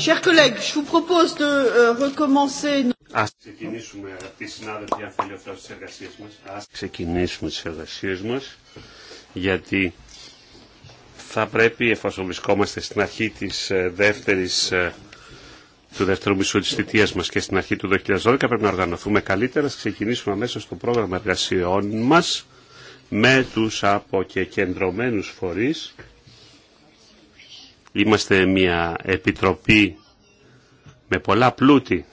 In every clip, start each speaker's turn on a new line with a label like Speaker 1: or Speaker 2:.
Speaker 1: Chers collègues, je vous propose de euh, recommencer.
Speaker 2: Ας ξεκινήσουμε, τη οι συνάδελφοι, αν θέλει αυτό, τις εργασίες μας. Ας ξεκινήσουμε τις εργασίες μας, γιατί θα πρέπει, εφόσον βρισκόμαστε στην αρχή της ε, δεύτερης, ε, του δεύτερου μισού της θητείας μας και στην αρχή του 2012, πρέπει να οργανωθούμε καλύτερα, να ξεκινήσουμε μέσα στο πρόγραμμα εργασιών μας με τους αποκεκεντρωμένους φορείς Είμαστε μια επιτροπή με πολλά πλούτη.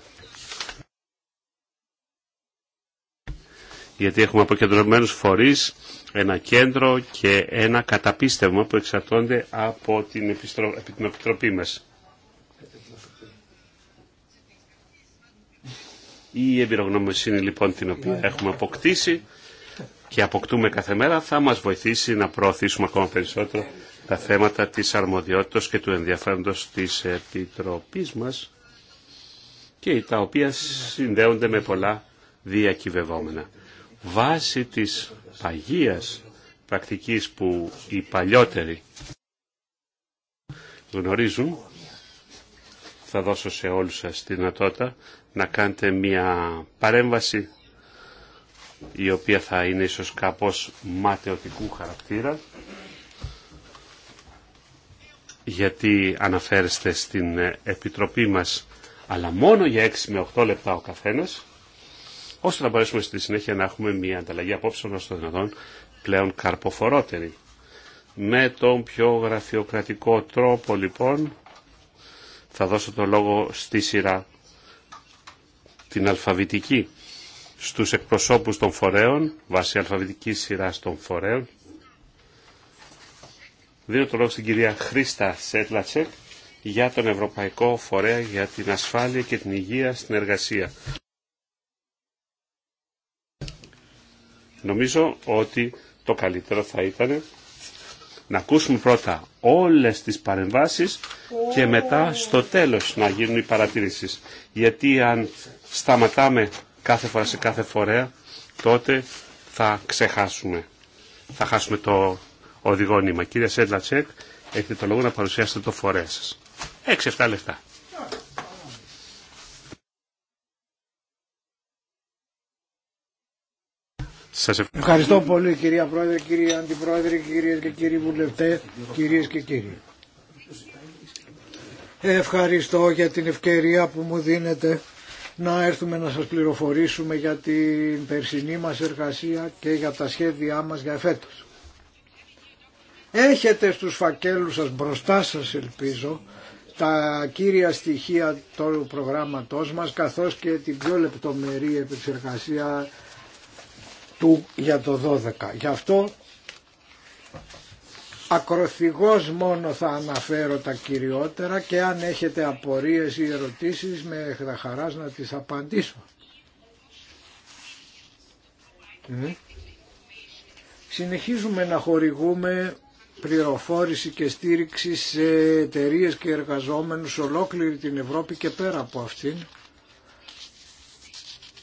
Speaker 2: Γιατί έχουμε αποκεντρωμένους φορείς, ένα κέντρο και ένα καταπίστευμα που εξαρτώνται από την επιτροπή μας. Η εμπειρογνωμοσύνη λοιπόν την οποία έχουμε αποκτήσει και αποκτούμε κάθε μέρα θα μας βοηθήσει να προωθήσουμε ακόμα περισσότερο τα θέματα της αρμοδιότητας και του ενδιαφέροντος της Επιτροπής μας και τα οποία συνδέονται με πολλά διακυβευόμενα. Βάση της παγίας πρακτικής που οι παλιότεροι γνωρίζουν, θα δώσω σε όλους σας τη δυνατότητα να κάνετε μια παρέμβαση η οποία θα είναι ίσως κάπως ματαιωτικού χαρακτήρα γιατί αναφέρεστε στην Επιτροπή μας, αλλά μόνο για 6 με 8 λεπτά ο καθένας, ώστε να μπορέσουμε στη συνέχεια να έχουμε μια ανταλλαγή απόψεων ως το δυνατόν πλέον καρποφορότερη. Με τον πιο γραφειοκρατικό τρόπο λοιπόν θα δώσω το λόγο στη σειρά την αλφαβητική στους εκπροσώπους των φορέων, βάσει αλφαβητική σειρά των φορέων Δίνω το λόγο στην κυρία Χρήστα Σέτλατσεκ για τον Ευρωπαϊκό Φορέα για την Ασφάλεια και την Υγεία στην Εργασία. Νομίζω ότι το καλύτερο θα ήταν να ακούσουμε πρώτα όλες τις παρεμβάσεις και μετά στο τέλος να γίνουν οι παρατηρήσεις. Γιατί αν σταματάμε κάθε φορά σε κάθε φορέα, τότε θα ξεχάσουμε. Θα χάσουμε το οδηγό νήμα. Κύριε Σέντλατσεκ, έχετε το λόγο να παρουσιάσετε το φορέα σα. 6-7 λεπτά. Σας ευχαριστώ. ευχαριστώ
Speaker 3: πολύ κυρία Πρόεδρε, κύριε Αντιπρόεδρε, κυρίες και κύριοι βουλευτές, κυρίες και κύριοι. Ευχαριστώ για την ευκαιρία που μου δίνετε να έρθουμε να σας πληροφορήσουμε για την περσινή μας εργασία και για τα σχέδιά μας για εφέτος. Έχετε στους φακέλους σας μπροστά σας ελπίζω τα κύρια στοιχεία του προγράμματός μας καθώς και την πιο λεπτομερή επεξεργασία του για το 12. Γι' αυτό ακροθυγός μόνο θα αναφέρω τα κυριότερα και αν έχετε απορίες ή ερωτήσεις με χαρά να τις απαντήσω. Ε? Συνεχίζουμε να χορηγούμε πληροφόρηση και στήριξη σε εταιρείε και εργαζόμενους ολόκληρη την Ευρώπη και πέρα από αυτήν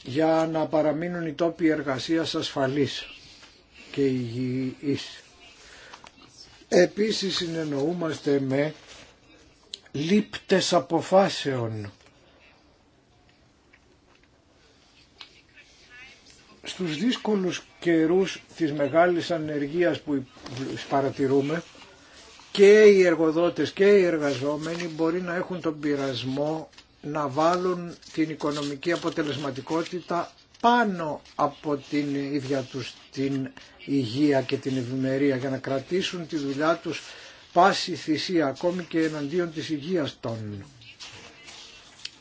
Speaker 3: για να παραμείνουν οι τόποι εργασίας ασφαλείς και υγιείς. Επίσης συνεννοούμαστε με λήπτες αποφάσεων στους δύσκολους καιρούς της μεγάλης ανεργίας που παρατηρούμε και οι εργοδότες και οι εργαζόμενοι μπορεί να έχουν τον πειρασμό να βάλουν την οικονομική αποτελεσματικότητα πάνω από την ίδια τους την υγεία και την ευημερία για να κρατήσουν τη δουλειά τους πάση θυσία ακόμη και εναντίον της υγείας των.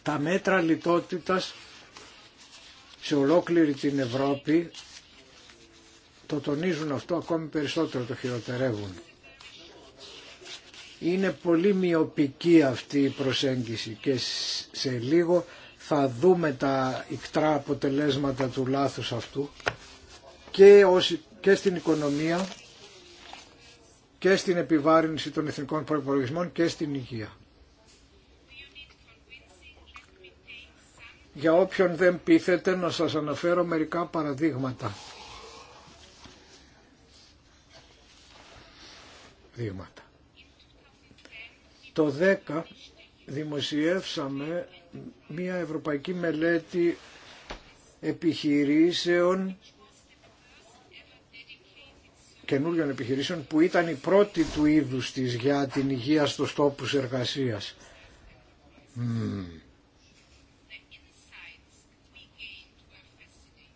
Speaker 3: Τα μέτρα λιτότητας σε ολόκληρη την Ευρώπη το τονίζουν αυτό ακόμη περισσότερο το χειροτερεύουν. Είναι πολύ μειοπική αυτή η προσέγγιση και σε λίγο θα δούμε τα ικτρά αποτελέσματα του λάθους αυτού και, και στην οικονομία και στην επιβάρυνση των εθνικών προϋπολογισμών και στην υγεία. Για όποιον δεν πείθεται να σας αναφέρω μερικά παραδείγματα. Δείγματα. Το 10 δημοσιεύσαμε μια ευρωπαϊκή μελέτη επιχειρήσεων καινούριων επιχειρήσεων που ήταν η πρώτη του είδους της για την υγεία στους τόπους εργασίας.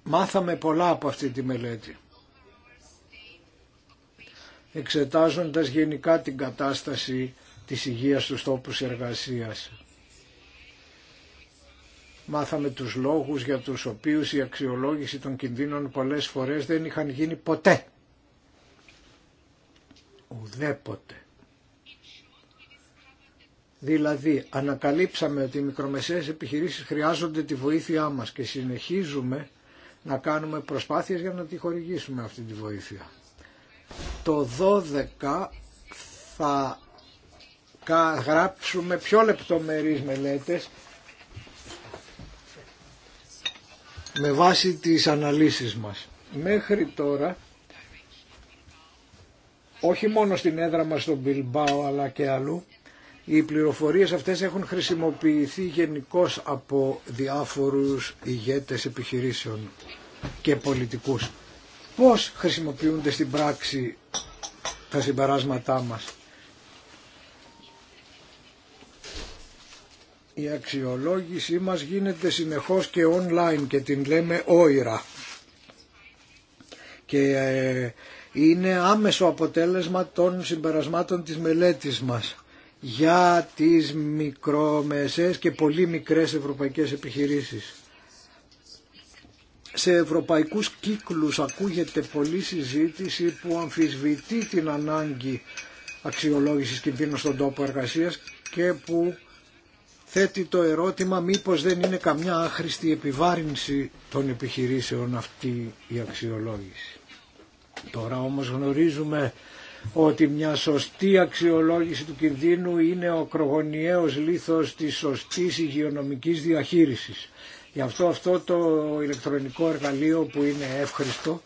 Speaker 3: Μάθαμε πολλά από αυτή τη μελέτη. Εξετάζοντας γενικά την κατάσταση της υγείας στους τόπους εργασίας. Μάθαμε τους λόγους για τους οποίους η αξιολόγηση των κινδύνων πολλές φορές δεν είχαν γίνει ποτέ. Ουδέποτε. Δηλαδή ανακαλύψαμε ότι οι μικρομεσαίες επιχειρήσεις χρειάζονται τη βοήθειά μας και συνεχίζουμε να κάνουμε προσπάθειες για να τη χορηγήσουμε αυτή τη βοήθεια. Το 12 θα γράψουμε πιο λεπτομερείς μελέτες με βάση τις αναλύσεις μας. Μέχρι τώρα, όχι μόνο στην έδρα μας στον Μπιλμπάο αλλά και αλλού, οι πληροφορίες αυτές έχουν χρησιμοποιηθεί γενικώ από διάφορους ηγέτες επιχειρήσεων και πολιτικούς. Πώς χρησιμοποιούνται στην πράξη τα συμπαράσματά μας. Η αξιολόγησή μας γίνεται συνεχώς και online και την λέμε όιρα. Και ε, είναι άμεσο αποτέλεσμα των συμπερασμάτων της μελέτης μας για τις μικρόμεσες και πολύ μικρές ευρωπαϊκές επιχειρήσεις. Σε ευρωπαϊκούς κύκλους ακούγεται πολλή συζήτηση που αμφισβητεί την ανάγκη αξιολόγησης κινδύνων στον τόπο εργασίας και που θέτει το ερώτημα μήπως δεν είναι καμιά άχρηστη επιβάρυνση των επιχειρήσεων αυτή η αξιολόγηση. Τώρα όμως γνωρίζουμε ότι μια σωστή αξιολόγηση του κινδύνου είναι ο κρογωνιαίος λίθος της σωστής υγειονομικής διαχείρισης. Γι' αυτό αυτό το ηλεκτρονικό εργαλείο που είναι εύχριστο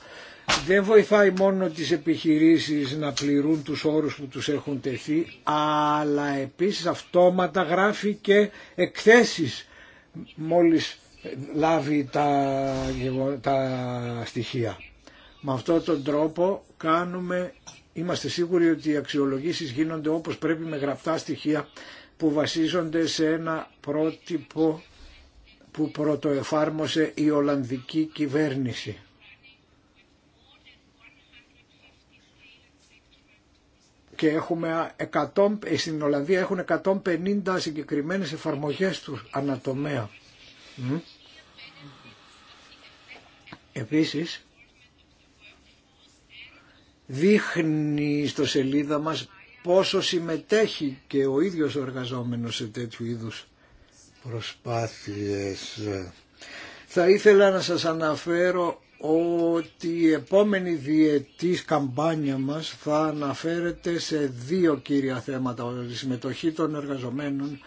Speaker 3: δεν βοηθάει μόνο τις επιχειρήσεις να πληρούν τους όρους που τους έχουν τεθεί, αλλά επίσης αυτόματα γράφει και εκθέσεις μόλις λάβει τα, τα στοιχεία. Με αυτόν τον τρόπο κάνουμε είμαστε σίγουροι ότι οι αξιολογήσεις γίνονται όπως πρέπει με γραπτά στοιχεία που βασίζονται σε ένα πρότυπο που πρωτοεφάρμοσε η Ολλανδική κυβέρνηση. Και έχουμε 100, ε, στην Ολλανδία έχουν 150 συγκεκριμένες εφαρμογές του ανατομέα. Επίσης, δείχνει στο σελίδα μας πόσο συμμετέχει και ο ίδιος ο εργαζόμενος σε τέτοιου είδους προσπάθειες. Θα ήθελα να σας αναφέρω ότι η επόμενη διετής καμπάνια μας θα αναφέρεται σε δύο κύρια θέματα, τη συμμετοχή των εργαζομένων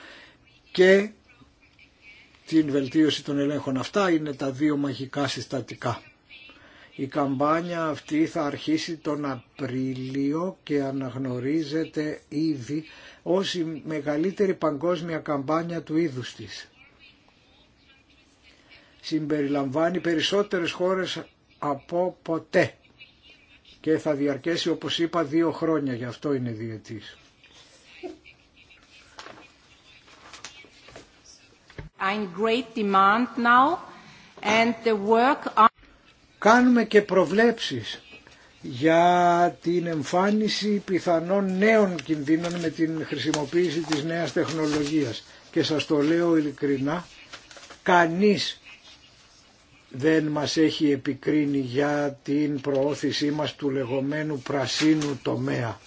Speaker 3: και την βελτίωση των ελέγχων. Αυτά είναι τα δύο μαγικά συστατικά. Η καμπάνια αυτή θα αρχίσει τον Απρίλιο και αναγνωρίζεται ήδη ως η μεγαλύτερη παγκόσμια καμπάνια του είδους της. Συμπεριλαμβάνει περισσότερες χώρες από ποτέ και θα διαρκέσει όπως είπα δύο χρόνια, γι' αυτό είναι διετής.
Speaker 1: Great and the
Speaker 3: Κάνουμε και προβλέψεις για την εμφάνιση πιθανών νέων κινδύνων με την χρησιμοποίηση της νέας τεχνολογίας. Και σας το λέω ειλικρινά, κανείς δεν μας έχει επικρίνει για την προώθησή μας του λεγόμενου πρασίνου τομέα.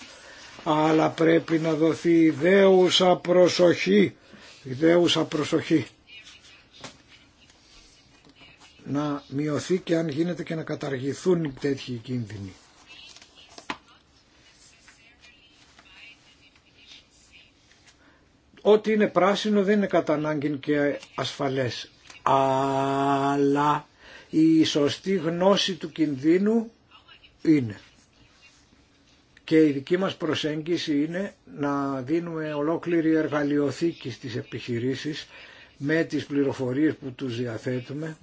Speaker 3: Αλλά πρέπει να δοθεί ιδέουσα προσοχή, ιδέουσα προσοχή να μειωθεί και αν γίνεται και να καταργηθούν τέτοιοι κίνδυνοι. Ό,τι είναι πράσινο δεν είναι κατά ανάγκη και ασφαλές. Αλλά η σωστή γνώση του κινδύνου είναι. Και η δική μας προσέγγιση είναι να δίνουμε ολόκληρη εργαλειοθήκη στις επιχειρήσεις με τις πληροφορίες που τους διαθέτουμε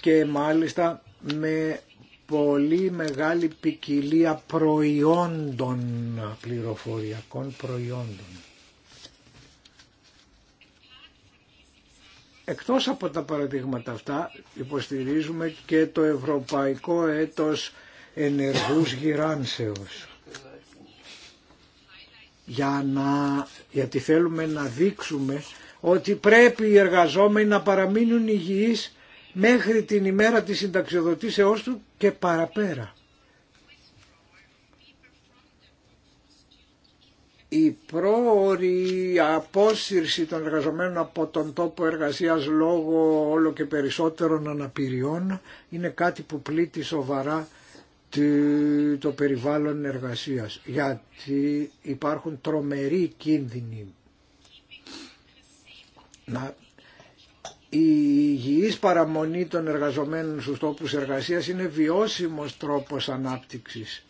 Speaker 3: και μάλιστα με πολύ μεγάλη ποικιλία προϊόντων, πληροφοριακών προϊόντων. Εκτός από τα παραδείγματα αυτά υποστηρίζουμε και το Ευρωπαϊκό Έτος Ενεργούς Γυράνσεως. Για να, γιατί θέλουμε να δείξουμε ότι πρέπει οι εργαζόμενοι να παραμείνουν υγιείς μέχρι την ημέρα της συνταξιοδοτήσεώς του και παραπέρα. η πρόορη απόσυρση των εργαζομένων από τον τόπο εργασίας λόγω όλο και περισσότερων αναπηριών είναι κάτι που πλήττει σοβαρά το περιβάλλον εργασίας γιατί υπάρχουν τρομεροί κίνδυνοι η υγιής παραμονή των εργαζομένων στους τόπους εργασίας είναι βιώσιμος τρόπος ανάπτυξης.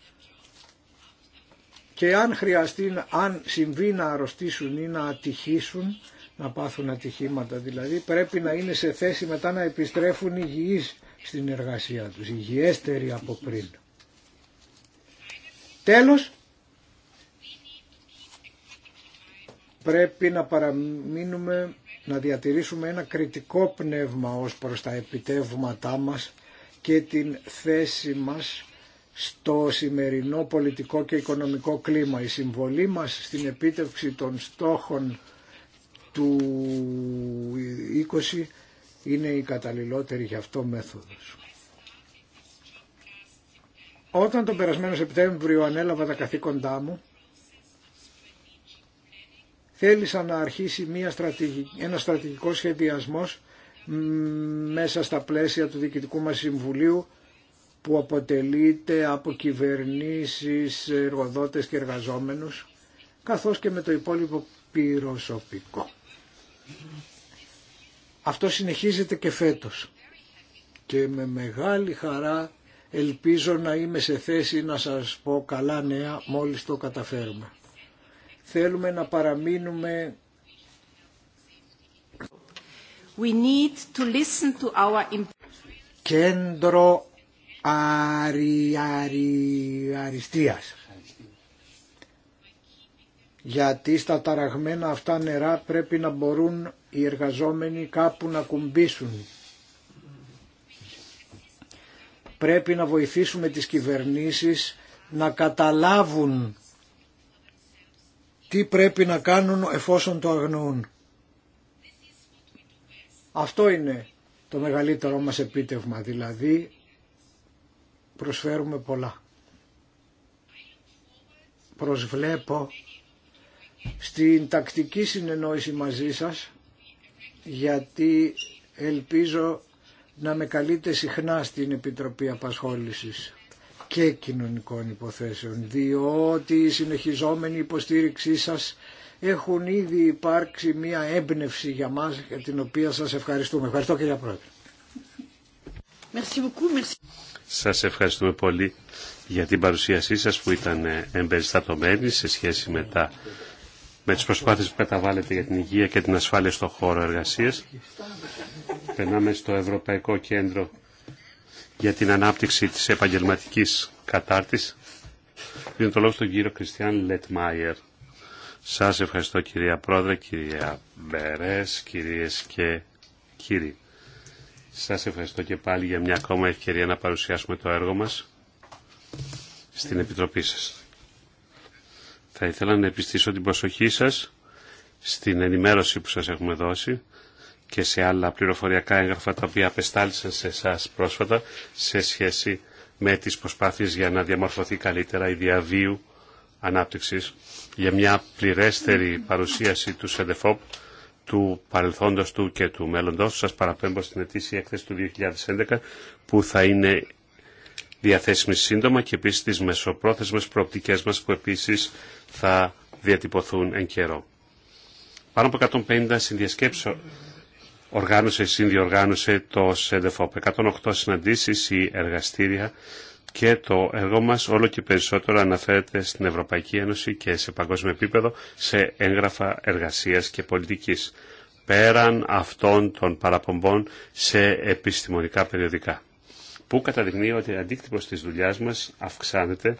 Speaker 3: Και αν χρειαστεί, αν συμβεί να αρρωστήσουν ή να ατυχήσουν, να πάθουν ατυχήματα δηλαδή, πρέπει να είναι σε θέση μετά να επιστρέφουν υγιείς στην εργασία τους, υγιέστεροι από πριν. Τέλος, πρέπει να παραμείνουμε να διατηρήσουμε ένα κριτικό πνεύμα ως προς τα επιτεύγματά μας και την θέση μας στο σημερινό πολιτικό και οικονομικό κλίμα. Η συμβολή μας στην επίτευξη των στόχων του 20 είναι η καταλληλότερη γι' αυτό μέθοδος. Όταν τον περασμένο Σεπτέμβριο ανέλαβα τα καθήκοντά μου, θέλησαν να αρχίσει μια στρατηγική, ένα στρατηγικό σχεδιασμός μέσα στα πλαίσια του Διοικητικού μας Συμβουλίου που αποτελείται από κυβερνήσεις, εργοδότες και εργαζόμενους καθώς και με το υπόλοιπο πυροσωπικό. Αυτό συνεχίζεται και φέτος και με μεγάλη χαρά ελπίζω να είμαι σε θέση να σας πω καλά νέα μόλις το καταφέρουμε θέλουμε να παραμείνουμε
Speaker 1: We need to listen to our...
Speaker 3: κέντρο αρι, αριστείας. Γιατί στα ταραγμένα αυτά νερά πρέπει να μπορούν οι εργαζόμενοι κάπου να κουμπίσουν. Πρέπει να βοηθήσουμε τις κυβερνήσεις να καταλάβουν τι πρέπει να κάνουν εφόσον το αγνοούν. Αυτό είναι το μεγαλύτερό μας επίτευγμα, δηλαδή προσφέρουμε πολλά. Προσβλέπω στην τακτική συνεννόηση μαζί σας, γιατί ελπίζω να με καλείτε συχνά στην Επιτροπή Απασχόλησης και κοινωνικών υποθέσεων, διότι η συνεχιζόμενη υποστήριξή σας έχουν ήδη υπάρξει μία έμπνευση για μας, για την οποία σας ευχαριστούμε. Ευχαριστώ κυρία Πρόεδρε.
Speaker 2: Σας ευχαριστούμε πολύ για την παρουσίασή σας που ήταν εμπεριστατωμένη σε σχέση με, τα, με τις προσπάθειες που καταβάλλετε για την υγεία και την ασφάλεια στον χώρο εργασίας. Περνάμε στο Ευρωπαϊκό Κέντρο για την ανάπτυξη της επαγγελματικής κατάρτισης. Δίνω το λόγο στον κύριο Κριστιαν Λετμάιερ. Σας ευχαριστώ κυρία Πρόεδρε, κυρία Μπερές, κυρίες και κύριοι. Σας ευχαριστώ και πάλι για μια ακόμα ευκαιρία να παρουσιάσουμε το έργο μας στην Επιτροπή σας. Θα ήθελα να επιστήσω την προσοχή σας στην ενημέρωση που σας έχουμε δώσει και σε άλλα πληροφοριακά έγγραφα τα οποία απεστάλησαν σε εσά πρόσφατα σε σχέση με τις προσπάθειες για να διαμορφωθεί καλύτερα η διαβίου ανάπτυξης για μια πληρέστερη παρουσίαση του ΣΕΔΕΦΟΠ του παρελθόντος του και του μέλλοντος. Σας παραπέμπω στην ετήσια έκθεση του 2011 που θα είναι διαθέσιμη σύντομα και επίσης τις μεσοπρόθεσμες προοπτικές μας που επίσης θα διατυπωθούν εν καιρό. Πάνω από 150 συνδιασκέψεων οργάνωσε, συνδιοργάνωσε το ΣΕΝΤΕΦΟΠ. 108 συναντήσεις ή εργαστήρια και το έργο μας όλο και περισσότερο αναφέρεται στην Ευρωπαϊκή Ένωση και σε παγκόσμιο επίπεδο σε έγγραφα εργασίας και πολιτικής πέραν αυτών των παραπομπών σε επιστημονικά περιοδικά που καταδεικνύει ότι ο αντίκτυπος της δουλειάς μας αυξάνεται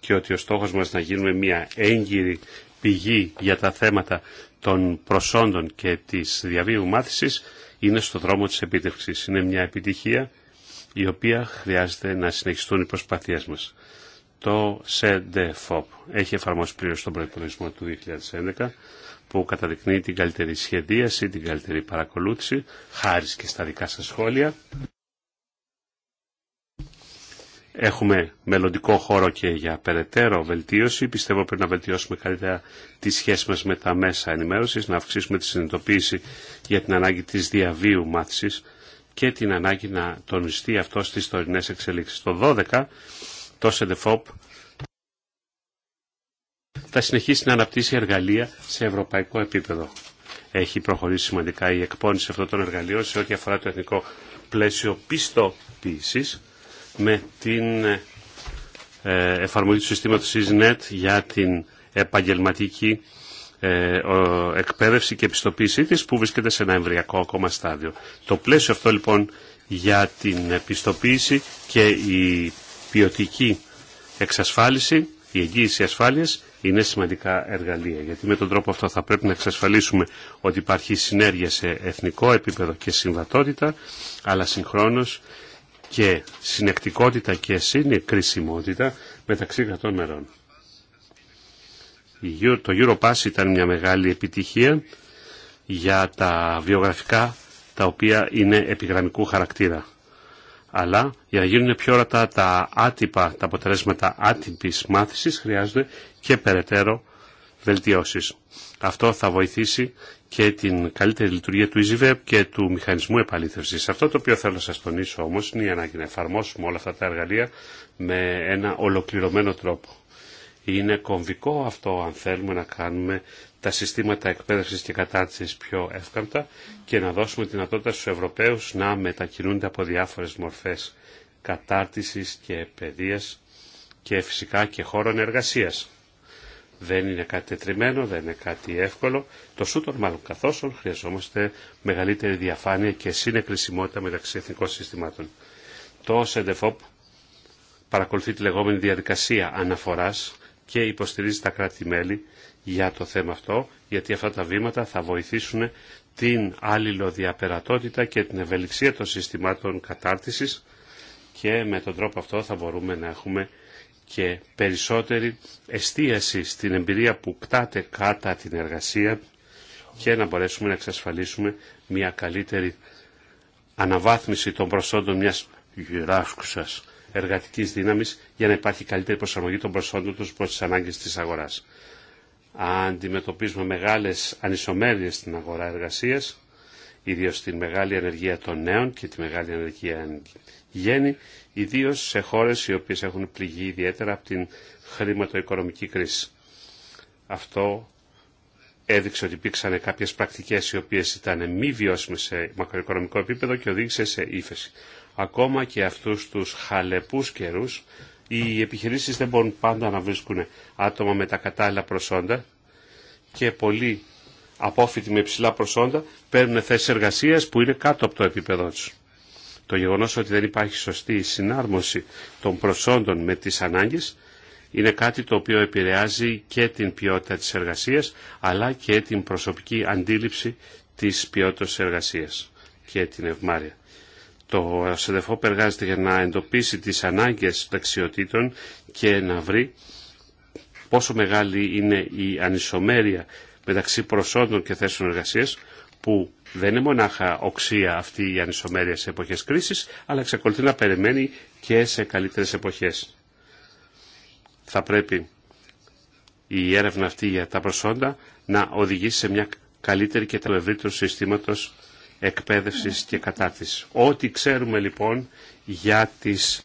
Speaker 2: και ότι ο στόχος μας να γίνουμε μια έγκυρη πηγή για τα θέματα των προσόντων και της διαβίου μάθησης είναι στο δρόμο της επίτευξης. Είναι μια επιτυχία η οποία χρειάζεται να συνεχιστούν οι προσπαθίες μας. Το ΣΕΝΤΕΦΟΠ έχει εφαρμόσει πλήρως τον προϋπολογισμό του 2011 που καταδεικνύει την καλύτερη σχεδίαση, την καλύτερη παρακολούθηση, χάρη και στα δικά σας σχόλια. Έχουμε μελλοντικό χώρο και για περαιτέρω βελτίωση. Πιστεύω πρέπει να βελτιώσουμε καλύτερα τη σχέση μας με τα μέσα ενημέρωσης, να αυξήσουμε τη συνειδητοποίηση για την ανάγκη της διαβίου μάθησης και την ανάγκη να τονιστεί αυτό στις τωρινές εξελίξεις. Το 12 το ΣΕΔΕΦΟΠ θα συνεχίσει να αναπτύσσει εργαλεία σε ευρωπαϊκό επίπεδο. Έχει προχωρήσει σημαντικά η εκπόνηση αυτών των εργαλείων σε ό,τι αφορά το εθνικό πλαίσιο πιστοποίησης με την ε, εφαρμογή του συστήματος EasyNet για την επαγγελματική ε, εκπαίδευση και επιστοποίησή της που βρίσκεται σε ένα εμβριακό ακόμα στάδιο. Το πλαίσιο αυτό λοιπόν για την επιστοποίηση και η ποιοτική εξασφάλιση, η εγγύηση ασφάλειας είναι σημαντικά εργαλεία. Γιατί με τον τρόπο αυτό θα πρέπει να εξασφαλίσουμε ότι υπάρχει συνέργεια σε εθνικό επίπεδο και συμβατότητα, αλλά συγχρόνως και συνεκτικότητα και συνεκρισιμότητα μεταξύ κρατών μερών. Το Europass ήταν μια μεγάλη επιτυχία για τα βιογραφικά τα οποία είναι επιγραμμικού χαρακτήρα. Αλλά για να γίνουν πιο ορατά τα άτυπα, τα αποτελέσματα άτυπης μάθησης χρειάζονται και περαιτέρω βελτιώσεις. Αυτό θα βοηθήσει και την καλύτερη λειτουργία του EasyWeb και του μηχανισμού επαλήθευσης. Αυτό το οποίο θέλω να σας τονίσω όμως είναι η ανάγκη να εφαρμόσουμε όλα αυτά τα εργαλεία με ένα ολοκληρωμένο τρόπο. Είναι κομβικό αυτό αν θέλουμε να κάνουμε τα συστήματα εκπαίδευσης και κατάρτισης πιο εύκαμπτα και να δώσουμε τη δυνατότητα στους Ευρωπαίους να μετακινούνται από διάφορες μορφές κατάρτισης και παιδείας και φυσικά και χώρων εργασίας. Δεν είναι κάτι τετριμένο, δεν είναι κάτι εύκολο. Το σούτορ μάλλον καθώς χρειαζόμαστε μεγαλύτερη διαφάνεια και συνεκρισιμότητα μεταξύ εθνικών συστημάτων. Το ΣΕΝΤΕΦΟΠ παρακολουθεί τη λεγόμενη διαδικασία αναφοράς και υποστηρίζει τα κράτη-μέλη για το θέμα αυτό, γιατί αυτά τα βήματα θα βοηθήσουν την διαπερατότητα και την ευελιξία των συστημάτων κατάρτισης και με τον τρόπο αυτό θα μπορούμε να έχουμε και περισσότερη εστίαση στην εμπειρία που κάτω κατά την εργασία και να μπορέσουμε να εξασφαλίσουμε μια καλύτερη αναβάθμιση των προσόντων μιας γυράσκουσας εργατικής δύναμης για να υπάρχει καλύτερη προσαρμογή των προσόντων τους προς τις ανάγκες της αγοράς. Αντιμετωπίζουμε μεγάλες ανισομέρειες στην αγορά εργασίας Ιδίω την μεγάλη ανεργία των νέων και τη μεγάλη ανεργία γέννη, ιδίω σε χώρες οι οποίες έχουν πληγεί ιδιαίτερα από την χρηματοοικονομική κρίση. Αυτό έδειξε ότι υπήρξαν κάποιες πρακτικές οι οποίες ήταν μη βιώσιμες σε μακροοικονομικό επίπεδο και οδήγησε σε ύφεση. Ακόμα και αυτούς τους χαλεπούς καιρούς, οι επιχειρήσεις δεν μπορούν πάντα να βρίσκουν άτομα με τα κατάλληλα προσόντα και πολλοί απόφοιτοι με υψηλά προσόντα παίρνουν θέσει εργασία που είναι κάτω από το επίπεδό του. Το γεγονό ότι δεν υπάρχει σωστή συνάρμοση των προσόντων με τι ανάγκε είναι κάτι το οποίο επηρεάζει και την ποιότητα της εργασίας αλλά και την προσωπική αντίληψη της ποιότητας της εργασίας και την ευμάρεια. Το ΣΕΔΕΦΟΠ εργάζεται για να εντοπίσει τις ανάγκες δεξιοτήτων και να βρει πόσο μεγάλη είναι η ανισομέρεια μεταξύ προσόντων και θέσεων εργασίας που δεν είναι μονάχα οξία αυτή η ανισομέρεια σε εποχές κρίσης, αλλά εξακολουθεί να περιμένει και σε καλύτερες εποχές. Θα πρέπει η έρευνα αυτή για τα προσόντα να οδηγήσει σε μια καλύτερη και τελευρύτερη συστήματος εκπαίδευσης και κατάρτισης. Ό,τι ξέρουμε λοιπόν για τις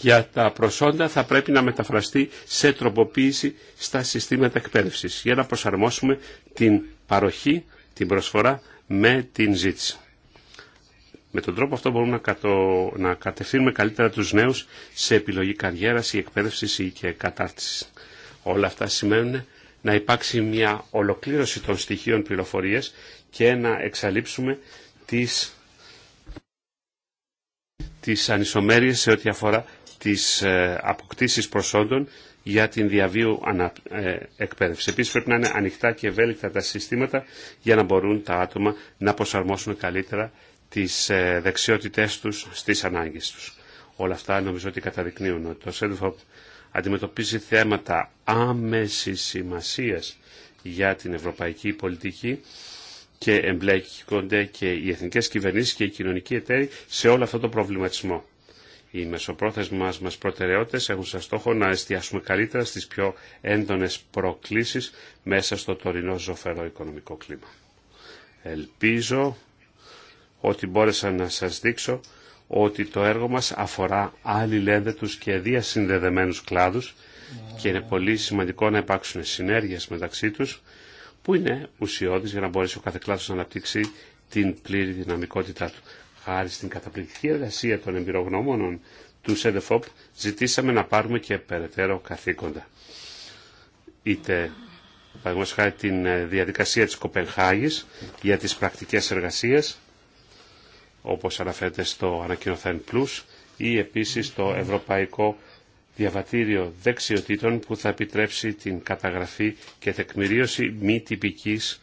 Speaker 2: για τα προσόντα θα πρέπει να μεταφραστεί σε τροποποίηση στα συστήματα εκπαίδευσης για να προσαρμόσουμε την παροχή, την προσφορά με την ζήτηση. Με τον τρόπο αυτό μπορούμε να, να κατευθύνουμε καλύτερα τους νέους σε επιλογή καριέρας ή εκπαίδευσης ή και κατάρτισης. Όλα αυτά σημαίνουν να υπάρξει μια ολοκλήρωση των στοιχείων πληροφορίας και να εξαλείψουμε τις τις ανισομέρειες σε ό,τι αφορά τις ε, αποκτήσεις προσόντων για την διαβίου ε, εκπαίδευση. Επίσης πρέπει να είναι ανοιχτά και ευέλικτα τα συστήματα για να μπορούν τα άτομα να προσαρμόσουν καλύτερα τις ε, δεξιότητές τους στις ανάγκες τους. Όλα αυτά νομίζω ότι καταδεικνύουν ότι το Σέντεφοπ αντιμετωπίζει θέματα άμεσης σημασίας για την ευρωπαϊκή πολιτική και εμπλέκονται και οι εθνικές κυβερνήσεις και οι κοινωνικοί εταίροι σε όλο αυτό το προβληματισμό. Οι μεσοπρόθεσμες μας προτεραιότητες έχουν σαν στόχο να εστιάσουμε καλύτερα στις πιο έντονες προκλήσεις μέσα στο τωρινό ζωφερό οικονομικό κλίμα. Ελπίζω ότι μπόρεσα να σας δείξω ότι το έργο μας αφορά αλληλένδετους και διασυνδεδεμένους κλάδους και είναι πολύ σημαντικό να υπάρξουν συνέργειες μεταξύ τους που είναι ουσιώδεις για να μπορέσει ο κάθε κλάδος να αναπτύξει την πλήρη δυναμικότητά του χάρη στην καταπληκτική εργασία των εμπειρογνώμονων του ΣΕΔΕΦΟΠ, ζητήσαμε να πάρουμε και περαιτέρω καθήκοντα. Είτε, παραδείγματος χάρη, την ε, διαδικασία της Κοπελχάγης για τις πρακτικές εργασίες, όπως αναφέρεται στο ανακοινωθέν Plus, ή επίσης το Ευρωπαϊκό Διαβατήριο Δεξιοτήτων που θα επιτρέψει την καταγραφή και τεκμηρίωση μη τυπικής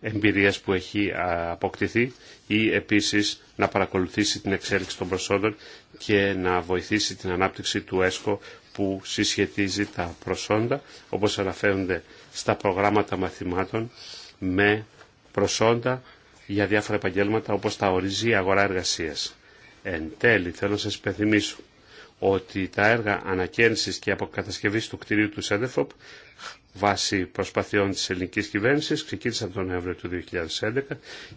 Speaker 2: εμπειρίας που έχει αποκτηθεί ή επίσης να παρακολουθήσει την εξέλιξη των προσόντων και να βοηθήσει την ανάπτυξη του ΕΣΚΟ που συσχετίζει τα προσόντα όπως αναφέρονται στα προγράμματα μαθημάτων με προσόντα για διάφορα επαγγέλματα όπως τα ορίζει η αγορά εργασίας. Εν τέλει θέλω να σας υπενθυμίσω ότι τα έργα ανακαίνησης και αποκατασκευής του κτιρίου του ΣΕΔΕΦΟΠ βάσει προσπαθειών της ελληνικής κυβέρνησης ξεκίνησαν τον Νοέμβριο του 2011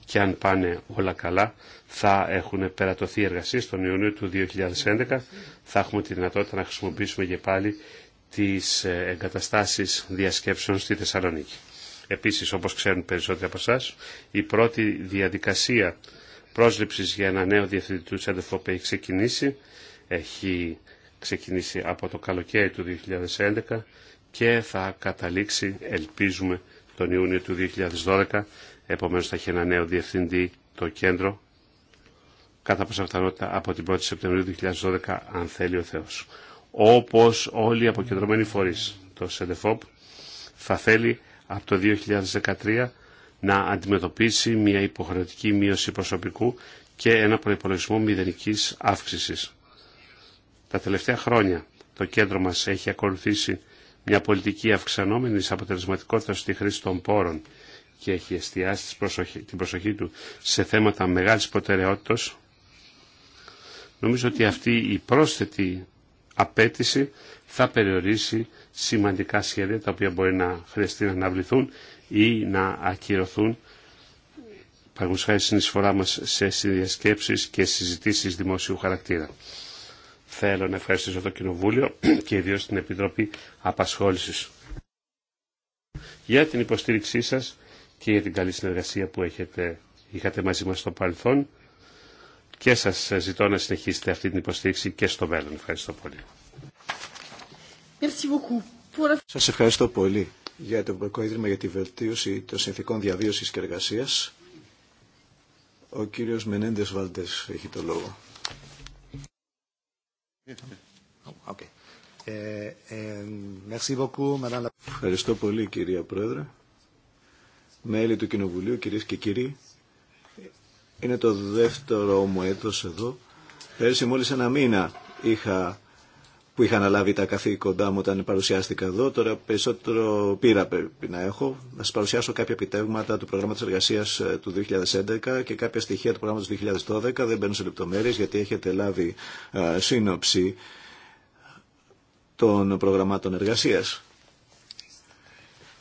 Speaker 2: και αν πάνε όλα καλά θα έχουν περατωθεί εργασίες τον Ιούνιο του 2011 θα έχουμε τη δυνατότητα να χρησιμοποιήσουμε και πάλι τις ε, εγκαταστάσεις διασκέψεων στη Θεσσαλονίκη. Επίσης, όπως ξέρουν περισσότεροι από εσά, η πρώτη διαδικασία πρόσληψης για ένα νέο διευθυντή του ΣΕΝΤΕΦΟΠ έχει ξεκινήσει. Έχει ξεκινήσει από το καλοκαίρι του 2011 και θα καταλήξει, ελπίζουμε, τον Ιούνιο του 2012. Επομένως θα έχει ένα νέο διευθυντή το κέντρο, κατά πάσα από την 1η Σεπτεμβρίου 2012, αν θέλει ο Θεός. Όπως όλοι οι αποκεντρωμένοι φορείς, το ΣΕΝΤΕΦΟΠ θα θέλει από το 2013 να αντιμετωπίσει μια υποχρεωτική μείωση προσωπικού και ένα προϋπολογισμό μηδενικής αύξησης. Τα τελευταία χρόνια το κέντρο μας έχει ακολουθήσει μια πολιτική αυξανόμενη αποτελεσματικότητα στη χρήση των πόρων και έχει εστιάσει την προσοχή του σε θέματα μεγάλης προτεραιότητας, νομίζω ότι αυτή η πρόσθετη απέτηση θα περιορίσει σημαντικά σχέδια τα οποία μπορεί να χρειαστεί να αναβληθούν ή να ακυρωθούν παραγωγικά η συνεισφορά μας σε συνδιασκέψεις και συζητήσεις δημοσίου χαρακτήρα θέλω να ευχαριστήσω το Κοινοβούλιο και ιδίω την Επιτροπή Απασχόλησης για την υποστήριξή σας και για την καλή συνεργασία που έχετε, είχατε μαζί μας στο παρελθόν και σας ζητώ να συνεχίσετε αυτή την υποστήριξη και στο μέλλον. Ευχαριστώ πολύ. Σα ευχαριστώ πολύ
Speaker 4: για το Ευρωπαϊκό Ίδρυμα για τη Βελτίωση των Συνθηκών διαβίωση και εργασία. Ο κύριος Μενέντες Βάλτες έχει το λόγο. Eh, Ευχαριστώ πολύ κυρία Πρόεδρε. Μέλη του Κοινοβουλίου, κυρίες και κύριοι, είναι το δεύτερο μου έτος εδώ. Πέρσι μόλις ένα μήνα είχα που είχα αναλάβει τα καθήκοντά μου όταν παρουσιάστηκα εδώ. Τώρα περισσότερο πείρα πρέπει να έχω. Να σα παρουσιάσω κάποια επιτεύγματα του προγράμματο εργασία ε, του 2011 και κάποια στοιχεία του προγράμματο 2012. Δεν μπαίνω σε λεπτομέρειε γιατί έχετε λάβει ε, σύνοψη των προγραμμάτων εργασία.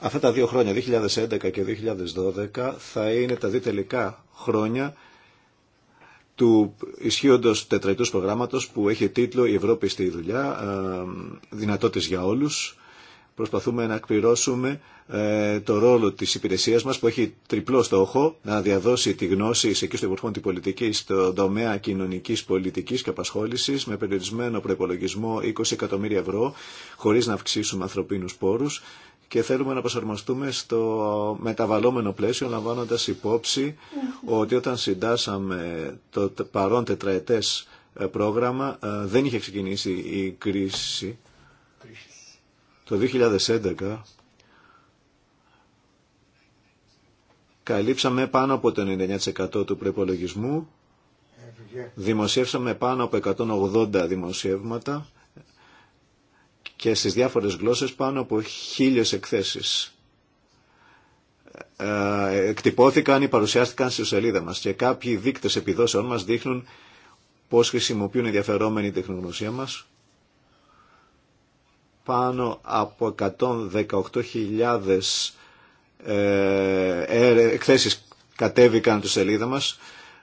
Speaker 4: Αυτά τα δύο χρόνια, 2011 και 2012, θα είναι τα δύο τελικά χρόνια του ισχύοντος τετραετού προγράμματο που έχει τίτλο «Η Ευρώπη στη δουλειά, ε, δυνατότητε για όλου, Προσπαθούμε να εκπληρώσουμε ε, το ρόλο τη υπηρεσία μα που έχει τριπλό στόχο να διαδώσει τη γνώση σε εκεί στο υπουργό τη πολιτική στον τομέα κοινωνική πολιτική και απασχόληση με περιορισμένο προπολογισμό 20 εκατομμύρια ευρώ χωρί να αυξήσουμε ανθρωπίνους πόρου και θέλουμε να προσαρμοστούμε στο μεταβαλλόμενο πλαίσιο λαμβάνοντας υπόψη ότι όταν συντάσαμε το παρόν τετραετές ε, πρόγραμμα ε, δεν είχε ξεκινήσει η κρίση. Το 2011 καλύψαμε πάνω από το 99% του προπολογισμού, δημοσιεύσαμε πάνω από 180 δημοσιεύματα και στις διάφορες γλώσσες πάνω από χίλιες εκθέσεις. Ε, εκτυπώθηκαν ή παρουσιάστηκαν στη σελίδα μας και κάποιοι δείκτες επιδόσεων μας δείχνουν πώς χρησιμοποιούν ενδιαφερόμενοι η τεχνογνωσία μας. Πάνω από 118.000 ε, ε, εκθέσεις κατέβηκαν στη σελίδα μας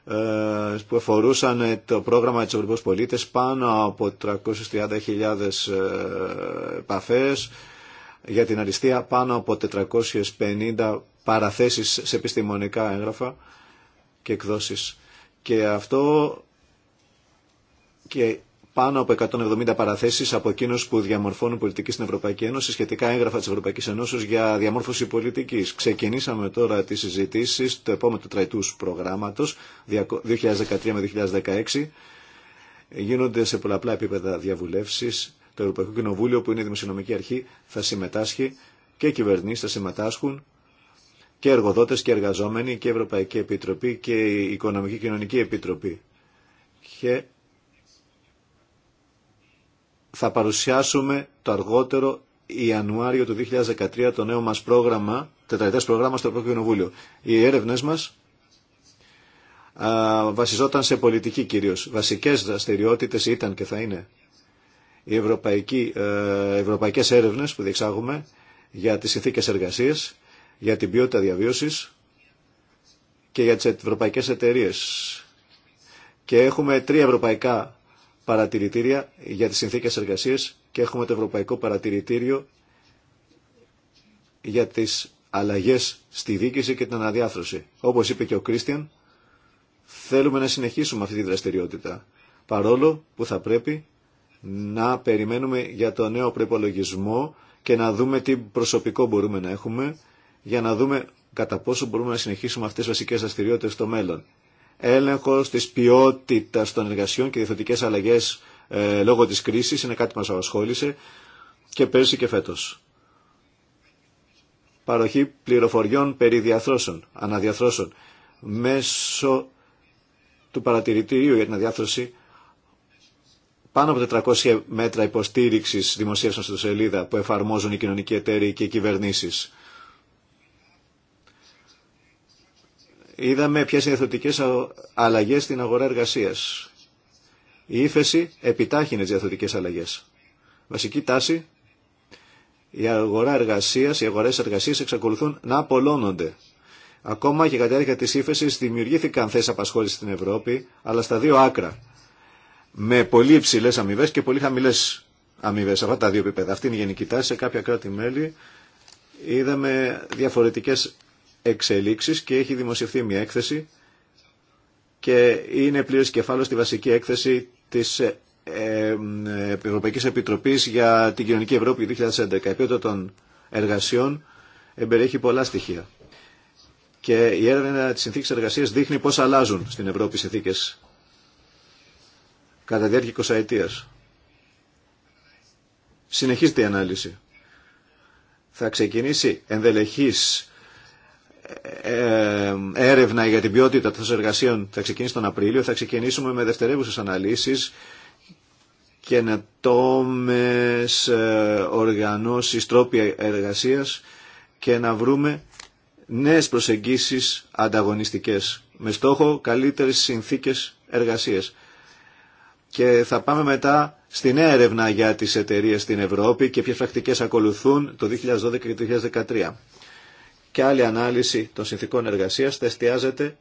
Speaker 4: ε, που αφορούσαν ε, το πρόγραμμα της Ευρωπαϊκής Πολίτες πάνω από 330.000 ε, επαφές για την αριστεία πάνω από 450 παραθέσεις σε επιστημονικά έγγραφα και εκδόσεις. Και αυτό και πάνω από 170 παραθέσει από εκείνου που διαμορφώνουν πολιτική στην Ευρωπαϊκή Ένωση σχετικά έγγραφα τη Ευρωπαϊκή Ένωση για διαμόρφωση πολιτική. Ξεκινήσαμε τώρα τι συζητήσει του επόμενου τετραετούς προγράμματο, 2013 με 2016. Γίνονται σε πολλαπλά επίπεδα διαβουλεύσεις. Το Ευρωπαϊκό Κοινοβούλιο που είναι η Δημοσιονομική Αρχή θα συμμετάσχει και οι κυβερνήσει θα συμμετάσχουν και εργοδότες και εργαζόμενοι και η Ευρωπαϊκή Επιτροπή και η Οικονομική Κοινωνική Επιτροπή. Και θα παρουσιάσουμε το αργότερο Ιανουάριο του 2013 το νέο μας πρόγραμμα, τετραετές πρόγραμμα στο Ευρωπαϊκό Κοινοβούλιο. Οι έρευνες μας α, βασιζόταν σε πολιτική κυρίως. Βασικές δραστηριότητες ήταν και θα είναι οι ευρωπαϊκοί, ε, ευρωπαϊκές έρευνες που διεξάγουμε για τις συνθήκες εργασίας, για την ποιότητα διαβίωσης και για τις ευρωπαϊκές εταιρείες. Και έχουμε τρία ευρωπαϊκά παρατηρητήρια για τις συνθήκες εργασίας και έχουμε το Ευρωπαϊκό Παρατηρητήριο για τις αλλαγές στη δίκηση και την αναδιάθρωση. Όπως είπε και ο Κρίστιαν, θέλουμε να συνεχίσουμε αυτή τη δραστηριότητα, παρόλο που θα πρέπει να περιμένουμε για το νέο προπολογισμό και να δούμε τι προσωπικό μπορούμε να έχουμε, για να δούμε κατά πόσο μπορούμε να συνεχίσουμε αυτές τις βασικές δραστηριότητες στο μέλλον έλεγχος της ποιότητα των εργασιών και διεθνωτικές αλλαγές ε, λόγω της κρίσης είναι κάτι που μας απασχόλησε και πέρσι και φέτο. Παροχή πληροφοριών περί διαθρώσεων, αναδιαθρώσεων μέσω του παρατηρητήριου για την αδιάθρωση πάνω από 400 μέτρα υποστήριξης δημοσίευσαν στο σελίδα που εφαρμόζουν οι κοινωνικοί εταίροι και οι κυβερνήσεις είδαμε ποιε είναι οι διαθωτικές αλλαγές στην αγορά εργασία. Η ύφεση επιτάχυνε τις διαθωτικές αλλαγές. Βασική τάση, η αγορά εργασία, οι αγορέ εργασία εξακολουθούν να απολώνονται. Ακόμα και κατά τη διάρκεια τη ύφεση δημιουργήθηκαν θέσει απασχόληση στην Ευρώπη, αλλά στα δύο άκρα. Με πολύ υψηλέ αμοιβέ και πολύ χαμηλέ αμοιβέ. Αυτά τα δύο επίπεδα. Αυτή είναι η γενική τάση. Σε κάποια κράτη-μέλη είδαμε διαφορετικέ εξελίξεις και έχει δημοσιευθεί μια έκθεση και είναι πλήρες κεφάλαιο στη βασική έκθεση της ε, ε, Ευρωπαϊκής Επιτροπής για την Κοινωνική Ευρώπη 2011. Η των εργασιών εμπεριέχει πολλά στοιχεία. Και η έρευνα της συνθήκης εργασίας δείχνει πώς αλλάζουν στην Ευρώπη οι συνθήκες κατά διάρκεια 20 αιτίας. Συνεχίζεται η ανάλυση. Θα ξεκινήσει ενδελεχής ε, ε, έρευνα για την ποιότητα των εργασίων θα ξεκινήσει τον Απρίλιο. Θα ξεκινήσουμε με δευτερεύουσες αναλύσεις και τόμε ε, οργανώσεις, τρόποι εργασίας και να βρούμε νέες προσεγγίσεις ανταγωνιστικές με στόχο καλύτερες συνθήκες εργασίας. Και θα πάμε μετά στη νέα έρευνα για τις εταιρείες στην Ευρώπη και ποιες πρακτικές ακολουθούν το 2012 και το 2013 και άλλη ανάλυση των συνθήκων εργασίας θα εστιάζεται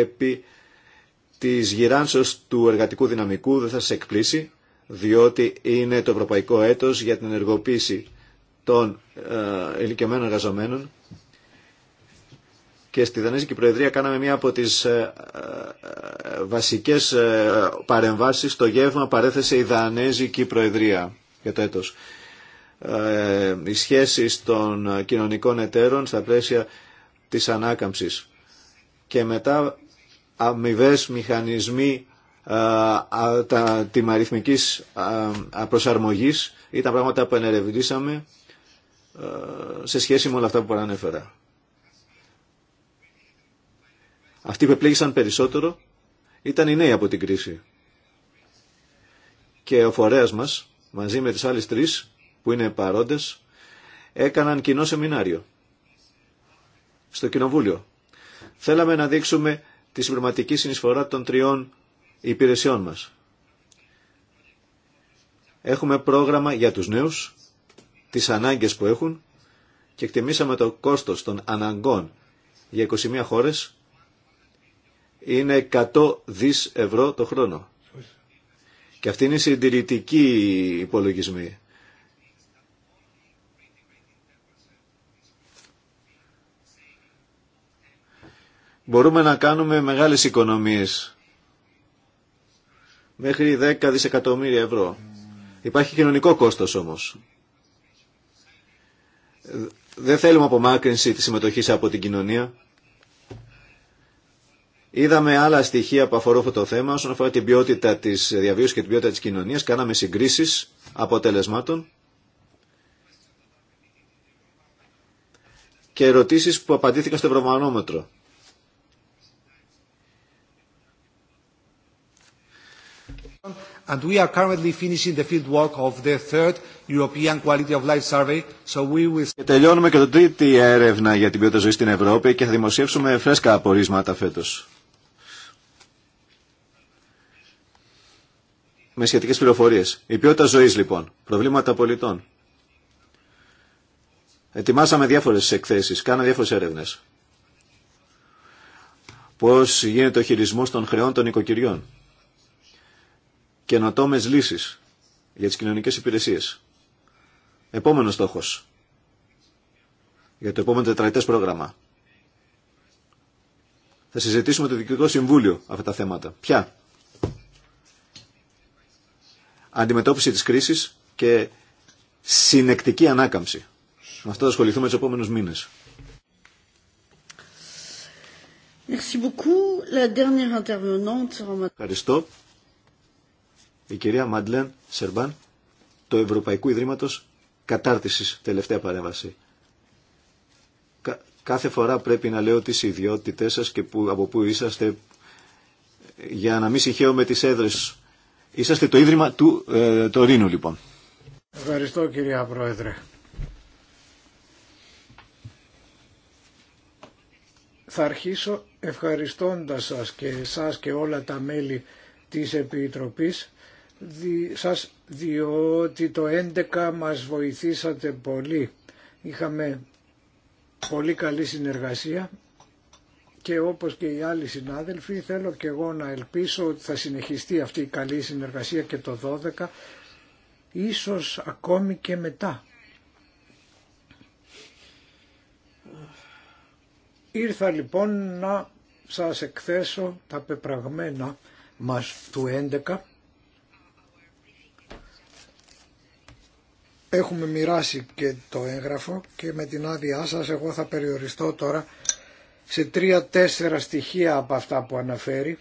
Speaker 4: επί της γυράνσος του εργατικού δυναμικού, δεν θα σε εκπλήσει, διότι είναι το ευρωπαϊκό έτος για την ενεργοποίηση των ε, ηλικιωμένων εργαζομένων και στη Δανέζικη Προεδρία κάναμε μία από τις ε, ε, βασικές ε, παρεμβάσεις στο γεύμα παρέθεσε η Δανέζικη Προεδρία για το έτος. Ε, οι σχέσεις των κοινωνικών εταίρων στα πλαίσια της ανάκαμψης. Και μετά αμοιβέ μηχανισμοί ε, τα τιμαριθμικής προσαρμογής ήταν πράγματα που ενερευνήσαμε ε, σε σχέση με όλα αυτά που παρανέφερα. Αυτοί που επλήγησαν περισσότερο ήταν οι νέοι από την κρίση. Και ο φορέας μας, μαζί με τις άλλες τρεις, που είναι παρόντες έκαναν κοινό σεμινάριο στο Κοινοβούλιο. Θέλαμε να δείξουμε τη συμπληρωματική συνεισφορά των τριών υπηρεσιών μας. Έχουμε πρόγραμμα για τους νέους, τις ανάγκες που έχουν και εκτιμήσαμε το κόστος των αναγκών για 21 χώρες είναι 100 δις ευρώ το χρόνο. Και αυτή είναι η συντηρητική υπολογισμή. μπορούμε να κάνουμε μεγάλες οικονομίες. Μέχρι 10 δισεκατομμύρια ευρώ. Υπάρχει κοινωνικό κόστος όμως. Δεν θέλουμε απομάκρυνση της συμμετοχής από την κοινωνία. Είδαμε άλλα στοιχεία που αφορούν αυτό το θέμα όσον αφορά την ποιότητα της διαβίωσης και την ποιότητα της κοινωνίας. Κάναμε συγκρίσεις αποτελεσμάτων και ερωτήσεις που απαντήθηκαν στο ευρωμανόμετρο.
Speaker 3: and we are currently finishing the field work of the third European Quality of Life Survey, so we will... Και
Speaker 4: τελειώνουμε και την τρίτη έρευνα για την ποιότητα ζωής στην Ευρώπη και θα δημοσιεύσουμε φρέσκα απορίσματα φέτος. Με σχετικές πληροφορίες. Η ποιότητα ζωής λοιπόν. Προβλήματα πολιτών. Ετοιμάσαμε διάφορες εκθέσεις, κάναμε διάφορες έρευνες. Πώς γίνεται ο χειρισμός των χρεών των οικοκυριών καινοτόμε λύσει για τις κοινωνικές υπηρεσίες. Επόμενος στόχο. για το επόμενο τετραετέ πρόγραμμα. Θα συζητήσουμε το Διοικητικό Συμβούλιο αυτά τα θέματα. Ποια? Αντιμετώπιση της κρίσης και συνεκτική ανάκαμψη. Με αυτό θα ασχοληθούμε τους επόμενους μήνες. Ευχαριστώ η κυρία Μαντλέν Σερμπάν, το Ευρωπαϊκού Ιδρύματος Κατάρτισης, τελευταία παρέμβαση. Κάθε φορά πρέπει να λέω τις ιδιότητές σας και που, από πού είσαστε για να μην συγχαίω με τις έδρες. Είσαστε το Ίδρυμα του ε, Τωρίνου λοιπόν.
Speaker 3: Ευχαριστώ κυρία Πρόεδρε. Θα αρχίσω ευχαριστώντας σας και εσάς και όλα τα μέλη της Επιτροπής σας διότι το 11 μας βοηθήσατε πολύ. Είχαμε πολύ καλή συνεργασία και όπως και οι άλλοι συνάδελφοι θέλω και εγώ να ελπίσω ότι θα συνεχιστεί αυτή η καλή συνεργασία και το 12 ίσως ακόμη και μετά. Ήρθα λοιπόν να σας εκθέσω τα πεπραγμένα μας του 11 Έχουμε μοιράσει και το έγγραφο και με την άδειά σας εγώ θα περιοριστώ τώρα σε τρία-τέσσερα στοιχεία από αυτά που αναφέρει.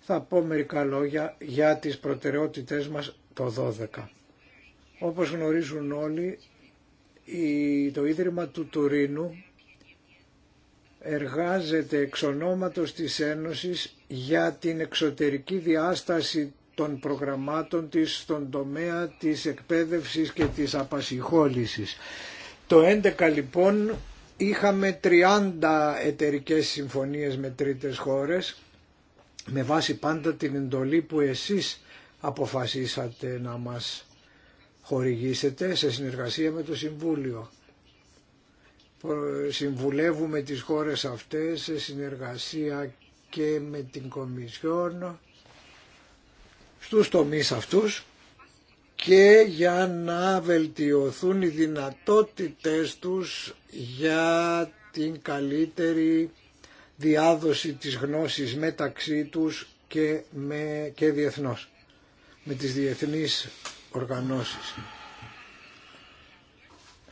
Speaker 3: Θα πω μερικά λόγια για τις προτεραιότητες μας το 12. Όπως γνωρίζουν όλοι, το Ίδρυμα του Τουρίνου εργάζεται εξ ονόματος της Ένωσης για την εξωτερική διάσταση των προγραμμάτων της στον τομέα της εκπαίδευσης και της απασυχόλησης. Το 11 λοιπόν είχαμε 30 εταιρικές συμφωνίες με τρίτες χώρες με βάση πάντα την εντολή που εσείς αποφασίσατε να μας χορηγήσετε σε συνεργασία με το Συμβούλιο. Συμβουλεύουμε τις χώρες αυτές σε συνεργασία και με την Κομισιόν στους τομείς αυτούς και για να βελτιωθούν οι δυνατότητες τους για την καλύτερη διάδοση της γνώσης μεταξύ τους και, με, και διεθνώς, με τις διεθνείς οργανώσεις.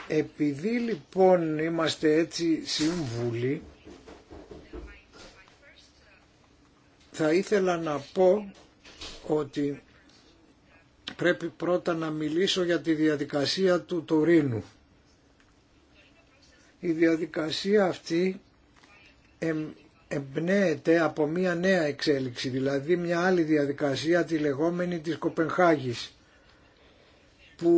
Speaker 3: Επειδή λοιπόν είμαστε έτσι σύμβουλοι, θα ήθελα να πω ότι πρέπει πρώτα να μιλήσω για τη διαδικασία του Τουρίνου. Η διαδικασία αυτή εμπνέεται από μια νέα εξέλιξη, δηλαδή μια άλλη διαδικασία, τη λεγόμενη της Κοπενχάγης, που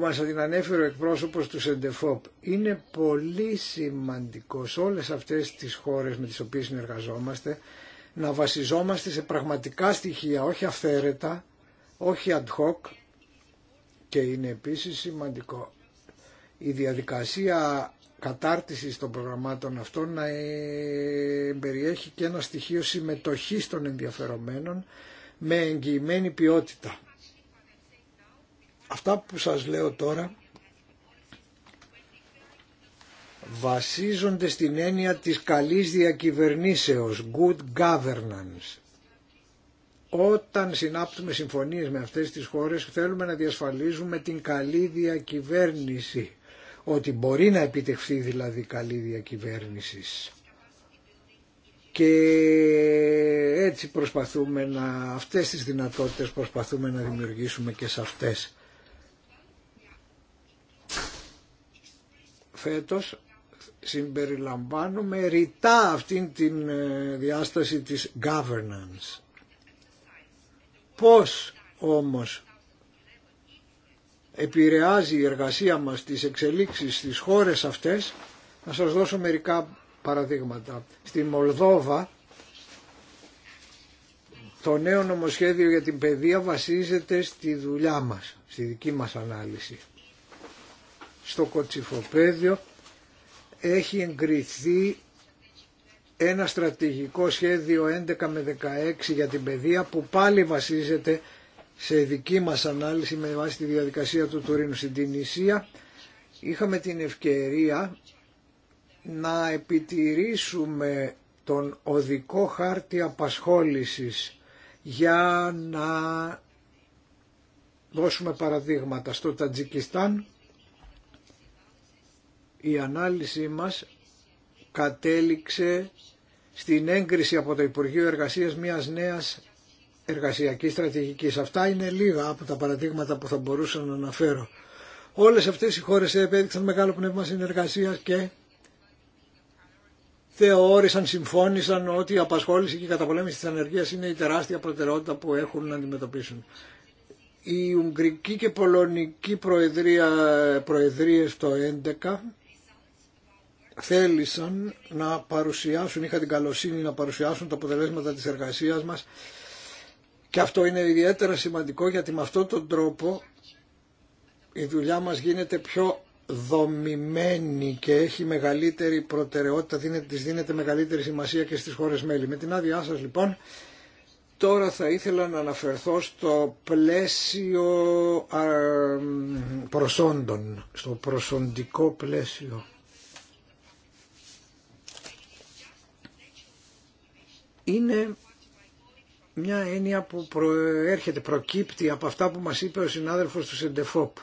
Speaker 3: μας την ανέφερε ο εκπρόσωπος του Σεντεφόπ. Είναι πολύ σημαντικό σε όλες αυτές τις χώρες με τις οποίες συνεργαζόμαστε να βασιζόμαστε σε πραγματικά στοιχεία, όχι αυθαίρετα, όχι ad hoc και είναι επίσης σημαντικό η διαδικασία κατάρτισης των προγραμμάτων αυτών να ε, περιέχει και ένα στοιχείο συμμετοχής των ενδιαφερομένων με εγγυημένη ποιότητα. Αυτά που σας λέω τώρα βασίζονται στην έννοια της καλής διακυβερνήσεως, good governance. Όταν συνάπτουμε συμφωνίες με αυτές τις χώρες θέλουμε να διασφαλίζουμε την καλή διακυβέρνηση, ότι μπορεί να επιτευχθεί δηλαδή καλή διακυβέρνηση. Και έτσι προσπαθούμε να, αυτές τις δυνατότητες προσπαθούμε να δημιουργήσουμε και σε αυτές. Φέτος συμπεριλαμβάνουμε ρητά αυτήν την ε, διάσταση της governance. Πώς όμως επηρεάζει η εργασία μας τις εξελίξεις στις χώρες αυτές, να σας δώσω μερικά παραδείγματα. Στη Μολδόβα το νέο νομοσχέδιο για την παιδεία βασίζεται στη δουλειά μας, στη δική μας ανάλυση. Στο κοτσιφοπέδιο έχει εγκριθεί ένα στρατηγικό σχέδιο 11 με 16 για την παιδεία που πάλι βασίζεται σε δική μας ανάλυση με βάση τη διαδικασία του Τουρίνου στην Τινησία. Είχαμε την ευκαιρία να επιτηρήσουμε τον οδικό χάρτη απασχόλησης για να δώσουμε παραδείγματα. Στο Τατζικιστάν η ανάλυση μας κατέληξε στην έγκριση από το Υπουργείο Εργασίας μιας νέας εργασιακής στρατηγικής. Αυτά είναι λίγα από τα παραδείγματα που θα μπορούσα να αναφέρω. Όλες αυτές οι χώρες επέδειξαν μεγάλο πνεύμα συνεργασίας και θεώρησαν, συμφώνησαν ότι η απασχόληση και η καταπολέμηση της ανεργίας είναι η τεράστια προτεραιότητα που έχουν να αντιμετωπίσουν. Η Ουγγρική και Πολωνική προεδρία, προεδρίες το 2011 θέλησαν να παρουσιάσουν, είχα την καλοσύνη να παρουσιάσουν τα αποτελέσματα της εργασίας μας και αυτό είναι ιδιαίτερα σημαντικό γιατί με αυτόν τον τρόπο η δουλειά μας γίνεται πιο δομημένη και έχει μεγαλύτερη προτεραιότητα, δίνεται, της δίνεται μεγαλύτερη σημασία και στις χώρες μέλη. Με την άδειά σας λοιπόν, τώρα θα ήθελα να αναφερθώ στο πλαίσιο προσόντων, στο προσοντικό πλαίσιο. είναι μια έννοια που προέρχεται, προκύπτει από αυτά που μας είπε ο συνάδελφος του Σεντεφόπ.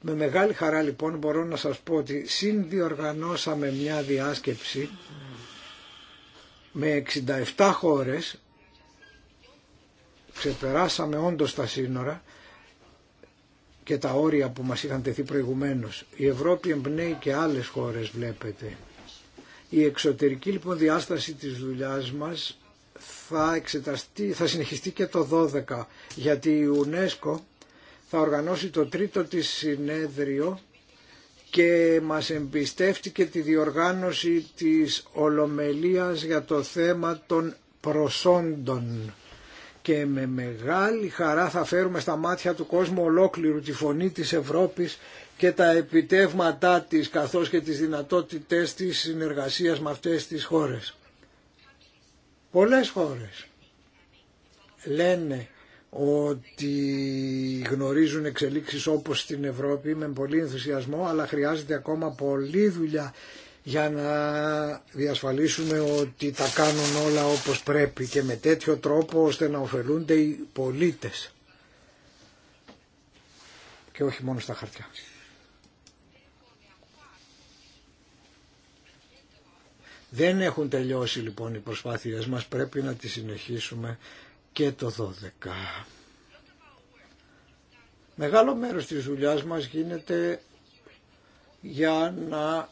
Speaker 3: Με μεγάλη χαρά λοιπόν μπορώ να σας πω ότι συνδιοργανώσαμε μια διάσκεψη με 67 χώρες, ξεπεράσαμε όντως τα σύνορα και τα όρια που μας είχαν τεθεί προηγουμένως. Η Ευρώπη εμπνέει και άλλες χώρες βλέπετε. Η εξωτερική λοιπόν διάσταση της δουλειάς μας θα, εξεταστεί, θα συνεχιστεί και το 12 γιατί η UNESCO θα οργανώσει το τρίτο της συνέδριο και μας εμπιστεύτηκε τη διοργάνωση της Ολομελίας για το θέμα των προσόντων και με μεγάλη χαρά θα φέρουμε στα μάτια του κόσμου ολόκληρου τη φωνή της Ευρώπης και τα επιτεύγματά της καθώς και τις δυνατότητές της συνεργασίας με αυτές τις χώρες. Πολλές χώρες λένε ότι γνωρίζουν εξελίξεις όπως στην Ευρώπη με πολύ ενθουσιασμό αλλά χρειάζεται ακόμα πολλή δουλειά για να διασφαλίσουμε ότι τα κάνουν όλα όπως πρέπει και με τέτοιο τρόπο ώστε να ωφελούνται οι πολίτες και όχι μόνο στα χαρτιά. Δεν έχουν τελειώσει λοιπόν οι προσπάθειές μας, πρέπει να τις συνεχίσουμε και το 12. Μεγάλο μέρος της δουλειάς μας γίνεται για να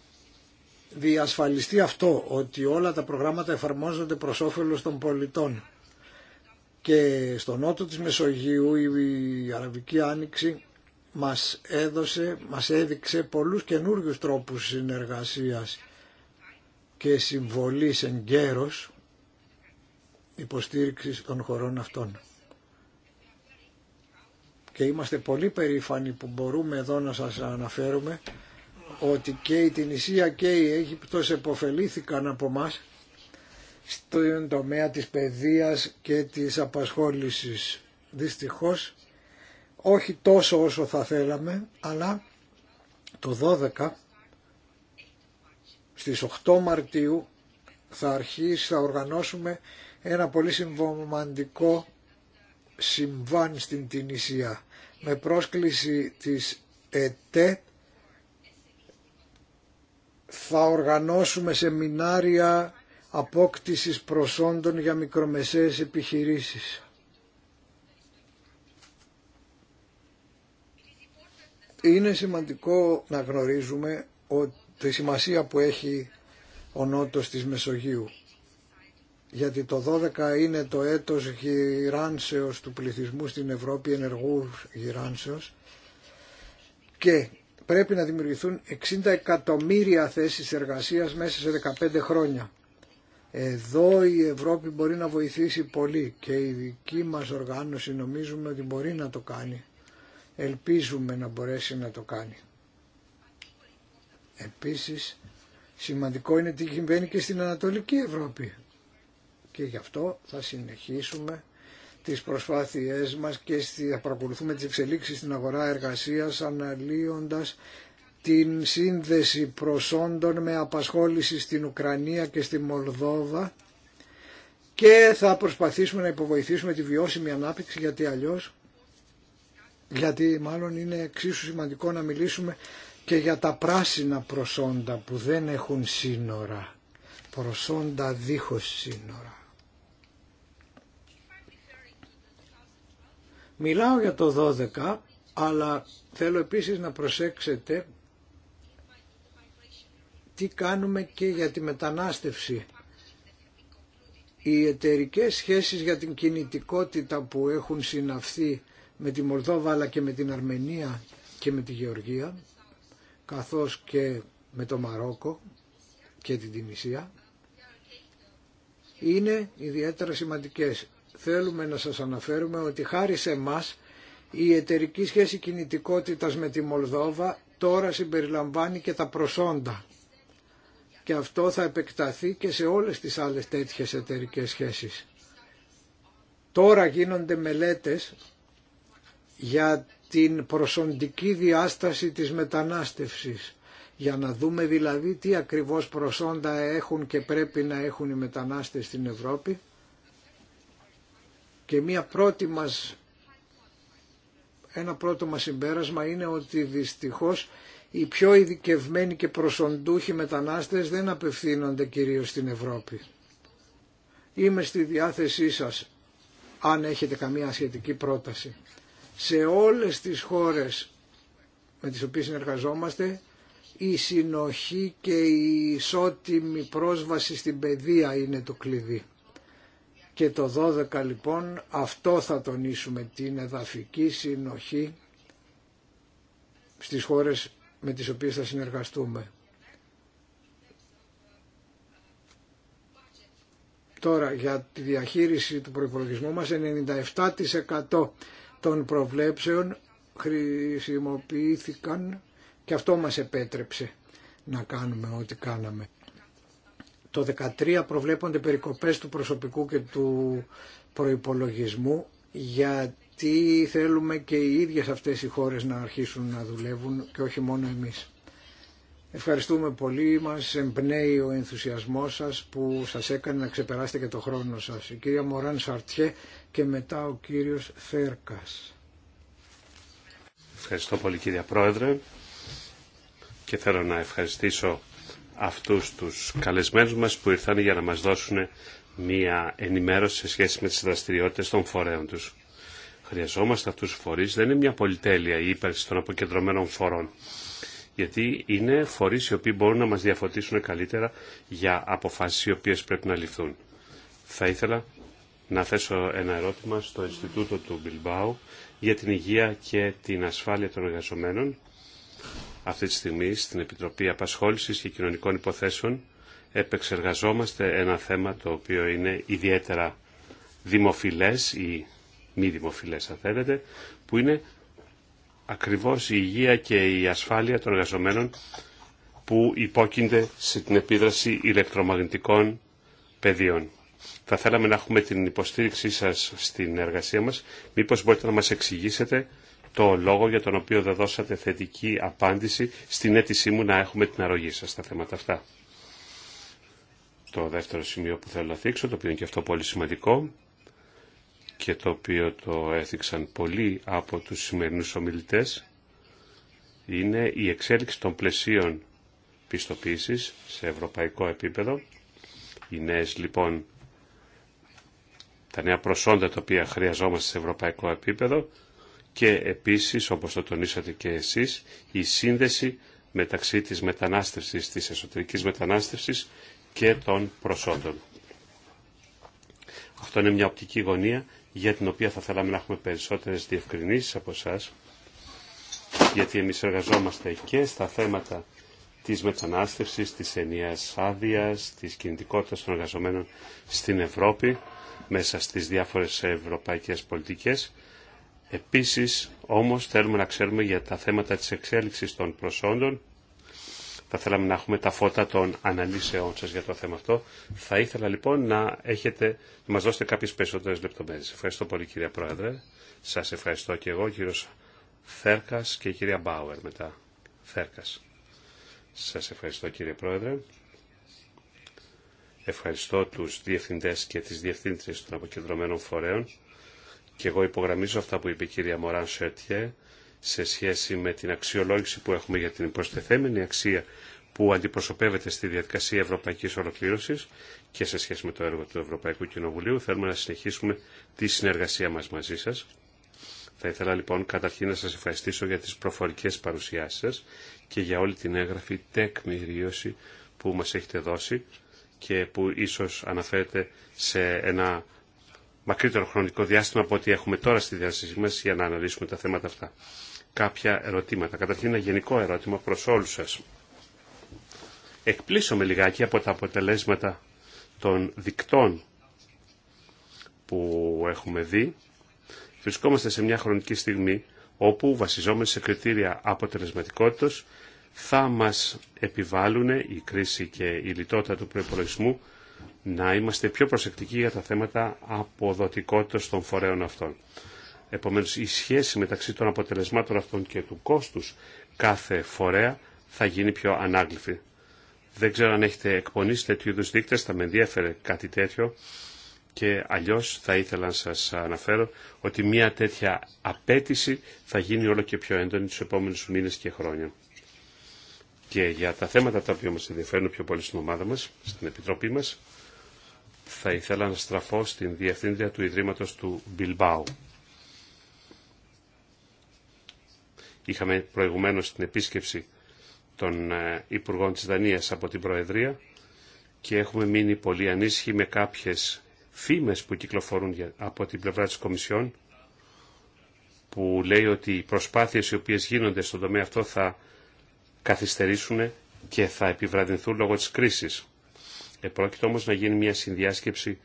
Speaker 3: διασφαλιστεί αυτό, ότι όλα τα προγράμματα εφαρμόζονται προς όφελος των πολιτών. Και στο νότο της Μεσογείου η Αραβική Άνοιξη μας έδωσε, μας έδειξε πολλούς καινούριου τρόπους συνεργασίας και συμβολής εν γέρος υποστήριξης των χωρών αυτών. Και είμαστε πολύ περήφανοι που μπορούμε εδώ να σας αναφέρουμε ότι και η Τινησία και η Αίγυπτος επωφελήθηκαν από μας στον τομέα της παιδείας και της απασχόλησης. Δυστυχώς όχι τόσο όσο θα θέλαμε, αλλά το 12 στις 8 Μαρτίου θα αρχίσει, θα οργανώσουμε ένα πολύ συμβομαντικό συμβάν στην Τινησία με πρόσκληση της ΕΤΕ θα οργανώσουμε σεμινάρια απόκτησης προσόντων για μικρομεσαίες επιχειρήσεις. Είναι σημαντικό να γνωρίζουμε ότι τη σημασία που έχει ο νότος της Μεσογείου. Γιατί το 12 είναι το έτος γυράνσεως του πληθυσμού στην Ευρώπη, ενεργού γυράνσεως και πρέπει να δημιουργηθούν 60 εκατομμύρια θέσεις εργασίας μέσα σε 15 χρόνια. Εδώ η Ευρώπη μπορεί να βοηθήσει πολύ και η δική μας οργάνωση νομίζουμε ότι μπορεί να το κάνει. Ελπίζουμε να μπορέσει να το κάνει. Επίσης σημαντικό είναι τι συμβαίνει και στην Ανατολική Ευρώπη και γι' αυτό θα συνεχίσουμε τις προσπάθειές μας και θα παρακολουθούμε τις εξελίξεις στην αγορά εργασίας αναλύοντας την σύνδεση προσόντων με απασχόληση στην Ουκρανία και στη Μολδόβα και θα προσπαθήσουμε να υποβοηθήσουμε τη βιώσιμη ανάπτυξη γιατί αλλιώς γιατί μάλλον είναι εξίσου σημαντικό να μιλήσουμε και για τα πράσινα προσόντα που δεν έχουν σύνορα, προσόντα δίχως σύνορα. Μιλάω για το 12, αλλά θέλω επίσης να προσέξετε τι κάνουμε και για τη μετανάστευση. Οι εταιρικέ σχέσεις για την κινητικότητα που έχουν συναυθεί με τη Μορδόβα αλλά και με την Αρμενία και με τη Γεωργία καθώς και με το Μαρόκο και την Τινησία είναι ιδιαίτερα σημαντικές. Θέλουμε να σας αναφέρουμε ότι χάρη σε μας η εταιρική σχέση κινητικότητας με τη Μολδόβα τώρα συμπεριλαμβάνει και τα προσόντα και αυτό θα επεκταθεί και σε όλες τις άλλες τέτοιες εταιρικές σχέσεις. Τώρα γίνονται μελέτες για την προσοντική διάσταση της μετανάστευσης για να δούμε δηλαδή τι ακριβώς προσόντα έχουν και πρέπει να έχουν οι μετανάστες στην Ευρώπη και μία πρώτη μας, ένα πρώτο μας συμπέρασμα είναι ότι δυστυχώς οι πιο ειδικευμένοι και προσοντούχοι μετανάστες δεν απευθύνονται κυρίως στην Ευρώπη. Είμαι στη διάθεσή σας αν έχετε καμία σχετική πρόταση σε όλες τις χώρες με τις οποίες συνεργαζόμαστε η συνοχή και η ισότιμη πρόσβαση στην παιδεία είναι το κλειδί. Και το 12 λοιπόν αυτό θα τονίσουμε την εδαφική συνοχή στις χώρες με τις οποίες θα συνεργαστούμε. Τώρα για τη διαχείριση του προϋπολογισμού μας 97% των προβλέψεων χρησιμοποιήθηκαν και αυτό μας επέτρεψε να κάνουμε ό,τι κάναμε. Το 13 προβλέπονται περικοπές του προσωπικού και του προϋπολογισμού γιατί θέλουμε και οι ίδιες αυτές οι χώρες να αρχίσουν να δουλεύουν και όχι μόνο εμείς. Ευχαριστούμε πολύ, μας εμπνέει ο ενθουσιασμός σας που σας έκανε να ξεπεράσετε και το χρόνο σας. Η κυρία και μετά ο κύριος φέρκας
Speaker 2: Ευχαριστώ πολύ κύριε Πρόεδρε και θέλω να ευχαριστήσω αυτούς τους καλεσμένους μας που ήρθαν για να μας δώσουν μία ενημέρωση σε σχέση με τις δραστηριότητες των φορέων τους. Χρειαζόμαστε αυτούς τους φορείς, δεν είναι μια πολυτέλεια η ύπαρξη των αποκεντρωμένων φορών, γιατί είναι φορείς οι οποίοι μπορούν να μας διαφωτίσουν καλύτερα για αποφάσεις οι οποίες πρέπει να ληφθούν. Θα ήθελα να θέσω ένα ερώτημα στο Ινστιτούτο του Μπιλμπάου για την υγεία και την ασφάλεια των εργαζομένων. Αυτή τη στιγμή στην Επιτροπή Απασχόλησης και Κοινωνικών Υποθέσεων επεξεργαζόμαστε ένα θέμα το οποίο είναι ιδιαίτερα δημοφιλές ή μη δημοφιλές αν θέλετε, που είναι ακριβώς η υγεία και η ασφάλεια των εργαζομένων που υπόκεινται σε την επίδραση ηλεκτρομαγνητικών πεδίων. Θα θέλαμε να έχουμε την υποστήριξή σας στην εργασία μας. Μήπως μπορείτε να μας εξηγήσετε το λόγο για τον οποίο δεν δώσατε θετική απάντηση στην αίτησή μου να έχουμε την αρρωγή σας στα θέματα αυτά. Το δεύτερο σημείο που θέλω να θίξω, το οποίο είναι και αυτό πολύ σημαντικό και το οποίο το έθιξαν πολλοί από τους σημερινούς ομιλητές, είναι η εξέλιξη των πλαισίων πιστοποίησης σε ευρωπαϊκό επίπεδο. Οι νέες λοιπόν τα νέα προσόντα τα οποία χρειαζόμαστε σε ευρωπαϊκό επίπεδο και επίσης, όπως το τονίσατε και εσείς, η σύνδεση μεταξύ της μετανάστευσης, της εσωτερικής μετανάστευσης και των προσόντων. Αυτό είναι μια οπτική γωνία για την οποία θα θέλαμε να έχουμε περισσότερες διευκρινήσεις από εσά, γιατί εμείς εργαζόμαστε και στα θέματα της μετανάστευσης, της ενιαίας άδεια, της κινητικότητας των εργαζομένων στην Ευρώπη μέσα στις διάφορες ευρωπαϊκές πολιτικές. Επίσης, όμως, θέλουμε να ξέρουμε για τα θέματα της εξέλιξης των προσόντων. Θα θέλαμε να έχουμε τα φώτα των αναλύσεών σας για το θέμα αυτό. Θα ήθελα λοιπόν να, έχετε, να μας δώσετε κάποιες περισσότερες λεπτομέρειες. Ευχαριστώ πολύ κύριε Πρόεδρε. Σας ευχαριστώ και εγώ, κύριος Θέρκας και η κυρία Μπάουερ μετά. Θέρκας. Σας ευχαριστώ κύριε Πρόεδρε. Ευχαριστώ τους διευθυντές και τις διευθύντριες των αποκεντρωμένων φορέων και εγώ υπογραμμίζω αυτά που είπε η κυρία Μωράν Σερτιέ σε σχέση με την αξιολόγηση που έχουμε για την προστεθέμενη αξία που αντιπροσωπεύεται στη διαδικασία ευρωπαϊκής ολοκλήρωσης και σε σχέση με το έργο του Ευρωπαϊκού Κοινοβουλίου. Θέλουμε να συνεχίσουμε τη συνεργασία μας μαζί σας. Θα ήθελα λοιπόν καταρχήν να σας ευχαριστήσω για τις προφορικές παρουσιάσεις σας και για όλη την έγγραφη τεκμηρίωση που μας έχετε δώσει και που ίσως αναφέρεται σε ένα μακρύτερο χρονικό διάστημα από ό,τι έχουμε τώρα στη διάστηση μας για να αναλύσουμε τα θέματα αυτά. Κάποια ερωτήματα. Καταρχήν ένα γενικό ερώτημα προς όλους σας. με λιγάκι από τα αποτελέσματα των δικτών που έχουμε δει. Βρισκόμαστε σε μια χρονική στιγμή όπου βασιζόμαστε σε κριτήρια αποτελεσματικότητας θα μας επιβάλλουν η κρίση και η λιτότητα του προϋπολογισμού να είμαστε πιο προσεκτικοί για τα θέματα αποδοτικότητας των φορέων αυτών. Επομένως, η σχέση μεταξύ των αποτελεσμάτων αυτών και του κόστους κάθε φορέα θα γίνει πιο ανάγλυφη. Δεν ξέρω αν έχετε εκπονήσει τέτοιου είδου δείκτες, θα με ενδιαφέρε κάτι τέτοιο και αλλιώς θα ήθελα να σας αναφέρω ότι μια τέτοια απέτηση θα γίνει όλο και πιο έντονη τους επόμενους μήνες και χρόνια και για τα θέματα τα οποία μας ενδιαφέρουν πιο πολύ στην ομάδα μας, στην Επιτροπή μας, θα ήθελα να στραφώ στην Διευθύντρια του Ιδρύματος του Μπιλμπάου. Είχαμε προηγουμένως την επίσκεψη των ε, Υπουργών της Δανίας από την Προεδρία και έχουμε μείνει πολύ ανήσυχοι με κάποιες φήμες που κυκλοφορούν από την πλευρά της Κομισιόν που λέει ότι οι προσπάθειες οι οποίες γίνονται στον τομέα αυτό θα καθυστερήσουν και θα επιβραδυνθούν λόγω της κρίσης. Επρόκειτο όμως να γίνει μια συνδιάσκεψη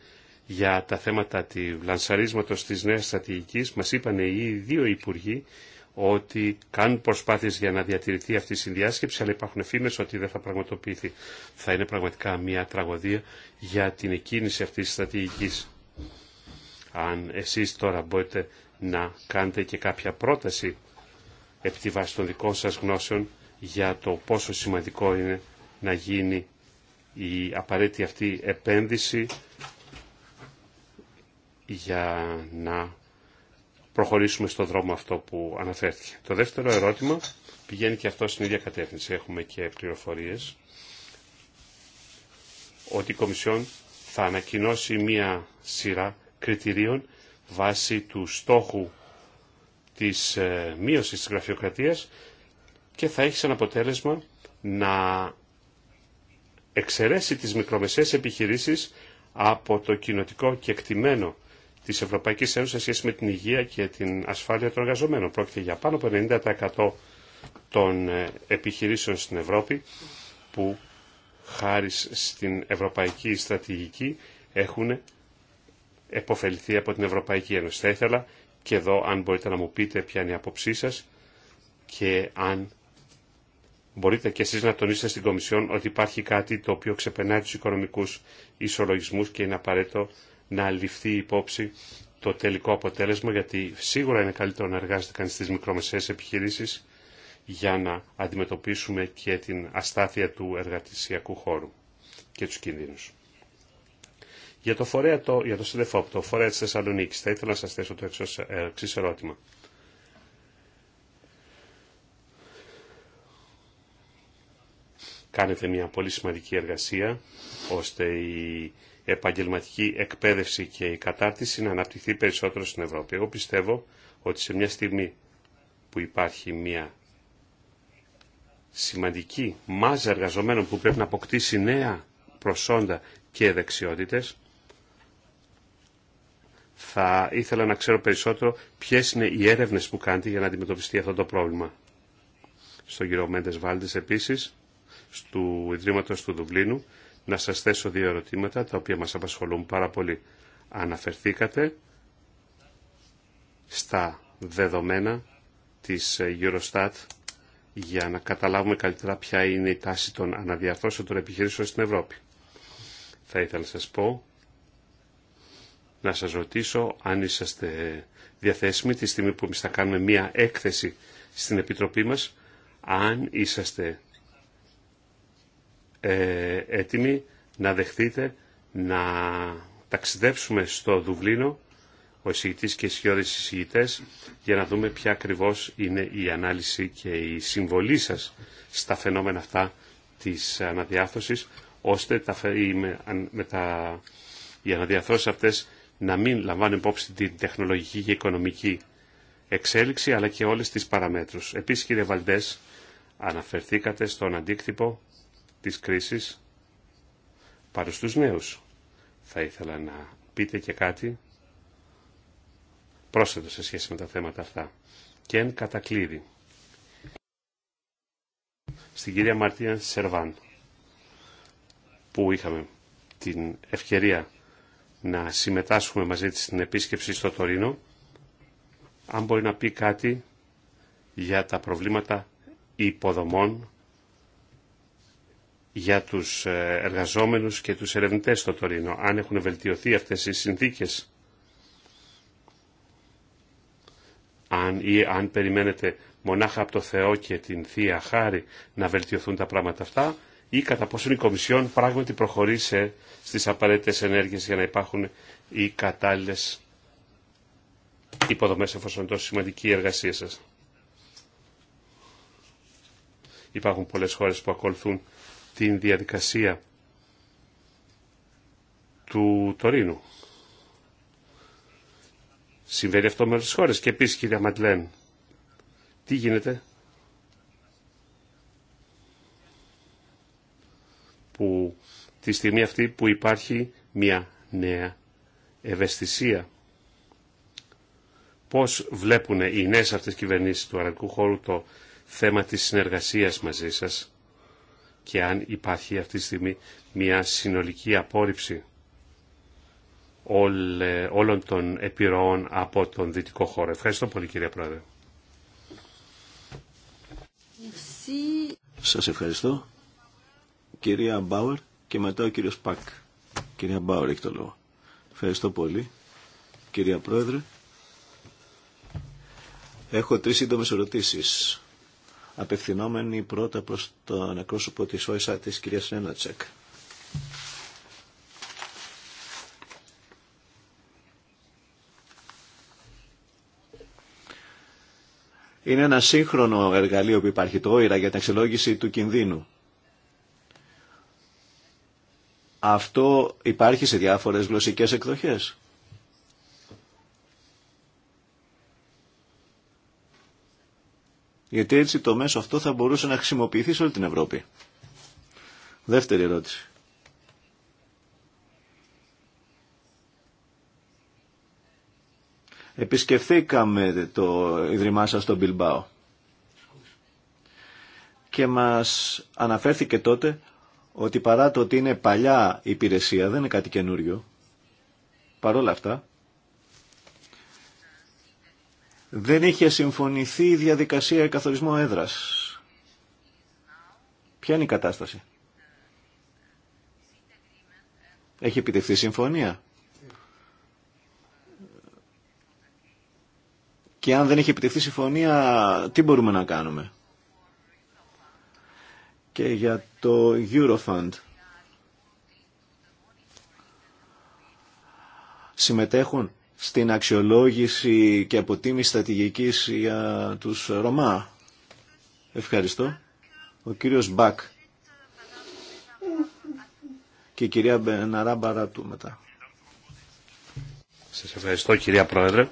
Speaker 2: για τα θέματα του λανσαρίσματος της νέας στρατηγικής. Μας είπαν οι δύο υπουργοί ότι κάνουν προσπάθειες για να διατηρηθεί αυτή η συνδιάσκεψη, αλλά υπάρχουν φήμες ότι δεν θα πραγματοποιηθεί. Θα είναι πραγματικά μια τραγωδία για την εκκίνηση αυτής της στρατηγικής. Αν εσείς τώρα μπορείτε να κάνετε και κάποια πρόταση επί τη βάση των δικών σας γνώσεων, για το πόσο σημαντικό είναι να γίνει η απαραίτητη αυτή επένδυση για να προχωρήσουμε στον δρόμο αυτό που αναφέρθηκε. Το δεύτερο ερώτημα πηγαίνει και αυτό στην ίδια κατεύθυνση. Έχουμε και πληροφορίες ότι η Κομισιόν θα ανακοινώσει μία σειρά κριτηρίων βάσει του στόχου της ε, μείωσης της γραφειοκρατίας και θα έχει σαν αποτέλεσμα να εξαιρέσει τις μικρομεσαίες επιχειρήσεις από το κοινοτικό και εκτιμένο της Ευρωπαϊκής Ένωσης σε σχέση με την υγεία και την ασφάλεια των εργαζομένων. Πρόκειται για πάνω από 90% των ε, επιχειρήσεων στην Ευρώπη που χάρη στην ευρωπαϊκή στρατηγική έχουν επωφεληθεί από την Ευρωπαϊκή Ένωση. Θα ήθελα και εδώ αν μπορείτε να μου πείτε ποια είναι η άποψή σας και αν μπορείτε και εσείς να τονίσετε στην Κομισιόν ότι υπάρχει κάτι το οποίο ξεπερνάει τους οικονομικούς ισολογισμούς και είναι απαραίτητο να ληφθεί υπόψη το τελικό αποτέλεσμα, γιατί σίγουρα είναι καλύτερο να εργάζεται κανείς στις μικρομεσαίες επιχειρήσεις για να αντιμετωπίσουμε και την αστάθεια του εργατησιακού χώρου και τους κινδύνους. Για το, φορέα το, για το το φορέα της Θεσσαλονίκης, θα ήθελα να σας θέσω το εξής ε, ερώτημα. κάνετε μια πολύ σημαντική εργασία ώστε η επαγγελματική εκπαίδευση και η κατάρτιση να αναπτυχθεί περισσότερο στην Ευρώπη. Εγώ πιστεύω ότι σε μια στιγμή που υπάρχει μια σημαντική μάζα εργαζομένων που πρέπει να αποκτήσει νέα προσόντα και δεξιότητες, θα ήθελα να ξέρω περισσότερο ποιες είναι οι έρευνες που κάνετε για να αντιμετωπιστεί αυτό το πρόβλημα. Στον κύριο Μέντες Βάλτης επίσης, του ιδρύματο του Δουβλίνου να σας θέσω δύο ερωτήματα τα οποία μα απασχολούν πάρα πολύ. Αναφερθήκατε στα δεδομένα της Eurostat για να καταλάβουμε καλύτερα ποια είναι η τάση των αναδιαρθώσεων των επιχειρήσεων στην Ευρώπη. Θα ήθελα να σας πω, να σας ρωτήσω αν είσαστε διαθέσιμοι τη στιγμή που θα κάνουμε μία έκθεση στην Επιτροπή μας, αν είσαστε ε, έτοιμοι να δεχτείτε να ταξιδέψουμε στο Δουβλίνο, ο εισηγητής και οι σιώδες εισηγητές, για να δούμε ποια ακριβώς είναι η ανάλυση και η συμβολή σας στα φαινόμενα αυτά της αναδιάθρωσης, ώστε τα, με, τα, οι αναδιαθρώσεις αυτές να μην λαμβάνουν υπόψη την τεχνολογική και οικονομική εξέλιξη, αλλά και όλες τις παραμέτρους. Επίσης, κύριε Βαλντές, αναφερθήκατε στον αντίκτυπο της κρίσης παρά στους νέους. Θα ήθελα να πείτε και κάτι πρόσθετο σε σχέση με τα θέματα αυτά. Και εν κατακλείδη. Στην κυρία Μαρτία Σερβάν, που είχαμε την ευκαιρία να συμμετάσχουμε μαζί της στην επίσκεψη στο Τωρίνο, αν μπορεί να πει κάτι για τα προβλήματα υποδομών για τους ε, εργαζόμενους και τους ερευνητές στο Τωρίνο, αν έχουν βελτιωθεί αυτές οι συνθήκες. Αν, ή αν περιμένετε μονάχα από το Θεό και την Θεία Χάρη να βελτιωθούν τα πράγματα αυτά, ή κατά πόσον η κατα ποσο πράγματι προχωρεί στις απαραίτητες ενέργειες για να υπάρχουν οι κατάλληλες υποδομές εφόσον τόσο σημαντική η εργασία σας. Υπάρχουν πολλές χώρες που ακολουθούν την διαδικασία του Τωρίνου. Συμβαίνει αυτό με όλες χώρες. Και επίσης, κυρία Ματλέν, τι γίνεται που τη στιγμή αυτή που υπάρχει μια νέα ευαισθησία. Πώς βλέπουν οι νέες αυτές κυβερνήσεις του αραγκού χώρου το θέμα της συνεργασίας μαζί σας και αν υπάρχει αυτή τη στιγμή μια συνολική απόρριψη όλων των επιρροών από τον δυτικό χώρο. Ευχαριστώ πολύ κύριε Πρόεδρε.
Speaker 4: Σας ευχαριστώ. Κυρία Μπάουερ και μετά ο κύριος Πακ. Κυρία Μπάουερ έχει το λόγο. Ευχαριστώ πολύ. Κυρία Πρόεδρε. Έχω τρεις σύντομες ερωτήσεις απευθυνόμενοι πρώτα προς τον εκπρόσωπο της ΟΕΣΑ της κυρίας Ρένατσεκ. Είναι ένα σύγχρονο εργαλείο που υπάρχει το ΟΗΡΑ για την αξιολόγηση του κινδύνου. Αυτό υπάρχει σε διάφορες γλωσσικές εκδοχές. Γιατί έτσι το μέσο αυτό θα μπορούσε να χρησιμοποιηθεί σε όλη την Ευρώπη. Δεύτερη ερώτηση. Επισκεφθήκαμε το Ιδρυμά σας στο Μπιλμπάο και μας αναφέρθηκε τότε ότι παρά το ότι είναι παλιά υπηρεσία, δεν είναι κάτι καινούριο, παρόλα αυτά, δεν είχε συμφωνηθεί η διαδικασία καθορισμού έδρας. Ποια είναι η κατάσταση. Έχει επιτευχθεί συμφωνία. Και αν δεν έχει επιτευχθεί συμφωνία, τι μπορούμε να κάνουμε. Και για το Eurofund. Συμμετέχουν στην αξιολόγηση και αποτίμηση στρατηγικής για τους Ρωμά. Ευχαριστώ. Ο κύριος Μπακ και η κυρία Μπεναρά του μετά.
Speaker 2: Σας ευχαριστώ κυρία Πρόεδρε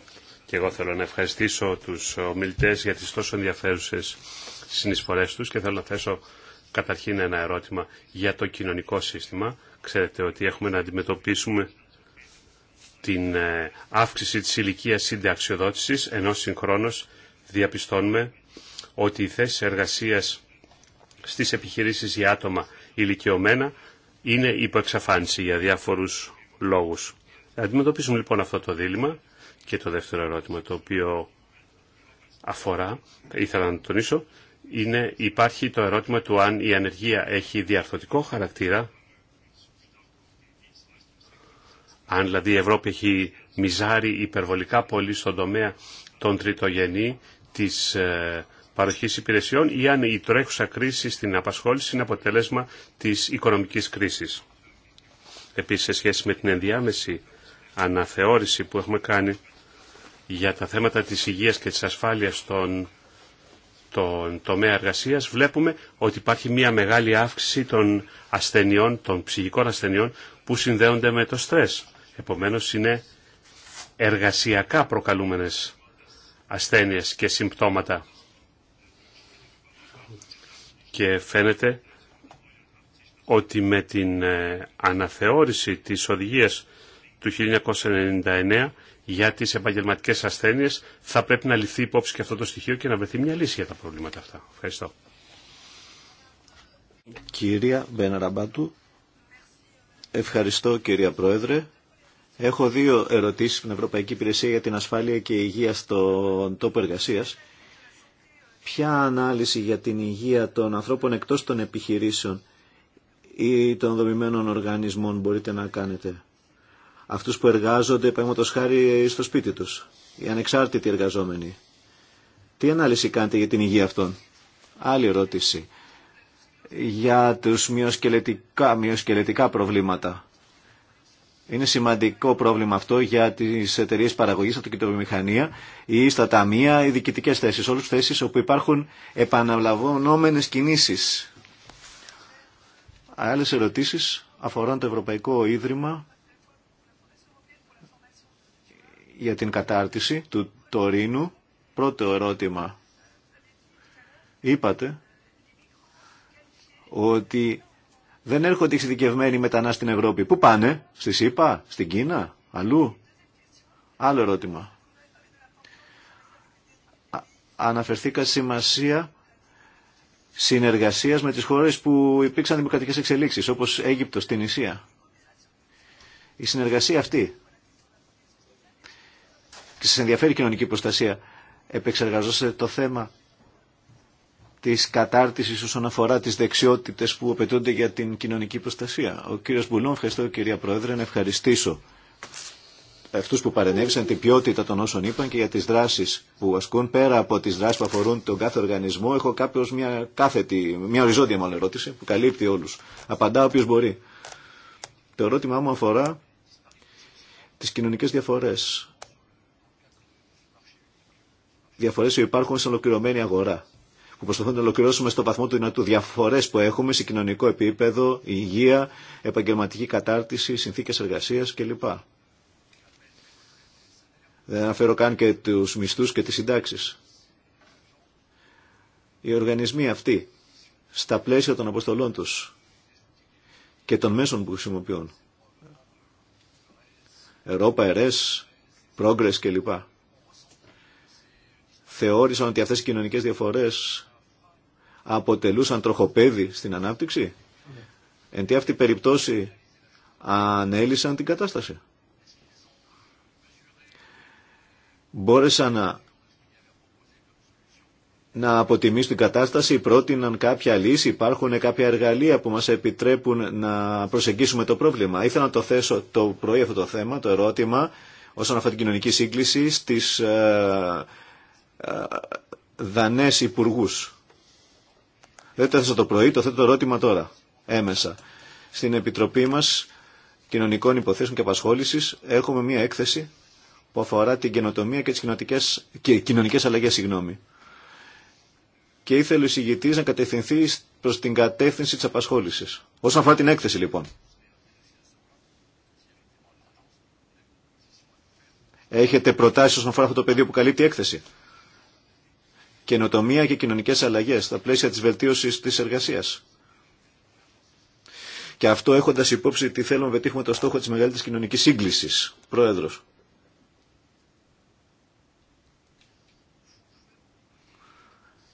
Speaker 2: και εγώ θέλω να ευχαριστήσω τους ομιλητές για τις τόσο ενδιαφέρουσες συνεισφορές τους και θέλω να θέσω καταρχήν ένα ερώτημα για το κοινωνικό σύστημα. Ξέρετε ότι έχουμε να αντιμετωπίσουμε την ε, αύξηση της ηλικίας συνταξιοδότησης, ενώ συγχρόνως διαπιστώνουμε ότι οι θέσεις εργασίας στις επιχειρήσεις για άτομα ηλικιωμένα είναι εξαφάνιση για διάφορους λόγους. Αντιμετωπίσουμε λοιπόν αυτό το δίλημα και το δεύτερο ερώτημα το οποίο αφορά, ήθελα να τονίσω, είναι υπάρχει το ερώτημα του αν η ανεργία έχει διαρθωτικό χαρακτήρα Αν δηλαδή η Ευρώπη έχει μιζάρει υπερβολικά πολύ στον τομέα των τριτογενή της ε, παροχής υπηρεσιών ή αν η τρέχουσα κρίση στην απασχόληση είναι αποτέλεσμα της οικονομικής κρίσης. Επίσης, σε σχέση με την ενδιάμεση αναθεώρηση που έχουμε κάνει για τα θέματα της υγείας και της ασφάλειας των τον τομέα εργασίας βλέπουμε ότι υπάρχει μια μεγάλη αύξηση των ασθενειών, των ψυχικών ασθενειών που συνδέονται με το στρες. Επομένως είναι εργασιακά προκαλούμενες ασθένειες και συμπτώματα. Και φαίνεται ότι με την ε, αναθεώρηση της οδηγίας του 1999 για τις επαγγελματικές ασθένειες θα πρέπει να ληφθεί υπόψη και αυτό το στοιχείο και να βρεθεί μια λύση για τα προβλήματα αυτά. Ευχαριστώ.
Speaker 4: Κυρία Μπέναραμπάτου, ευχαριστώ κυρία Πρόεδρε. Έχω δύο ερωτήσεις στην Ευρωπαϊκή Υπηρεσία για την ασφάλεια και υγεία στον τόπο εργασία. Ποια ανάλυση για την υγεία των ανθρώπων εκτός των επιχειρήσεων ή των δομημένων οργανισμών μπορείτε να κάνετε. Αυτούς που εργάζονται, παραδείγματος χάρη, στο σπίτι τους. Οι ανεξάρτητοι εργαζόμενοι. Τι ανάλυση κάνετε για την υγεία αυτών. Άλλη ερώτηση. Για τους μειοσκελετικά, μειοσκελετικά προβλήματα είναι σημαντικό πρόβλημα αυτό για τι εταιρείε παραγωγή, αυτοκινητοβιομηχανία ή στα ταμεία, οι διοικητικέ θέσει. Όλε θέσει όπου υπάρχουν επαναλαμβανόμενε κινήσει. Άλλε ερωτήσει αφορούν το Ευρωπαϊκό Ίδρυμα για την κατάρτιση του Τωρίνου. Πρώτο ερώτημα. Είπατε ότι δεν έρχονται εξειδικευμένοι μετανάστες στην Ευρώπη. Πού πάνε, στη ΣΥΠΑ, στην Κίνα, αλλού. Άλλο ερώτημα. Αναφερθήκα σημασία συνεργασίας με τις χώρες που υπήρξαν δημοκρατικές εξελίξεις, όπως Αίγυπτος, την Ισία. Η συνεργασία αυτή και σας ενδιαφέρει η κοινωνική προστασία, επεξεργαζόσατε το θέμα της κατάρτισης όσον αφορά τις δεξιότητες που απαιτούνται για την κοινωνική προστασία. Ο κύριος Μπουλόν, ευχαριστώ κυρία Πρόεδρε, να ευχαριστήσω αυτούς που παρενέβησαν την ποιότητα των όσων είπαν και για τις δράσεις που ασκούν πέρα από τις δράσεις που αφορούν τον κάθε οργανισμό έχω κάποιος μια κάθετη, μια οριζόντια μάλλον ερώτηση που καλύπτει όλους. Απαντά όποιος μπορεί. Το ερώτημά μου αφορά τις κοινωνικές διαφορές. Διαφορές που υπάρχουν σε ολοκληρωμένη αγορά που προσπαθούν να ολοκληρώσουμε στο βαθμό του δυνατού. Διαφορέ που έχουμε σε κοινωνικό επίπεδο, υγεία, επαγγελματική κατάρτιση, συνθήκε εργασία κλπ. Δεν αναφέρω καν και του μισθού και τι συντάξει. Οι οργανισμοί αυτοί, στα πλαίσια των αποστολών του και των μέσων που χρησιμοποιούν, Ευρώπα, ΕΡΕΣ, Progress κλπ. Θεώρησαν ότι αυτές οι κοινωνικές διαφορές αποτελούσαν τροχοπέδι στην ανάπτυξη. Εν τί αυτή περιπτώσει ανέλησαν την κατάσταση. Μπόρεσαν να, να αποτιμήσουν την κατάσταση, πρότειναν κάποια λύση, υπάρχουν κάποια εργαλεία που μας επιτρέπουν να προσεγγίσουμε το πρόβλημα. Ήθελα να το θέσω το πρωί αυτό το θέμα, το ερώτημα, όσον αφορά την κοινωνική σύγκληση στις ε, ε Δανές υπουργούς δεν το έθεσα το πρωί, το θέτω το ερώτημα τώρα, έμεσα. Στην Επιτροπή μας Κοινωνικών Υποθέσεων και Απασχόλησης έχουμε μία έκθεση που αφορά την καινοτομία και τις κοινωνικές, και αλλαγές. Συγγνώμη. Και ήθελε ο εισηγητής να κατευθυνθεί προς την κατεύθυνση της απασχόλησης. Όσον αφορά την έκθεση λοιπόν. Έχετε προτάσει όσον αφορά αυτό το πεδίο που καλύπτει η έκθεση καινοτομία και κοινωνικές αλλαγές στα πλαίσια τη βελτίωση της εργασίας. Και αυτό έχοντας υπόψη τι θέλουμε να πετύχουμε το στόχο της μεγαλύτερη κοινωνικής σύγκληση. Πρόεδρος.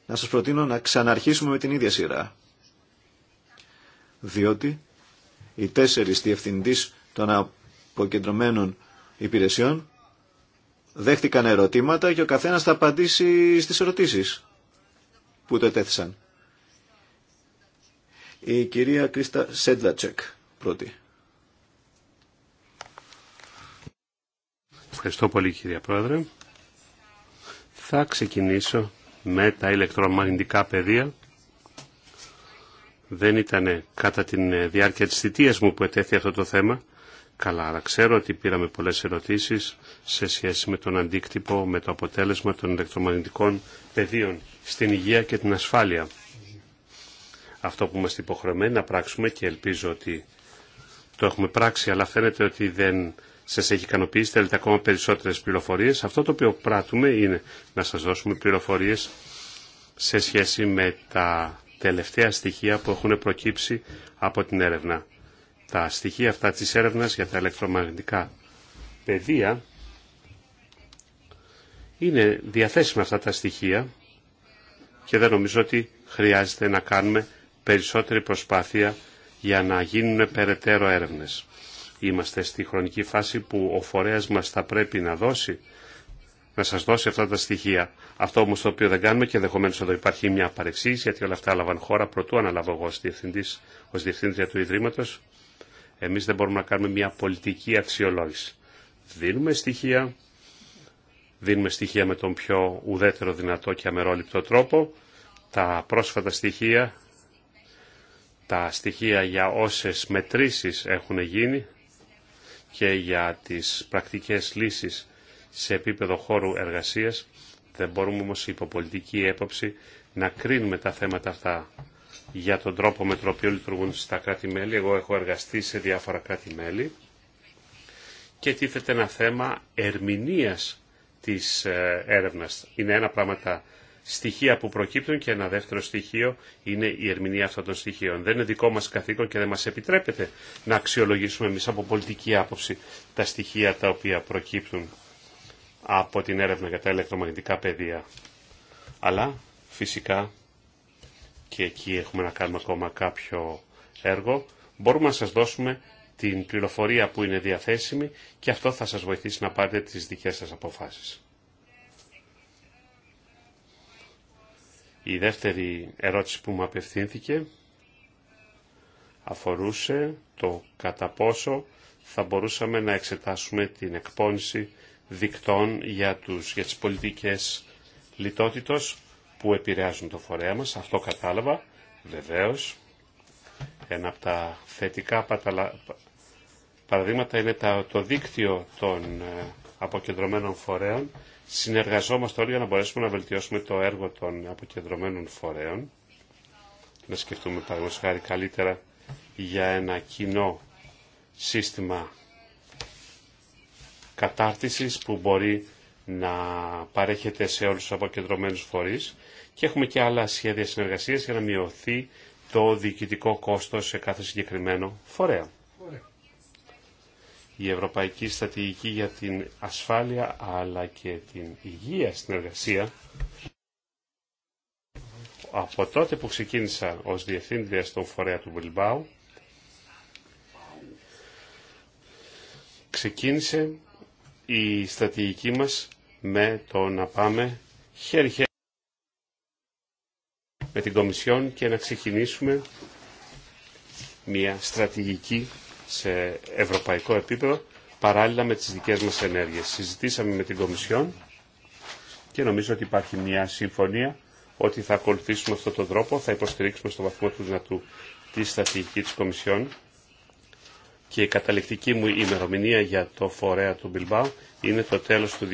Speaker 4: Να σας προτείνω να ξαναρχίσουμε με την ίδια σειρά. Διότι οι τέσσερις διευθυντής των αποκεντρωμένων υπηρεσιών δέχτηκαν ερωτήματα και ο καθένας θα απαντήσει στις ερωτήσεις που το ετέθησαν. Η κυρία Κρίστα Σέντλατσεκ πρώτη.
Speaker 2: Ευχαριστώ πολύ κυρία Πρόεδρε. Θα ξεκινήσω με τα ηλεκτρομαγνητικά πεδία. Δεν ήταν κατά τη διάρκεια της θητείας μου που ετέθη αυτό το θέμα καλά. Αλλά ξέρω ότι πήραμε πολλές ερωτήσεις σε σχέση με τον αντίκτυπο, με το αποτέλεσμα των ηλεκτρομαγνητικών πεδίων στην υγεία και την ασφάλεια. Αυτό που είμαστε υποχρεωμένοι να πράξουμε και ελπίζω ότι το έχουμε πράξει, αλλά φαίνεται ότι δεν σας έχει ικανοποιήσει, θέλετε ακόμα περισσότερες πληροφορίες. Αυτό το οποίο πράττουμε είναι να σας δώσουμε πληροφορίες σε σχέση με τα τελευταία στοιχεία που έχουν προκύψει από την έρευνα τα στοιχεία αυτά της έρευνας για τα ηλεκτρομαγνητικά πεδία είναι διαθέσιμα αυτά τα στοιχεία και δεν νομίζω ότι χρειάζεται να κάνουμε περισσότερη προσπάθεια για να γίνουν περαιτέρω έρευνες. Είμαστε στη χρονική φάση που ο φορέας μας θα πρέπει να δώσει να σας δώσει αυτά τα στοιχεία. Αυτό όμως το οποίο δεν κάνουμε και ενδεχομένω εδώ υπάρχει μια παρεξήγηση γιατί όλα αυτά έλαβαν χώρα πρωτού αναλάβω εγώ ως, διευθυντής, ως διευθύντρια του Ιδρύματος. Εμείς δεν μπορούμε να κάνουμε μια πολιτική αξιολόγηση. Δίνουμε στοιχεία, δίνουμε στοιχεία με τον πιο ουδέτερο δυνατό και αμερόληπτο τρόπο. Τα πρόσφατα στοιχεία, τα στοιχεία για όσες μετρήσεις έχουν γίνει και για τις πρακτικές λύσεις σε επίπεδο χώρου εργασίας. Δεν μπορούμε όμως υπό πολιτική έποψη να κρίνουμε τα θέματα αυτά για τον τρόπο με τον οποίο λειτουργούν στα κράτη-μέλη. Εγώ έχω εργαστεί σε διάφορα κράτη-μέλη και τίθεται ένα θέμα ερμηνείας της ε, έρευνας. Είναι ένα πράγμα τα στοιχεία που προκύπτουν και ένα δεύτερο στοιχείο είναι η ερμηνεία αυτών των στοιχείων. Δεν είναι δικό μας καθήκον και δεν μας επιτρέπεται να αξιολογήσουμε εμείς από πολιτική άποψη τα στοιχεία τα οποία προκύπτουν από την έρευνα για τα ηλεκτρομαγνητικά πεδία. Αλλά φυσικά και εκεί έχουμε να κάνουμε ακόμα κάποιο έργο, μπορούμε να σας δώσουμε την πληροφορία που είναι διαθέσιμη και αυτό θα σας βοηθήσει να πάρετε τις δικές σας αποφάσεις. Η δεύτερη ερώτηση που μου απευθύνθηκε αφορούσε το κατά πόσο θα μπορούσαμε να εξετάσουμε την εκπόνηση δικτών για, τους, για τις πολιτικές λιτότητος που επηρεάζουν το φορέα μας. Αυτό κατάλαβα, βεβαίως. Ένα από τα θετικά παραδείγματα είναι το δίκτυο των ε, αποκεντρωμένων φορέων. Συνεργαζόμαστε όλοι για να μπορέσουμε να βελτιώσουμε το έργο των αποκεντρωμένων φορέων. Να σκεφτούμε παραδείγματος χάρη καλύτερα για ένα κοινό σύστημα κατάρτισης που μπορεί να παρέχεται σε όλους τους αποκεντρωμένους φορείς και έχουμε και άλλα σχέδια συνεργασίας για να μειωθεί το διοικητικό κόστος σε κάθε συγκεκριμένο φορέα. Η Ευρωπαϊκή Στατηγική για την Ασφάλεια αλλά και την Υγεία στην Εργασία από τότε που ξεκίνησα ως διευθύντρια στον φορέα του Μπιλμπάου ξεκίνησε η στρατηγική μας με το να πάμε χέρι-χέρι με την Κομισιόν και να ξεκινήσουμε μια στρατηγική σε ευρωπαϊκό επίπεδο παράλληλα με τις δικές μας ενέργειες. Συζητήσαμε με την Κομισιόν και νομίζω ότι υπάρχει μια συμφωνία ότι θα ακολουθήσουμε αυτόν τον τρόπο, θα υποστηρίξουμε στο βαθμό του δυνατού τη στρατηγική της Κομισιόν και η καταληκτική μου ημερομηνία για το φορέα του Μπιλμπάου είναι το τέλος του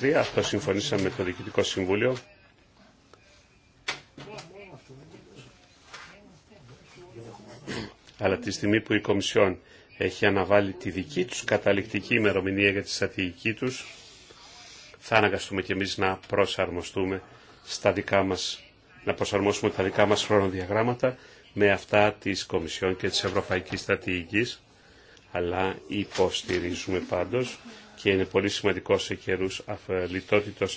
Speaker 2: 2013. Αυτό συμφωνήσαμε με το Διοικητικό Συμβούλιο. Αλλά τη στιγμή που η Κομισιόν έχει αναβάλει τη δική τους καταληκτική ημερομηνία για τη στρατηγική τους, θα αναγκαστούμε και εμείς να προσαρμοστούμε στα δικά μας, να προσαρμόσουμε τα δικά μας χρονοδιαγράμματα με αυτά της Κομισιόν και της Ευρωπαϊκής Στρατηγικής αλλά υποστηρίζουμε πάντως και είναι πολύ σημαντικό σε καιρούς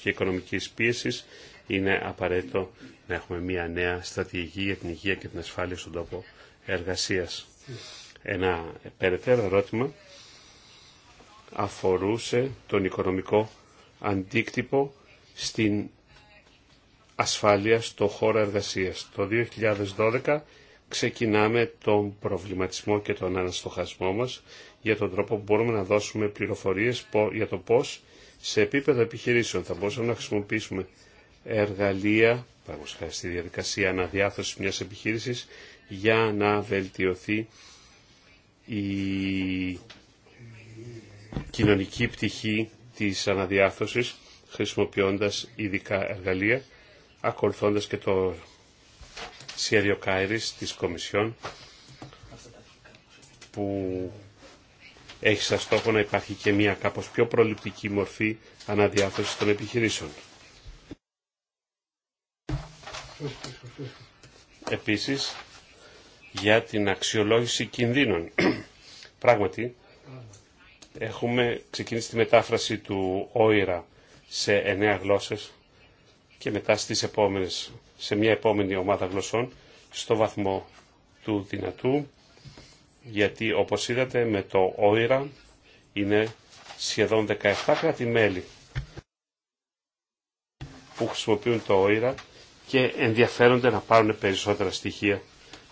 Speaker 2: και οικονομικής πίεσης είναι απαραίτητο να έχουμε μια νέα στρατηγική για την υγεία και την ασφάλεια στον τόπο εργασίας. Ένα περαιτέρω ερώτημα αφορούσε τον οικονομικό αντίκτυπο στην ασφάλεια στο χώρο εργασίας. Το 2012 ξεκινάμε τον προβληματισμό και τον αναστοχασμό μας για τον τρόπο που μπορούμε να δώσουμε πληροφορίες για το πώς σε επίπεδο επιχειρήσεων θα μπορούσαμε να χρησιμοποιήσουμε εργαλεία, παραγωγικά στη διαδικασία αναδιάθρωσης μιας επιχείρησης, για να βελτιωθεί η κοινωνική πτυχή της αναδιάθρωσης χρησιμοποιώντας ειδικά εργαλεία, ακολουθώντας και το σχέδιο Κάιρης της Κομισιόν που έχει σαν στόχο να υπάρχει και μια κάπως πιο προληπτική μορφή αναδιάθρωσης των επιχειρήσεων. Επίσης, για την αξιολόγηση κινδύνων. Πράγματι, έχουμε ξεκινήσει τη μετάφραση του όηρα σε εννέα γλώσσες και μετά στις επόμενες σε μια επόμενη ομάδα γλωσσών στο βαθμό του δυνατού γιατί όπως είδατε με το όιρα είναι σχεδόν 17 κράτη-μέλη που χρησιμοποιούν το όιρα και ενδιαφέρονται να πάρουν περισσότερα στοιχεία.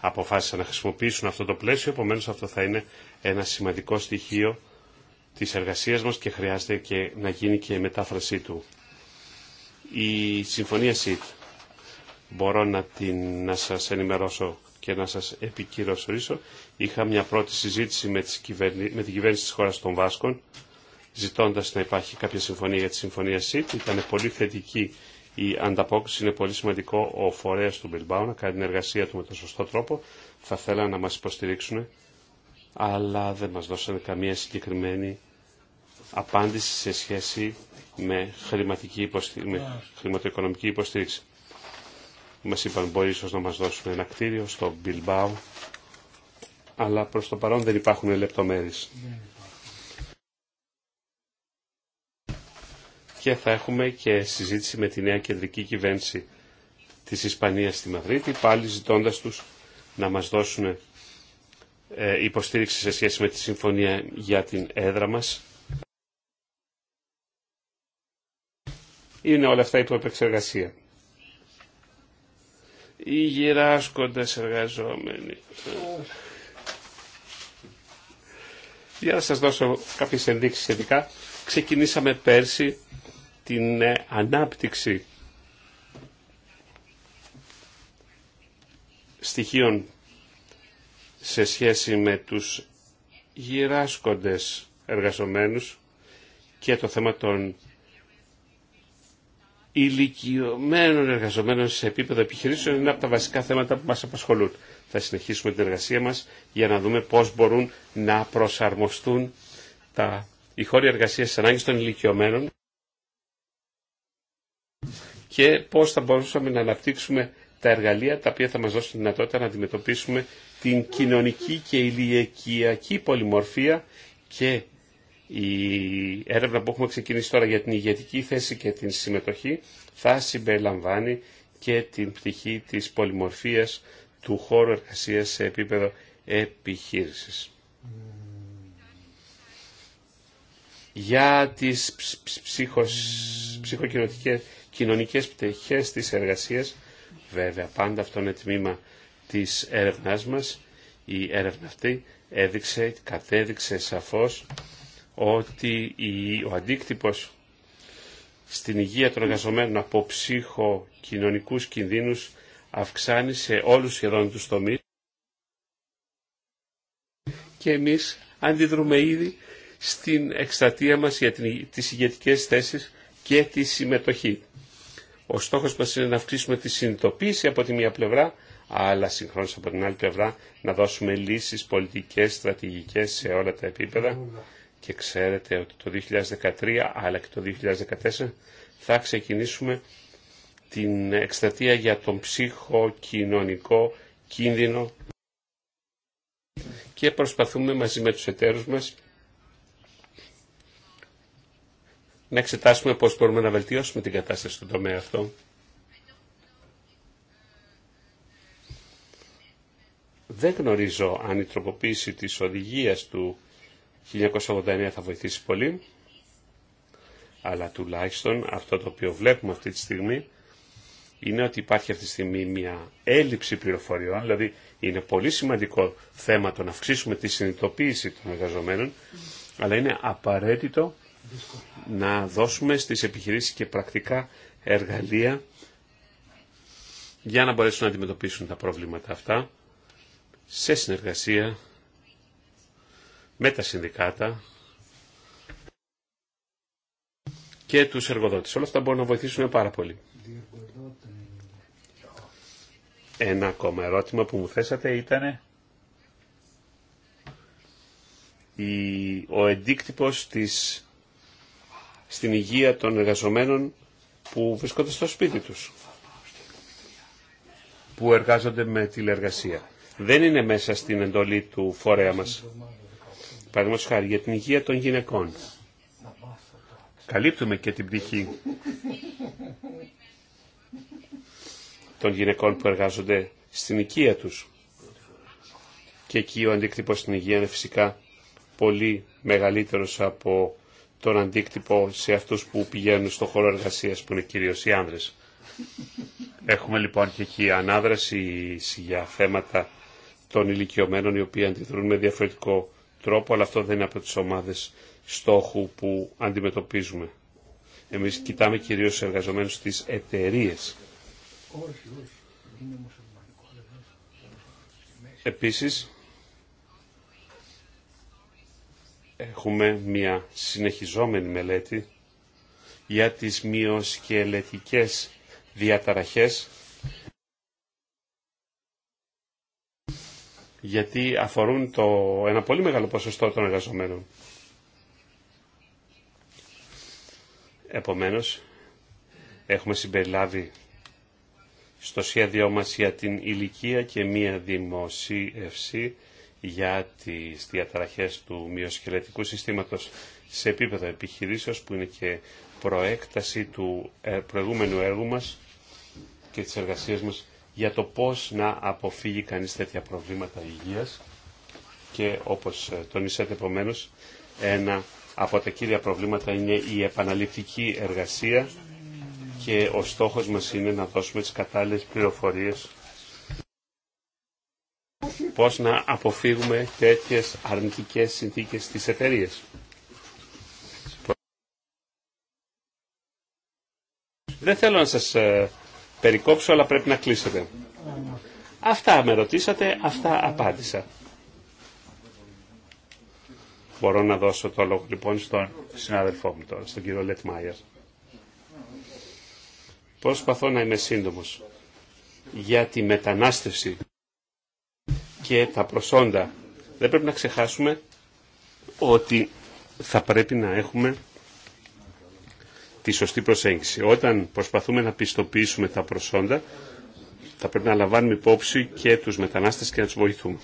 Speaker 2: Αποφάσισαν να χρησιμοποιήσουν αυτό το πλαίσιο, επομένω αυτό θα είναι ένα σημαντικό στοιχείο της εργασίας μας και χρειάζεται και να γίνει και η μετάφρασή του. Η συμφωνία ΣΥΤ μπορώ να, την, να σας ενημερώσω και να σας επικυρωσορίσω. Είχα μια πρώτη συζήτηση με, με την κυβέρνηση της χώρας των Βάσκων, ζητώντας να υπάρχει κάποια συμφωνία για τη συμφωνία ΣΥΤ. Ήταν πολύ θετική η ανταπόκριση. Είναι πολύ σημαντικό ο φορέας του Μπιλμπάου να κάνει την εργασία του με τον σωστό τρόπο. Θα θέλανε να μας υποστηρίξουν, αλλά δεν μας δώσανε καμία συγκεκριμένη απάντηση σε σχέση με, χρηματική με χρηματοοικονομική υποστήριξη. Μας είπαν μπορεί ίσως να μας δώσουν ένα κτίριο στο Μπιλμπάου, αλλά προς το παρόν δεν υπάρχουν λεπτομέρειες. Και θα έχουμε και συζήτηση με τη νέα κεντρική κυβέρνηση της Ισπανίας στη Μαδρίτη, πάλι ζητώντας τους να μας δώσουν ε, υποστήριξη σε σχέση με τη συμφωνία για την έδρα μας. Είναι όλα αυτά υπό επεξεργασία οι γυράσκοντες εργαζόμενοι. Για να σας δώσω κάποιες ενδείξεις σχετικά. Ξεκινήσαμε πέρσι την ε, ανάπτυξη στοιχείων σε σχέση με τους γυράσκοντες εργαζομένους και το θέμα των ηλικιωμένων εργαζομένων σε επίπεδο επιχειρήσεων είναι από τα βασικά θέματα που μας απασχολούν. Θα συνεχίσουμε την εργασία μας για να δούμε πώς μπορούν να προσαρμοστούν τα, οι χώροι εργασίας στις ανάγκες των ηλικιωμένων και πώς θα μπορούσαμε να αναπτύξουμε τα εργαλεία τα οποία θα μας δώσουν τη δυνατότητα να αντιμετωπίσουμε την κοινωνική και ηλικιακή πολυμορφία και η έρευνα που έχουμε ξεκινήσει τώρα για την ηγετική θέση και την συμμετοχή θα συμπεριλαμβάνει και την πτυχή της πολυμορφίας του χώρου εργασίας σε επίπεδο επιχείρησης. Για τις ψυχοκοινωνικές κοινωνικές πτυχές της εργασίας, βέβαια πάντα αυτό είναι τμήμα της έρευνάς μας, η έρευνα αυτή έδειξε, κατέδειξε σαφώς ότι ο αντίκτυπος στην υγεία των εργαζομένων από ψυχοκοινωνικούς κινδύνους αυξάνει σε όλους σχεδόν τους τομείς και εμείς αντιδρούμε ήδη στην εκστατεία μας για τις ηγετικές θέσεις και τη συμμετοχή. Ο στόχος μας είναι να αυξήσουμε τη συνειδητοποίηση από τη μία πλευρά, αλλά συγχρόνως από την άλλη πλευρά να δώσουμε λύσεις πολιτικές, στρατηγικές σε όλα τα επίπεδα και ξέρετε ότι το 2013 αλλά και το 2014 θα ξεκινήσουμε την εκστρατεία για τον ψυχοκοινωνικό κίνδυνο και προσπαθούμε μαζί με τους εταίρους μας να εξετάσουμε πώς μπορούμε να βελτιώσουμε την κατάσταση στον τομέα αυτό. Δεν γνωρίζω αν η τροποποίηση της οδηγίας του 1989 θα βοηθήσει πολύ, αλλά τουλάχιστον αυτό το οποίο βλέπουμε αυτή τη στιγμή είναι ότι υπάρχει αυτή τη στιγμή μια έλλειψη πληροφοριών, δηλαδή είναι πολύ σημαντικό θέμα το να αυξήσουμε τη συνειδητοποίηση των εργαζομένων, αλλά είναι απαραίτητο να δώσουμε στις επιχειρήσεις και πρακτικά εργαλεία για να μπορέσουν να αντιμετωπίσουν τα προβλήματα αυτά σε συνεργασία με τα συνδικάτα και τους εργοδότες. Όλα αυτά μπορούν να βοηθήσουν πάρα πολύ. Ένα ακόμα ερώτημα που μου θέσατε ήταν ο εντίκτυπος της, στην υγεία των εργαζομένων που βρίσκονται στο σπίτι τους, που εργάζονται με τηλεργασία. Δεν είναι μέσα στην εντολή του φορέα μας. Παραδείγματο χάρη για την υγεία των γυναικών. Καλύπτουμε και την πτυχή των γυναικών που εργάζονται στην οικία τους. Και εκεί ο αντίκτυπο στην υγεία είναι φυσικά πολύ μεγαλύτερος από τον αντίκτυπο σε αυτούς που πηγαίνουν στο χώρο εργασίας που είναι κυρίως οι άνδρες. Έχουμε λοιπόν και εκεί ανάδραση για θέματα των ηλικιωμένων οι οποίοι αντιδρούν με διαφορετικό τρόπο, αλλά αυτό δεν είναι από τις ομάδες στόχου που αντιμετωπίζουμε. Εμείς κοιτάμε κυρίως τους εργαζομένους στις εταιρείε. Επίσης, έχουμε μια συνεχιζόμενη μελέτη για τις μειοσκελετικές διαταραχές γιατί αφορούν το, ένα πολύ μεγάλο ποσοστό των εργαζομένων. Επομένως, έχουμε συμπεριλάβει στο σχέδιό μας για την ηλικία και μία δημοσίευση για τις διαταραχές του μυοσκελετικού συστήματος σε επίπεδο επιχειρήσεως που είναι και προέκταση του ε, προηγούμενου έργου μας και της εργασίας μας για το πώς να αποφύγει κανείς τέτοια προβλήματα υγείας και όπως ε, τονίσατε επομένω, ένα από τα κύρια προβλήματα είναι η επαναληπτική εργασία και ο στόχος μας είναι να δώσουμε τις κατάλληλες πληροφορίες πώς να αποφύγουμε τέτοιες αρνητικές συνθήκες στις εταιρείε. Δεν θέλω να σας ε, περικόψω, αλλά πρέπει να κλείσετε. Αυτά με ρωτήσατε, αυτά απάντησα. Μπορώ να δώσω το λόγο λοιπόν στον συνάδελφό μου τώρα, στον κύριο Λετ Προσπαθώ να είμαι σύντομος για τη μετανάστευση και τα προσόντα. Δεν πρέπει να ξεχάσουμε ότι θα πρέπει να έχουμε τη σωστή προσέγγιση. Όταν προσπαθούμε να πιστοποιήσουμε τα προσόντα, θα πρέπει να λαμβάνουμε υπόψη και τους μετανάστες και να του βοηθούμε.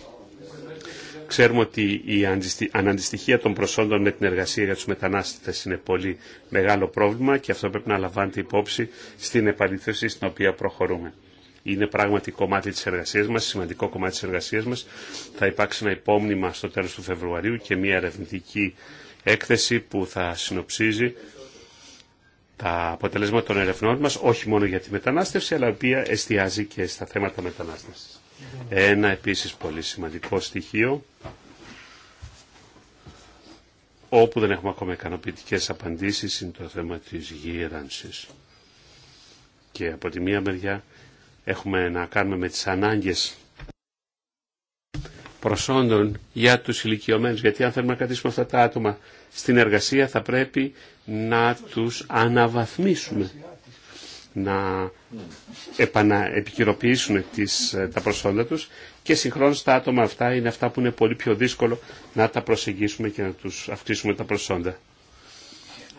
Speaker 2: Ξέρουμε ότι η αναντιστοιχία των προσόντων με την εργασία για τους μετανάστε είναι πολύ μεγάλο πρόβλημα και αυτό πρέπει να λαμβάνεται υπόψη στην επαλήθευση στην οποία προχωρούμε. Είναι πράγματι κομμάτι της εργασία μας, σημαντικό κομμάτι της εργασία μας. Θα υπάρξει ένα υπόμνημα στο τέλος του Φεβρουαρίου και μια ερευνητική έκθεση που θα συνοψίζει τα αποτελέσματα των ερευνών μας, όχι μόνο για τη μετανάστευση, αλλά η οποία εστιάζει και στα θέματα μετανάστευσης. Ένα επίσης πολύ σημαντικό στοιχείο, όπου δεν έχουμε ακόμα ικανοποιητικέ απαντήσεις, είναι το θέμα της γύρανσης. Και από τη μία μεριά έχουμε να κάνουμε με τις ανάγκες προσόντων για τους ηλικιωμένους, γιατί αν θέλουμε να κρατήσουμε αυτά τα άτομα στην εργασία θα πρέπει να τους αναβαθμίσουμε, να επαναεπικυροποιήσουν τις, ε, τα προσόντα τους και συγχρόνως τα άτομα αυτά είναι αυτά που είναι πολύ πιο δύσκολο να τα προσεγγίσουμε και να τους αυξήσουμε τα προσόντα.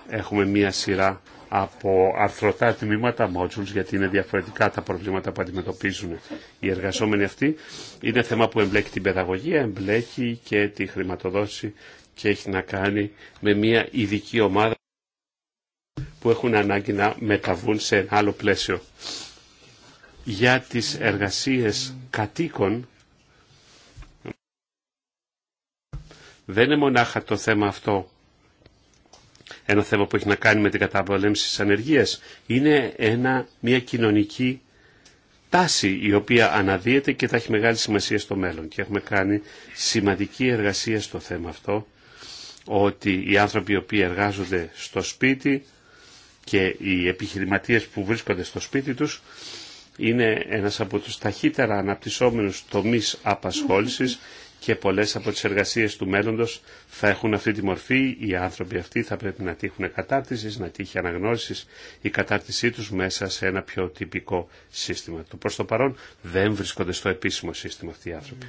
Speaker 2: Έχουμε μία σειρά από αρθρωτά τμήματα modules, γιατί είναι διαφορετικά τα προβλήματα που αντιμετωπίζουν οι εργαζόμενοι αυτοί. Είναι θέμα που εμπλέκει την παιδαγωγία, εμπλέκει και τη χρηματοδότηση και έχει να κάνει με μια ειδική ομάδα που έχουν ανάγκη να μεταβούν σε άλλο πλαίσιο. Για τις εργασίες κατοίκων δεν είναι μονάχα το θέμα αυτό ένα θέμα που έχει να κάνει με την καταπολέμηση της ανεργίας. Είναι ένα, μια κοινωνική τάση η οποία αναδύεται και θα έχει μεγάλη σημασία στο μέλλον. Και έχουμε κάνει σημαντική εργασία στο θέμα αυτό ότι οι άνθρωποι οι οποίοι εργάζονται στο σπίτι και οι επιχειρηματίες που βρίσκονται στο σπίτι τους είναι ένας από τους ταχύτερα αναπτυσσόμενους τομείς απασχόλησης και πολλές από τις εργασίες του μέλλοντος θα έχουν αυτή τη μορφή. Οι άνθρωποι αυτοί θα πρέπει να τύχουν κατάρτιση, να τύχει αναγνώρισης η κατάρτισή τους μέσα σε ένα πιο τυπικό σύστημα. Το προς το παρόν δεν βρίσκονται στο επίσημο σύστημα αυτοί οι άνθρωποι.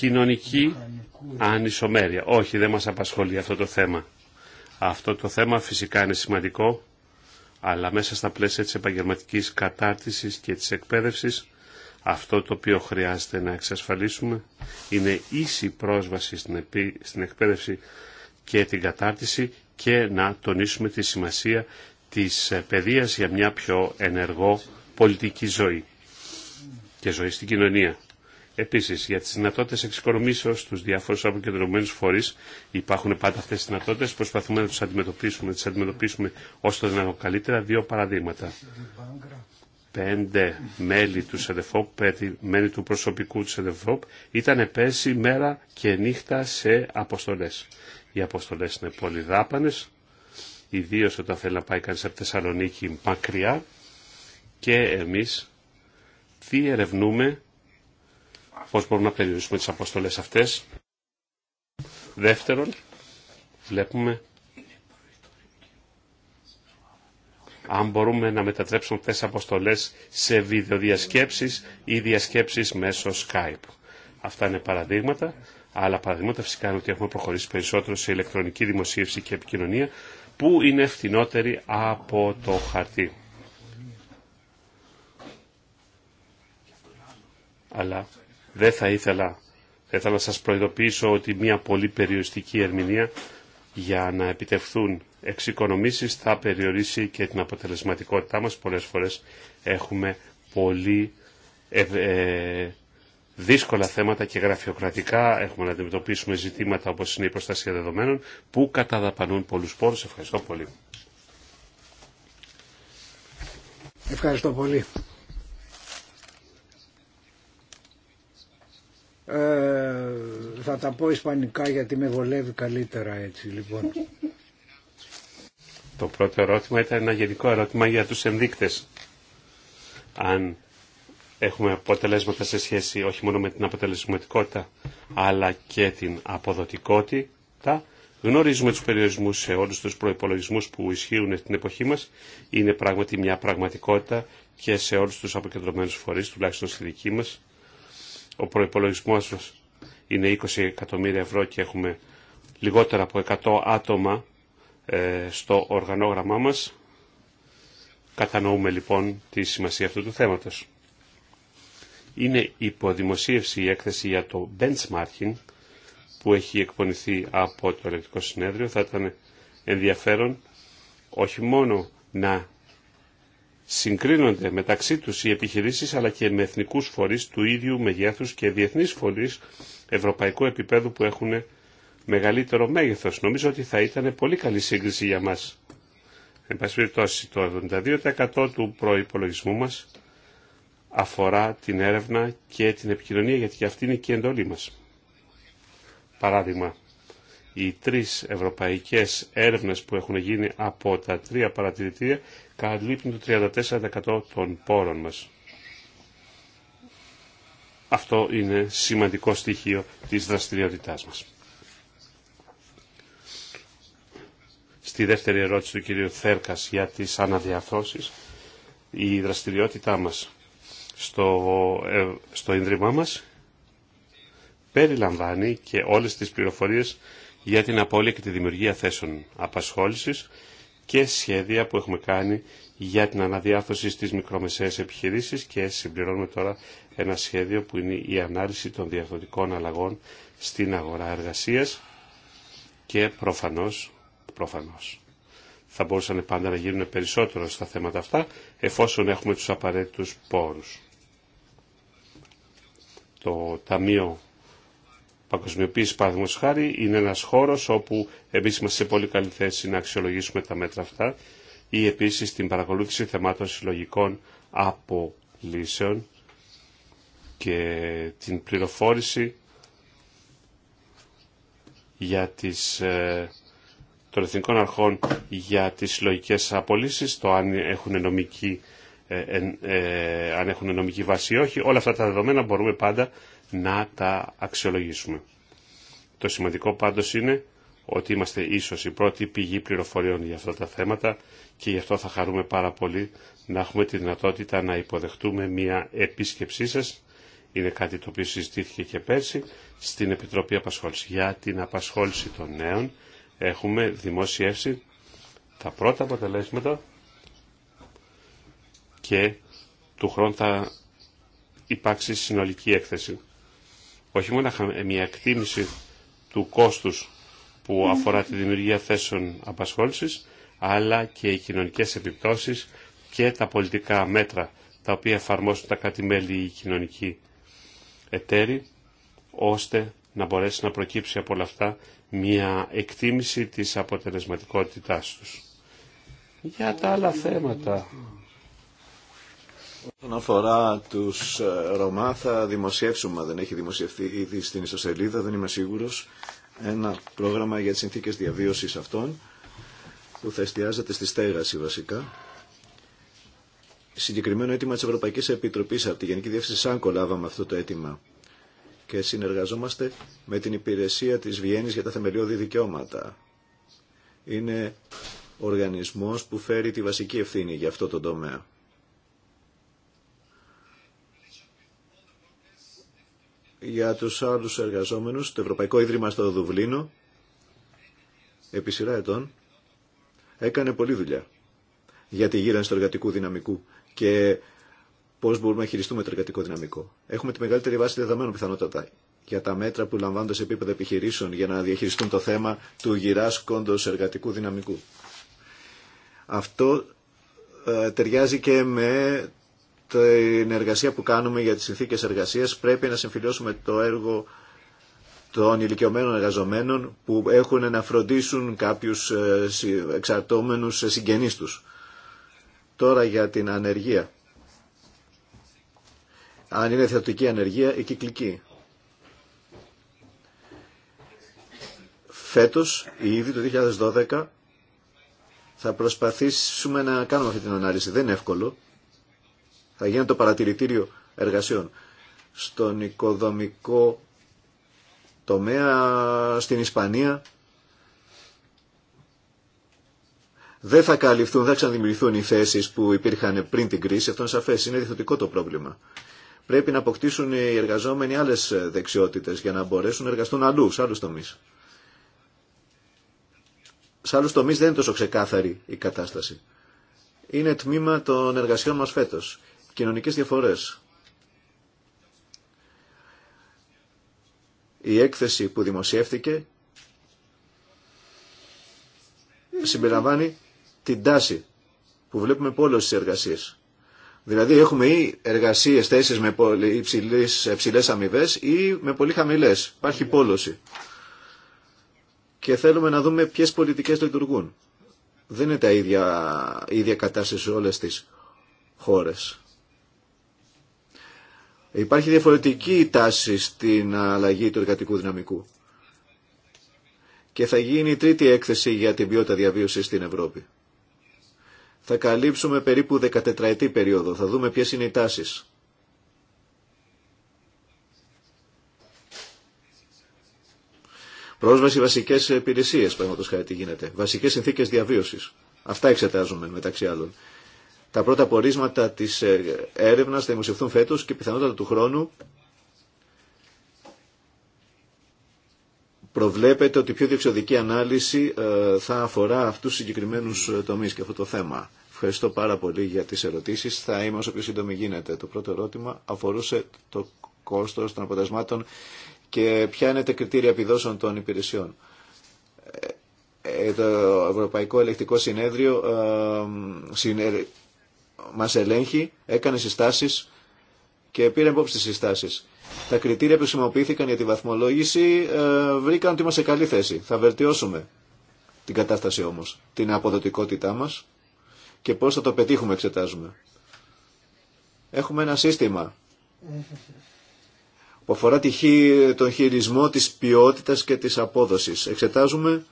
Speaker 2: Ναι, ναι, ναι ανισομέρεια. Όχι, δεν μας απασχολεί αυτό το θέμα. Αυτό το θέμα φυσικά είναι σημαντικό, αλλά μέσα στα πλαίσια της επαγγελματικής κατάρτισης και της εκπαίδευσης, αυτό το οποίο χρειάζεται να εξασφαλίσουμε είναι ίση πρόσβαση στην εκπαίδευση και την κατάρτιση και να τονίσουμε τη σημασία της ε, παιδείας για μια πιο ενεργό πολιτική ζωή και ζωή στην κοινωνία. Επίση, για τι δυνατότητε εξοικονομήσεω στου διάφορου αποκεντρωμένους φορεί υπάρχουν πάντα αυτέ τι δυνατότητε προσπαθούμε να τι αντιμετωπίσουμε, να τις αντιμετωπίσουμε όσο το δυνατόν καλύτερα. Δύο παραδείγματα. Πέντε μέλη του ΣΕΔΕΦΟΠ, πέντε μέλη του προσωπικού του ΣΕΔΕΦΟΠ ήταν πέρσι μέρα και νύχτα σε αποστολέ. Οι αποστολέ είναι πολύ δάπανε, ιδίω όταν θέλει να πάει κανεί από Θεσσαλονίκη μακριά και εμείς διερευνούμε πώς μπορούμε να περιορίσουμε τις αποστολές αυτές. Δεύτερον, βλέπουμε αν μπορούμε να μετατρέψουμε αυτές τις αποστολές σε βιντεοδιασκέψεις ή διασκέψεις μέσω Skype. Αυτά είναι παραδείγματα. Άλλα παραδείγματα φυσικά είναι ότι έχουμε προχωρήσει περισσότερο σε ηλεκτρονική δημοσίευση και επικοινωνία που είναι φθηνότερη από το χαρτί. Αλλά δεν θα ήθελα, θα να σας προειδοποιήσω ότι μια πολύ περιοριστική ερμηνεία για να επιτευχθούν εξοικονομήσεις θα περιορίσει και την αποτελεσματικότητά μας. Πολλές φορές έχουμε πολύ ε, ε, δύσκολα θέματα και γραφειοκρατικά. Έχουμε να αντιμετωπίσουμε ζητήματα όπως είναι η προστασία δεδομένων που καταδαπανούν πολλούς πόρους. Ευχαριστώ πολύ.
Speaker 3: Ευχαριστώ πολύ. Ε, θα τα πω ισπανικά γιατί με βολεύει καλύτερα έτσι λοιπόν.
Speaker 2: Το πρώτο ερώτημα ήταν ένα γενικό ερώτημα για τους ενδείκτες. Αν έχουμε αποτελέσματα σε σχέση όχι μόνο με την αποτελεσματικότητα αλλά και την αποδοτικότητα. Γνωρίζουμε τους περιορισμούς σε όλους τους προϋπολογισμούς που ισχύουν στην εποχή μας. Είναι πράγματι μια πραγματικότητα και σε όλους τους αποκεντρωμένους φορείς, τουλάχιστον στη δική μας. Ο προϋπολογισμός μας είναι 20 εκατομμύρια ευρώ και έχουμε λιγότερα από 100 άτομα ε, στο οργανόγραμμά μας. Κατανοούμε λοιπόν τη σημασία αυτού του θέματος. Είναι υποδημοσίευση η έκθεση για το benchmarking που έχει εκπονηθεί από το Ελεκτικό Συνέδριο. Θα ήταν ενδιαφέρον όχι μόνο να συγκρίνονται μεταξύ τους οι επιχειρήσεις αλλά και με εθνικούς φορείς του ίδιου μεγέθους και διεθνείς φορείς ευρωπαϊκού επίπεδου που έχουν μεγαλύτερο μέγεθος. Νομίζω ότι θα ήταν πολύ καλή σύγκριση για μας. Εν πάση περιπτώσει, το 72% του προϋπολογισμού μας αφορά την έρευνα και την επικοινωνία, γιατί και αυτή είναι και η εντολή μας. Παράδειγμα, οι τρεις ευρωπαϊκές έρευνες που έχουν γίνει από τα τρία παρατηρητήρια καλύπτουν το 34% των πόρων μας. Αυτό είναι σημαντικό στοιχείο της δραστηριότητάς μας. Στη δεύτερη ερώτηση του κυρίου Θέρκας για τις αναδιαθρώσεις, η δραστηριότητά μας στο, ε, στο Ινδρυμά μας περιλαμβάνει και όλες τις πληροφορίες για την απώλεια και τη δημιουργία θέσεων απασχόλησης και σχέδια που έχουμε κάνει για την αναδιάρθρωση στις μικρομεσαίες επιχειρήσεις και συμπληρώνουμε τώρα ένα σχέδιο που είναι η ανάλυση των διαδοτικών αλλαγών στην αγορά εργασίας και προφανώς, προφανώς θα μπορούσαν πάντα να γίνουν περισσότερο στα θέματα αυτά εφόσον έχουμε τους απαραίτητους πόρους. Το Ταμείο παγκοσμιοποίηση, παραδείγματο χάρη, είναι ένα χώρο όπου εμεί είμαστε σε πολύ καλή θέση να αξιολογήσουμε τα μέτρα αυτά ή επίση την παρακολούθηση θεμάτων συλλογικών απολύσεων και την πληροφόρηση για τις, ε, των εθνικών αρχών για τις συλλογικέ απολύσεις, το αν έχουν νομική ε, ε, αν έχουν νομική βάση ή όχι. Όλα αυτά τα δεδομένα μπορούμε πάντα να τα αξιολογήσουμε. Το σημαντικό πάντως είναι ότι είμαστε ίσως η πρώτη πηγή πληροφοριών για αυτά τα θέματα και γι' αυτό θα χαρούμε πάρα πολύ να έχουμε τη δυνατότητα να υποδεχτούμε μια επίσκεψή σας. Είναι κάτι το οποίο συζητήθηκε και πέρσι στην Επιτροπή Απασχόληση. Για την απασχόληση των νέων έχουμε δημοσιεύσει τα πρώτα αποτελέσματα και του χρόνου θα υπάρξει συνολική έκθεση όχι μόνο μια εκτίμηση του κόστους που αφορά τη δημιουργία θέσεων απασχόλησης, αλλά και οι κοινωνικές επιπτώσεις και τα πολιτικά μέτρα τα οποία εφαρμόσουν τα κατι μελη οι κοινωνικοί εταίροι, ώστε να μπορέσει να προκύψει από όλα αυτά μια εκτίμηση της αποτελεσματικότητάς τους. Για τα άλλα θέματα
Speaker 4: Όσον αφορά του ε, Ρωμά θα δημοσιεύσουμε, δεν έχει δημοσιευθεί ήδη στην ιστοσελίδα, δεν είμαι σίγουρο, ένα πρόγραμμα για τι συνθήκε διαβίωση αυτών που θα εστιάζεται στη στέγαση βασικά. Συγκεκριμένο αίτημα τη Ευρωπαϊκή Επιτροπή, από τη Γενική Διεύθυνση ΣΑΝΚΟ λάβαμε αυτό το αίτημα και συνεργαζόμαστε με την υπηρεσία της Βιέννης για τα θεμελιώδη δικαιώματα. Είναι οργανισμός που φέρει τη βασική ευθύνη για αυτό το τομέα. για τους άλλους εργαζόμενους, το Ευρωπαϊκό Ίδρυμα στο Δουβλίνο, επί σειρά ετών, έκανε πολλή δουλειά για τη γύρανση του εργατικού δυναμικού και πώ μπορούμε να χειριστούμε το εργατικό δυναμικό. Έχουμε τη μεγαλύτερη βάση δεδομένων πιθανότατα για τα μέτρα που λαμβάνονται σε επίπεδο επιχειρήσεων για να διαχειριστούν το θέμα του γυράσκοντος εργατικού δυναμικού. Αυτό ε, ταιριάζει και με την εργασία που κάνουμε για τις συνθήκες εργασίας πρέπει να συμφιλώσουμε το έργο των ηλικιωμένων εργαζομένων που έχουν να φροντίσουν κάποιους ε, εξαρτώμενους ε, συγγενείς τους. Τώρα για την ανεργία. Αν είναι θεωτική ανεργία ή κυκλική. Φέτος, ήδη το 2012, θα προσπαθήσουμε να κάνουμε αυτή την ανάλυση. Δεν είναι εύκολο θα γίνει το παρατηρητήριο εργασιών. Στον οικοδομικό τομέα στην Ισπανία δεν θα καλυφθούν, δεν θα ξαναδημιουργηθούν οι θέσει που υπήρχαν πριν την κρίση. Αυτό είναι σαφέ. Είναι διθοτικό το πρόβλημα. Πρέπει να αποκτήσουν οι εργαζόμενοι άλλε δεξιότητες για να μπορέσουν να εργαστούν αλλού, σε άλλου τομεί. Σε άλλου τομεί δεν είναι τόσο ξεκάθαρη η κατάσταση. Είναι τμήμα των εργασιών μα φέτο κοινωνικές διαφορές. Η έκθεση που δημοσιεύτηκε συμπεριλαμβάνει την τάση που βλέπουμε από όλες εργασίες. Δηλαδή έχουμε ή εργασίες, θέσεις με πολύ υψηλές, υψηλές αμοιβέ ή με πολύ χαμηλές. Υπάρχει πόλωση. Και θέλουμε να δούμε ποιες πολιτικές λειτουργούν. Δεν είναι τα ίδια, η ίδια θελουμε να δουμε ποιες πολιτικες λειτουργουν δεν ειναι τα ιδια ιδια κατασταση σε όλες τις χώρες. Υπάρχει διαφορετική τάση στην αλλαγή του εργατικού δυναμικού. Και θα γίνει η τρίτη έκθεση για την ποιότητα διαβίωση στην Ευρώπη. Θα καλύψουμε περίπου 14 περίοδο. Θα δούμε ποιες είναι οι τάσεις. Πρόσβαση βασικές υπηρεσίες, παραδείγματο χάρη τι γίνεται. Βασικές συνθήκες διαβίωσης. Αυτά εξετάζουμε μεταξύ άλλων. Τα πρώτα πορίσματα της ε, έρευνας θα δημοσιευθούν φέτος και πιθανότατα του χρόνου προβλέπεται ότι η πιο διεξοδική ανάλυση ε, θα αφορά αυτούς τους συγκεκριμένους ε, τομείς και αυτό το θέμα. Ευχαριστώ πάρα πολύ για τις ερωτήσεις. Θα είμαι όσο πιο σύντομη γίνεται. Το πρώτο ερώτημα αφορούσε το κόστος των αποτελεσμάτων και ποια είναι τα κριτήρια επιδόσεων των υπηρεσιών. Το Ευρωπαϊκό Ελεκτικό Συνέδριο μας ελέγχει, έκανε συστάσεις και πήρε υπόψη τις συστάσεις. Τα κριτήρια που χρησιμοποιήθηκαν για τη βαθμολόγηση ε, βρήκαν ότι είμαστε σε καλή θέση. Θα βελτιώσουμε την κατάσταση όμως, την αποδοτικότητά μας και πώς θα το πετύχουμε εξετάζουμε. Έχουμε ένα σύστημα που αφορά τη, τον χειρισμό της ποιότητας και της απόδοσης. Εξετάζουμε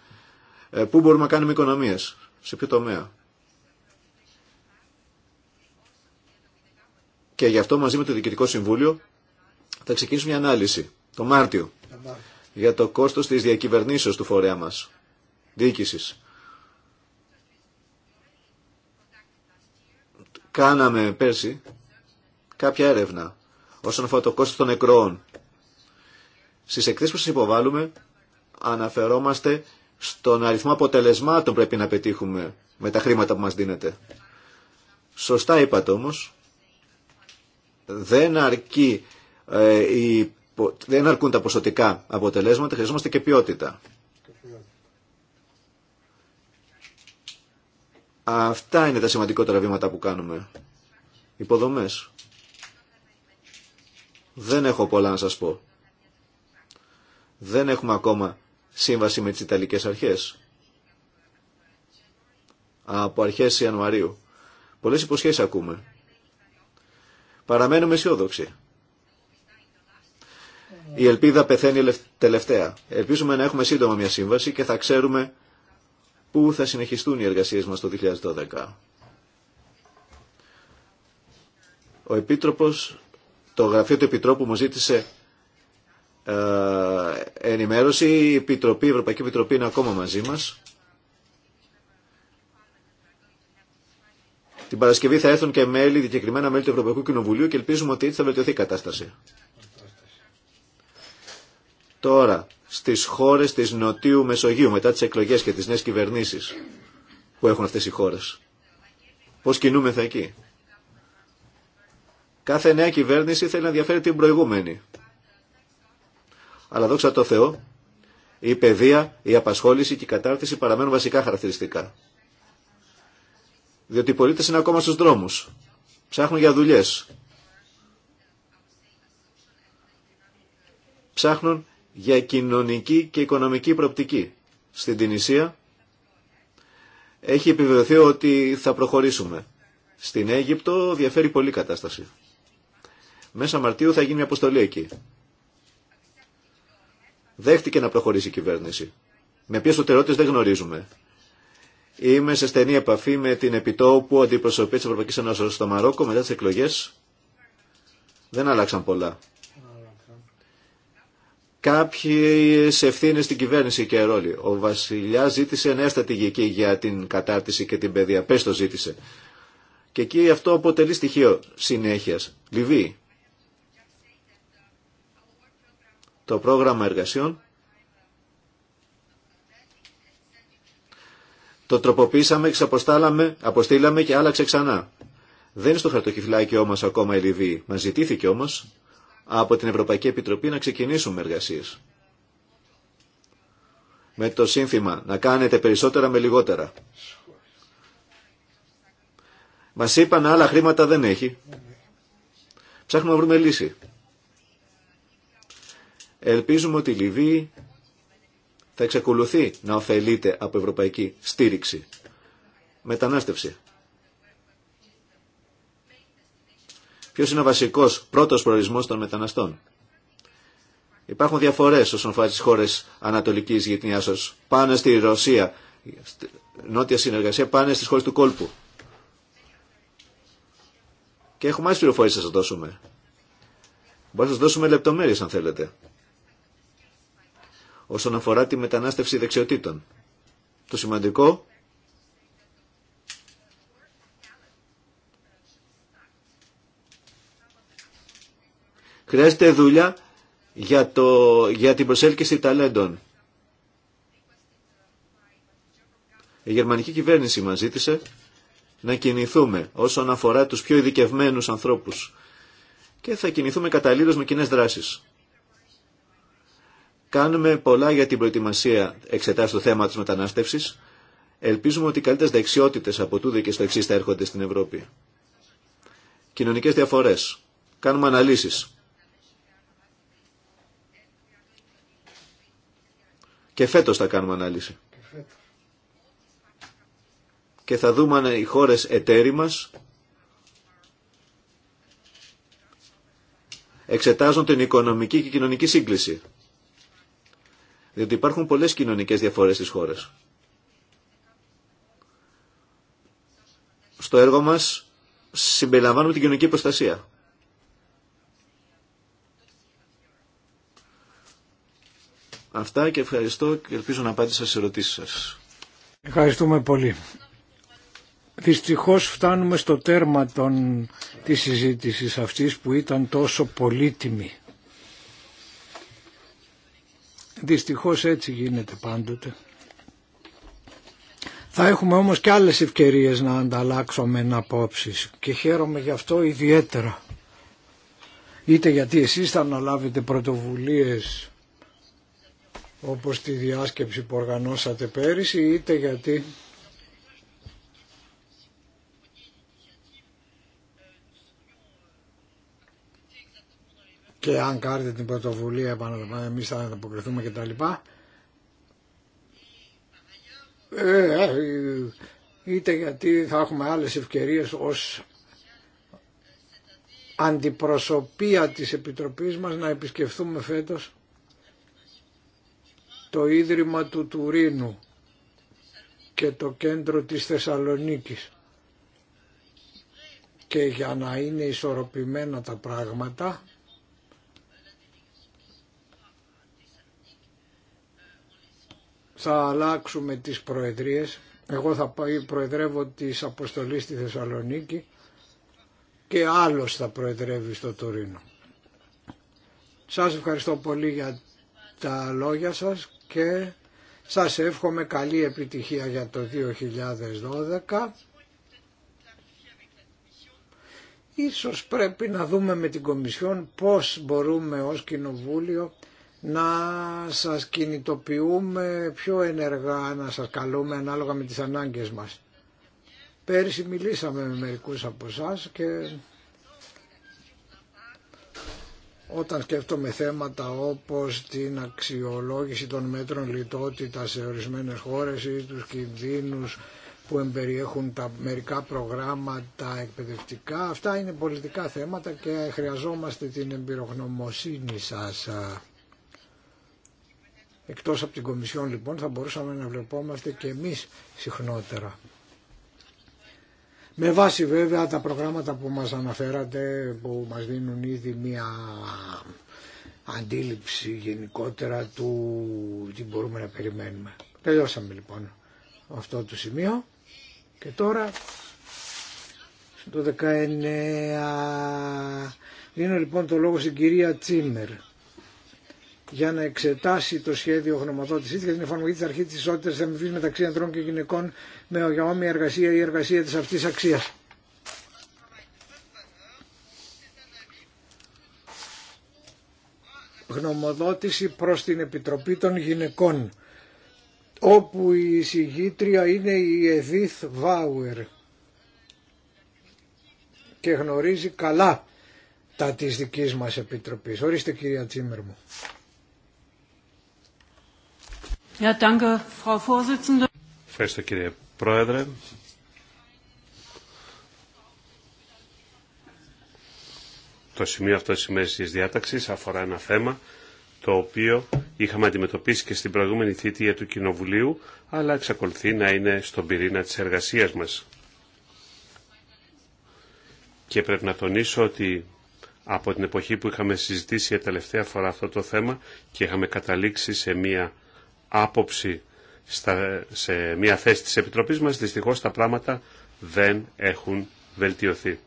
Speaker 4: ε, πού μπορούμε να κάνουμε οικονομίες, σε ποιο τομέα. Και γι' αυτό μαζί με το Διοικητικό Συμβούλιο θα ξεκινήσουμε μια ανάλυση το Μάρτιο για το κόστος της διακυβερνήσεως του φορέα μας, Διοίκηση. Κάναμε πέρσι κάποια έρευνα όσον αφορά το κόστος των νεκρών. Στις εκθέσεις που σας υποβάλλουμε αναφερόμαστε στον αριθμό αποτελεσμάτων πρέπει να πετύχουμε με τα χρήματα που μας δίνεται. Σωστά είπατε όμως δεν, αρκεί, ε, η, δεν αρκούν τα ποσοτικά αποτελέσματα, χρειαζόμαστε και ποιότητα. Αυτά είναι τα σημαντικότερα βήματα που κάνουμε. Υποδομές. Δεν έχω πολλά να σας πω. Δεν έχουμε ακόμα σύμβαση με τις Ιταλικές αρχές. Από αρχές Ιανουαρίου. Πολλές υποσχέσεις ακούμε. Παραμένουμε αισιόδοξοι. Η ελπίδα πεθαίνει τελευταία. Ελπίζουμε να έχουμε σύντομα μια σύμβαση και θα ξέρουμε πού θα συνεχιστούν οι εργασίες μας το 2012. Ο Επίτροπος, το γραφείο του Επιτρόπου μου ζήτησε ε, ενημέρωση. Η, Επιτροπή, η Ευρωπαϊκή Επιτροπή είναι ακόμα μαζί μας. Την Παρασκευή θα έρθουν και μέλη, διακεκριμένα μέλη του Ευρωπαϊκού Κοινοβουλίου και ελπίζουμε ότι έτσι θα βελτιωθεί η κατάσταση. Τώρα, στις χώρες της Νοτιού Μεσογείου μετά τις εκλογές και τις νέες κυβερνήσει που έχουν αυτέ οι χώρες. Πώς κινούμεθα εκεί. Κάθε νέα κυβέρνηση θέλει να διαφέρει την προηγούμενη. Αλλά δόξα τω Θεώ, η παιδεία, η απασχόληση και η κατάρτιση παραμένουν βασικά χαρακτηριστικά. Διότι οι πολίτες είναι ακόμα στους δρόμους. Ψάχνουν για δουλειές. Ψάχνουν για κοινωνική και οικονομική προοπτική. Στην Τινησία έχει επιβεβαιωθεί ότι θα προχωρήσουμε. Στην Αίγυπτο διαφέρει πολύ κατάσταση. Μέσα Μαρτίου θα γίνει μια αποστολή εκεί. Δέχτηκε να προχωρήσει η κυβέρνηση. Με ποιες οτερότητες δεν γνωρίζουμε. Είμαι σε στενή επαφή με την επιτόπου αντιπροσωπή τη Ευρωπαϊκή Ένωση στο Μαρόκο μετά τι εκλογέ Δεν άλλαξαν πολλά. σε ευθύνε στην κυβέρνηση και ρόλοι. Ο Βασιλιά ζήτησε νέα στρατηγική για την κατάρτιση και την παιδεία. Πε το ζήτησε. Και εκεί αυτό αποτελεί στοιχείο συνέχεια, Λιβύη. Το πρόγραμμα εργασιών το τροποποίησαμε, ξαποστάλαμε, αποστήλαμε και άλλαξε ξανά. Δεν είναι στο χαρτοκυφλάκι όμως ακόμα η Λιβύη. Μας ζητήθηκε όμως από την Ευρωπαϊκή Επιτροπή να ξεκινήσουμε εργασίες. Με το σύνθημα να κάνετε περισσότερα με λιγότερα. Μας είπαν άλλα χρήματα δεν έχει. Ψάχνουμε να βρούμε λύση. Ελπίζουμε ότι η Λιβύη θα εξακολουθεί να ωφελείται από ευρωπαϊκή στήριξη. Μετανάστευση. Ποιος είναι ο βασικός πρώτος προορισμός των μεταναστών. Υπάρχουν διαφορές όσον αφορά τις χώρες ανατολικής σα, Πάνε στη Ρωσία, νότια συνεργασία, πάνε στις χώρες του κόλπου. Και έχουμε άλλες πληροφορίες να σας δώσουμε. Μπορούμε να σας δώσουμε λεπτομέρειες αν θέλετε όσον αφορά τη μετανάστευση δεξιοτήτων. Το σημαντικό χρειάζεται δουλειά για, το, για την προσέλκυση ταλέντων. Η γερμανική κυβέρνηση μας ζήτησε να κινηθούμε όσον αφορά τους πιο ειδικευμένους ανθρώπους και θα κινηθούμε καταλήλως με κοινέ δράσεις. Κάνουμε πολλά για την προετοιμασία εξετάσεις του θέμα της μετανάστευσης. Ελπίζουμε ότι οι καλύτερες δεξιότητες από τούδε και στο εξή θα έρχονται στην Ευρώπη. Κοινωνικές διαφορές. Κάνουμε αναλύσεις. Και φέτος θα κάνουμε ανάλυση. Και θα δούμε αν οι χώρες εταίροι μας εξετάζουν την οικονομική και κοινωνική σύγκληση διότι υπάρχουν πολλές κοινωνικές διαφορές στις χώρες. Στο έργο μας συμπεριλαμβάνουμε την κοινωνική προστασία. Αυτά και ευχαριστώ και ελπίζω να απάντησα στις ερωτήσεις σας.
Speaker 3: Ευχαριστούμε πολύ. Δυστυχώς φτάνουμε στο τέρμα των, της συζήτησης αυτής που ήταν τόσο πολύτιμη. Δυστυχώς έτσι γίνεται πάντοτε. Θα έχουμε όμως και άλλες ευκαιρίες να ανταλλάξουμε απόψεις και χαίρομαι γι' αυτό ιδιαίτερα. Είτε γιατί εσείς θα αναλάβετε πρωτοβουλίες όπως τη διάσκεψη που οργανώσατε πέρυσι, είτε γιατί και αν κάνετε την πρωτοβουλία επαναλαμβάνω εμείς θα ανταποκριθούμε και τα λοιπά ε, ε, είτε γιατί θα έχουμε άλλες ευκαιρίες ως αντιπροσωπεία της Επιτροπής μας να επισκεφθούμε φέτος το Ίδρυμα του Τουρίνου και το κέντρο της Θεσσαλονίκης. Και για να είναι ισορροπημένα τα πράγματα θα αλλάξουμε τις προεδρίες. Εγώ θα προεδρεύω τις αποστολή στη Θεσσαλονίκη και άλλος θα προεδρεύει στο Τουρίνο. Σας ευχαριστώ πολύ για τα λόγια σας και σας εύχομαι καλή επιτυχία για το 2012. Ίσως πρέπει να δούμε με την Κομισιόν πώς μπορούμε ως Κοινοβούλιο να σας κινητοποιούμε πιο ενεργά, να σας καλούμε ανάλογα με τις ανάγκες μας. Πέρσι μιλήσαμε με μερικούς από εσά και όταν σκέφτομαι θέματα όπως την αξιολόγηση των μέτρων λιτότητας σε ορισμένες χώρες ή τους κινδύνους που εμπεριέχουν τα μερικά προγράμματα εκπαιδευτικά, αυτά είναι πολιτικά θέματα και χρειαζόμαστε την εμπειρογνωμοσύνη σας. Εκτός από την Κομισιόν λοιπόν θα μπορούσαμε να βλεπόμαστε και εμείς συχνότερα. Με βάση βέβαια τα προγράμματα που μας αναφέρατε, που μας δίνουν ήδη μία αντίληψη γενικότερα του τι μπορούμε να περιμένουμε. Τελειώσαμε λοιπόν αυτό το σημείο και τώρα στο 19 δίνω λοιπόν το λόγο στην κυρία Τσίμερ για να εξετάσει το σχέδιο γνωμοδότησή για την εφαρμογή τη αρχή τη ισότητα αμοιβή μεταξύ ανδρών και γυναικών με ογιαόμια εργασία ή εργασία τη αυτή αξία. Γνωμοδότηση προς την Επιτροπή των Γυναικών όπου η εισηγήτρια είναι η Εδίθ Βάουερ και γνωρίζει καλά τα της δικής μας Επιτροπής. Ορίστε κυρία Τσίμερ μου.
Speaker 2: Ευχαριστώ κύριε Πρόεδρε. Το σημείο αυτό της ημέρας διάταξης αφορά ένα θέμα το οποίο είχαμε αντιμετωπίσει και στην προηγούμενη θητεία του Κοινοβουλίου, αλλά εξακολουθεί να είναι στον πυρήνα της εργασίας μας. Και πρέπει να τονίσω ότι από την εποχή που είχαμε συζητήσει για τελευταία φορά αυτό το θέμα και είχαμε καταλήξει σε μία άποψη σε μια θέση της Επιτροπής μας, δυστυχώς τα πράγματα δεν έχουν βελτιωθεί.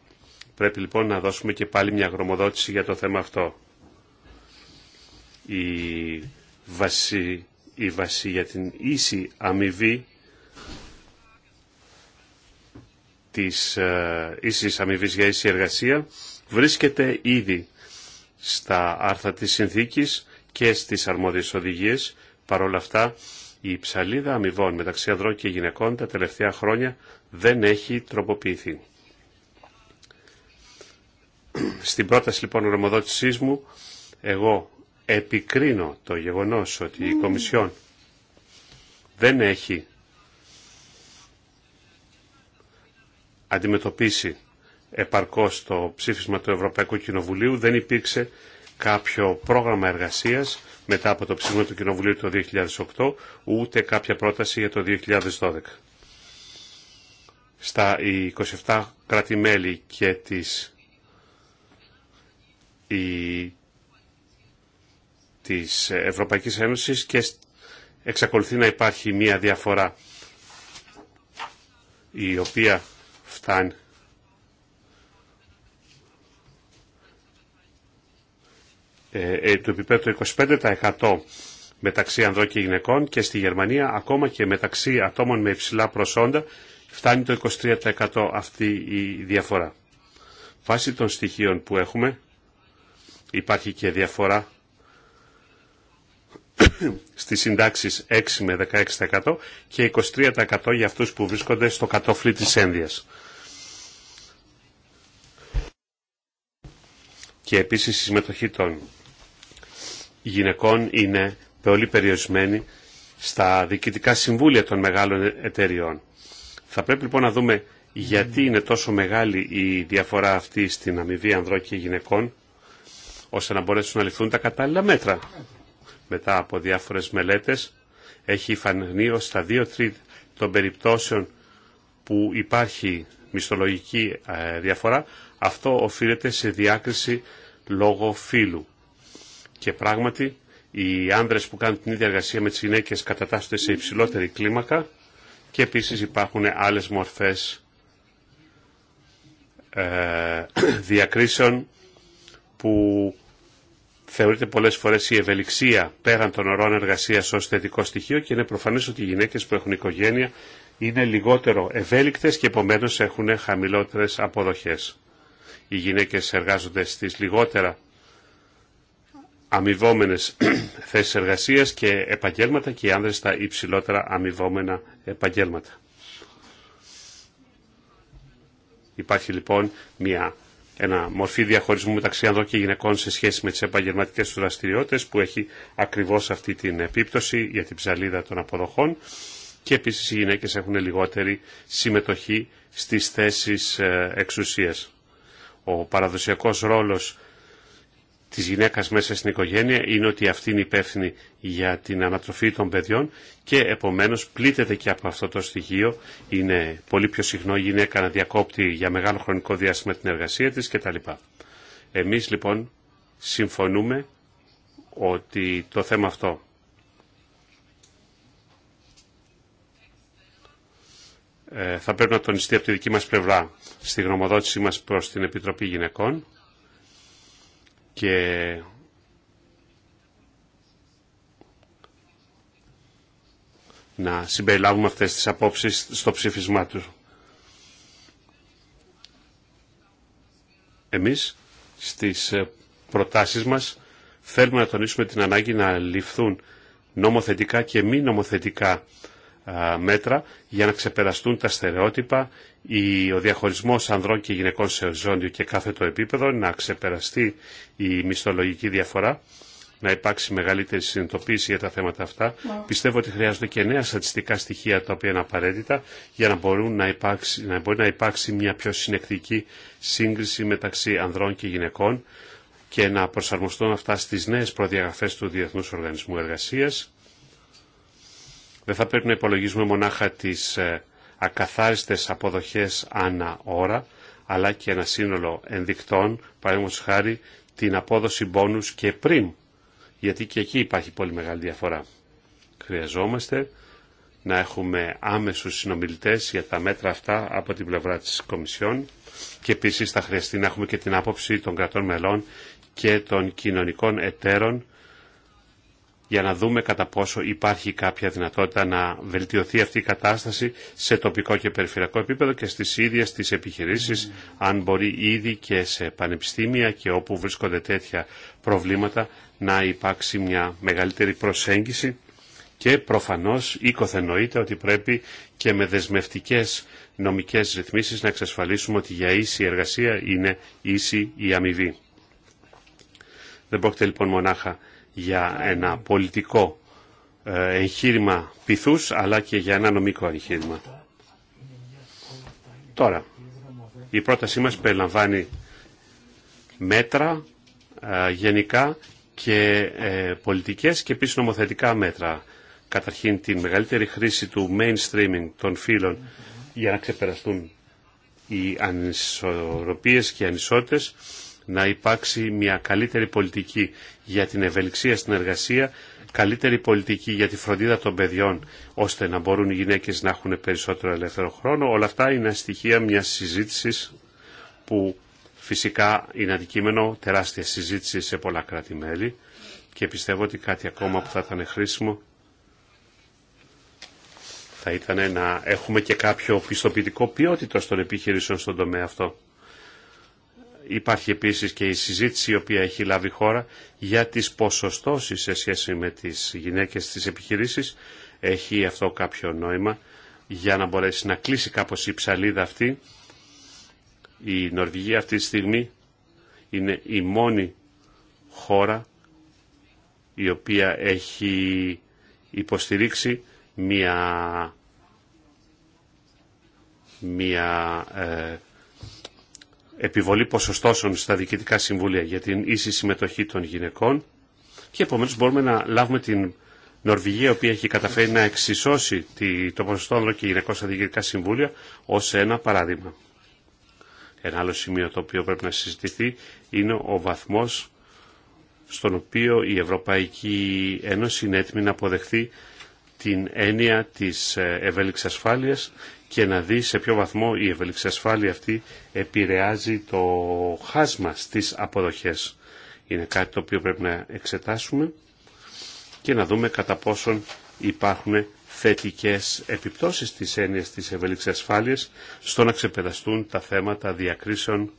Speaker 2: Πρέπει λοιπόν να δώσουμε και πάλι μια γρομοδοτηση για το θέμα αυτό. Η βασή, η για την ίση αμοιβή της ε, ίσης αμοιβής για ίση εργασία βρίσκεται ήδη στα άρθρα της συνθήκης και στις αρμόδιες οδηγίες Παρ' όλα αυτά, η ψαλίδα αμοιβών μεταξύ ανδρών και γυναικών τα τελευταία χρόνια δεν έχει τροποποιηθεί. Στην πρόταση λοιπόν ρομοδότη μου, εγώ επικρίνω το γεγονός ότι η Κομισιόν δεν έχει αντιμετωπίσει επαρκώς το ψήφισμα του Ευρωπαϊκού Κοινοβουλίου, δεν υπήρξε κάποιο πρόγραμμα εργασίας μετά από το ψήφισμα του Κοινοβουλίου το 2008, ούτε κάποια πρόταση για το 2012. Στα 27 κράτη-μέλη και τις, η, της Ευρωπαϊκής Ένωσης και εξακολουθεί να υπάρχει μία διαφορά η οποία φτάνει Ε, ε, του επίπεδου 25% μεταξύ ανδρών και γυναικών και στη Γερμανία ακόμα και μεταξύ ατόμων με υψηλά προσόντα φτάνει το 23% αυτή η διαφορά. Βάσει των στοιχείων που έχουμε υπάρχει και διαφορά στις συντάξεις 6 με 16% και 23% για αυτούς που βρίσκονται στο κατόφλι της ένδειας. Και επίσης η συμμετοχή των γυναικών είναι πολύ περιορισμένη στα διοικητικά συμβούλια των μεγάλων εταιριών. Θα πρέπει λοιπόν να δούμε γιατί είναι τόσο μεγάλη η διαφορά αυτή στην αμοιβή ανδρών και γυναικών, ώστε να μπορέσουν να ληφθούν τα κατάλληλα μέτρα. Μετά από διάφορες μελέτες, έχει φανεί ως τα δύο τρίτα των περιπτώσεων που υπάρχει μισθολογική ε, διαφορά, αυτό οφείλεται σε διάκριση λόγω φύλου. Και πράγματι, οι άνδρες που κάνουν την ίδια εργασία με τις γυναίκες κατατάσσονται σε υψηλότερη κλίμακα και επίσης υπάρχουν άλλες μορφές ε, διακρίσεων που θεωρείται πολλές φορές η ευελιξία πέραν των ορών εργασίας ως θετικό στοιχείο και είναι προφανές ότι οι γυναίκες που έχουν οικογένεια είναι λιγότερο ευέλικτες και επομένως έχουν χαμηλότερες αποδοχές. Οι γυναίκες εργάζονται στις λιγότερα αμοιβόμενες θέσεις εργασίας και επαγγέλματα και οι άνδρες στα υψηλότερα αμοιβόμενα επαγγέλματα. Υπάρχει λοιπόν μια, ένα μορφή διαχωρισμού μεταξύ ανδρών και γυναικών σε σχέση με τις επαγγελματικές του δραστηριότητες που έχει ακριβώς αυτή την επίπτωση για την ψαλίδα των αποδοχών και επίσης οι γυναίκες έχουν λιγότερη συμμετοχή στις θέσεις ε, εξουσίας. Ο παραδοσιακός ρόλος της γυναίκας μέσα στην οικογένεια είναι ότι αυτή είναι υπεύθυνη για την ανατροφή των παιδιών και επομένως πλήττεται και από αυτό το στοιχείο. Είναι πολύ πιο συχνό η γυναίκα να διακόπτει για μεγάλο χρονικό διάστημα την εργασία της κτλ. Εμείς λοιπόν συμφωνούμε ότι το θέμα αυτό ε, θα πρέπει να τονιστεί από τη δική μας πλευρά στη γνωμοδότησή μας προς την Επιτροπή Γυναικών και να συμπεριλάβουμε αυτές τις απόψεις στο ψήφισμά του. Εμείς στις ε, προτάσεις μας θέλουμε να τονίσουμε την ανάγκη να ληφθούν νομοθετικά και μη νομοθετικά μέτρα για να ξεπεραστούν τα στερεότυπα, ο διαχωρισμός ανδρών και γυναικών σε οριζόντιο και κάθε το επίπεδο, να ξεπεραστεί η μισθολογική διαφορά, να υπάρξει μεγαλύτερη συνειδητοποίηση για τα θέματα αυτά. Πιστεύω ότι χρειάζονται και νέα στατιστικά στοιχεία τα οποία είναι απαραίτητα για να, μπορούν να, υπάρξει, να μπορεί να υπάρξει μια πιο συνεκτική σύγκριση μεταξύ ανδρών και γυναικών και να προσαρμοστούν αυτά στις νέες προδιαγραφές του Διεθνούς Οργανισμού Εργασίας δεν θα πρέπει να υπολογίζουμε μονάχα τις ε, ακαθάριστες αποδοχές ανά ώρα, αλλά και ένα σύνολο ενδεικτών, παραδείγματος χάρη την απόδοση μπόνους και πριν, γιατί και εκεί υπάρχει πολύ μεγάλη διαφορά. Χρειαζόμαστε να έχουμε άμεσους συνομιλητές για τα μέτρα αυτά από την πλευρά της Κομισιόν και επίσης θα χρειαστεί να έχουμε και την άποψη των κρατών μελών και των κοινωνικών εταίρων για να δούμε κατά πόσο υπάρχει κάποια δυνατότητα να βελτιωθεί αυτή η κατάσταση σε τοπικό και περιφερειακό επίπεδο και στις ίδιες τις επιχειρήσεις, αν μπορεί ήδη και σε πανεπιστήμια και όπου βρίσκονται τέτοια προβλήματα να υπάρξει μια μεγαλύτερη προσέγγιση και προφανώς εννοείται ότι πρέπει και με δεσμευτικές νομικές ρυθμίσεις να εξασφαλίσουμε ότι για ίση εργασία είναι ίση η αμοιβή. Δεν πρόκειται λοιπόν μονάχα για ένα πολιτικό ε, εγχείρημα πυθούς αλλά και για ένα νομικό εγχείρημα. Τώρα, η πρότασή μας περιλαμβάνει μέτρα ε, γενικά και ε, πολιτικές και επίσης νομοθετικά μέτρα. Καταρχήν την μεγαλύτερη χρήση του mainstreaming των φύλων για να ξεπεραστούν οι ανισορροπίες και οι ανισότητες να υπάρξει μια καλύτερη πολιτική για την ευελιξία στην εργασία, καλύτερη πολιτική για τη φροντίδα των παιδιών, ώστε να μπορούν οι γυναίκες να έχουν περισσότερο ελεύθερο χρόνο. Όλα αυτά είναι στοιχεία μιας συζήτησης που φυσικά είναι αντικείμενο τεράστια συζήτηση σε πολλά κράτη-μέλη και πιστεύω ότι κάτι ακόμα που θα ήταν χρήσιμο θα ήταν να έχουμε και κάποιο πιστοποιητικό ποιότητα των επιχειρήσεων στον τομέα αυτό. Υπάρχει επίσης και η συζήτηση η οποία έχει λάβει η χώρα για τις ποσοστώσεις σε σχέση με τις γυναίκες στις επιχειρήσεις. Έχει αυτό κάποιο νόημα για να μπορέσει να κλείσει κάπως η ψαλίδα αυτή. Η Νορβηγία αυτή τη στιγμή είναι η μόνη χώρα η οποία έχει υποστηρίξει μια, μια ε, επιβολή ποσοστώσεων στα διοικητικά συμβούλια για την ίση συμμετοχή των γυναικών και επομένως μπορούμε να λάβουμε την Νορβηγία, η οποία έχει καταφέρει να εξισώσει το ποσοστό άνδρων και γυναικών στα διοικητικά συμβούλια ως ένα παράδειγμα. Ένα άλλο σημείο το οποίο πρέπει να συζητηθεί είναι ο βαθμός στον οποίο η Ευρωπαϊκή Ένωση είναι έτοιμη να αποδεχθεί την έννοια της ε, ευέλικης ασφάλειας και να δει σε ποιο βαθμό η ευελιξιασφάλεια αυτή επηρεάζει το χάσμα στις αποδοχές. Είναι κάτι το οποίο πρέπει να εξετάσουμε και να δούμε κατά πόσον υπάρχουν θετικές επιπτώσεις της έννοιας της ευελιξιασφάλειας στο να ξεπεραστούν τα θέματα διακρίσεων.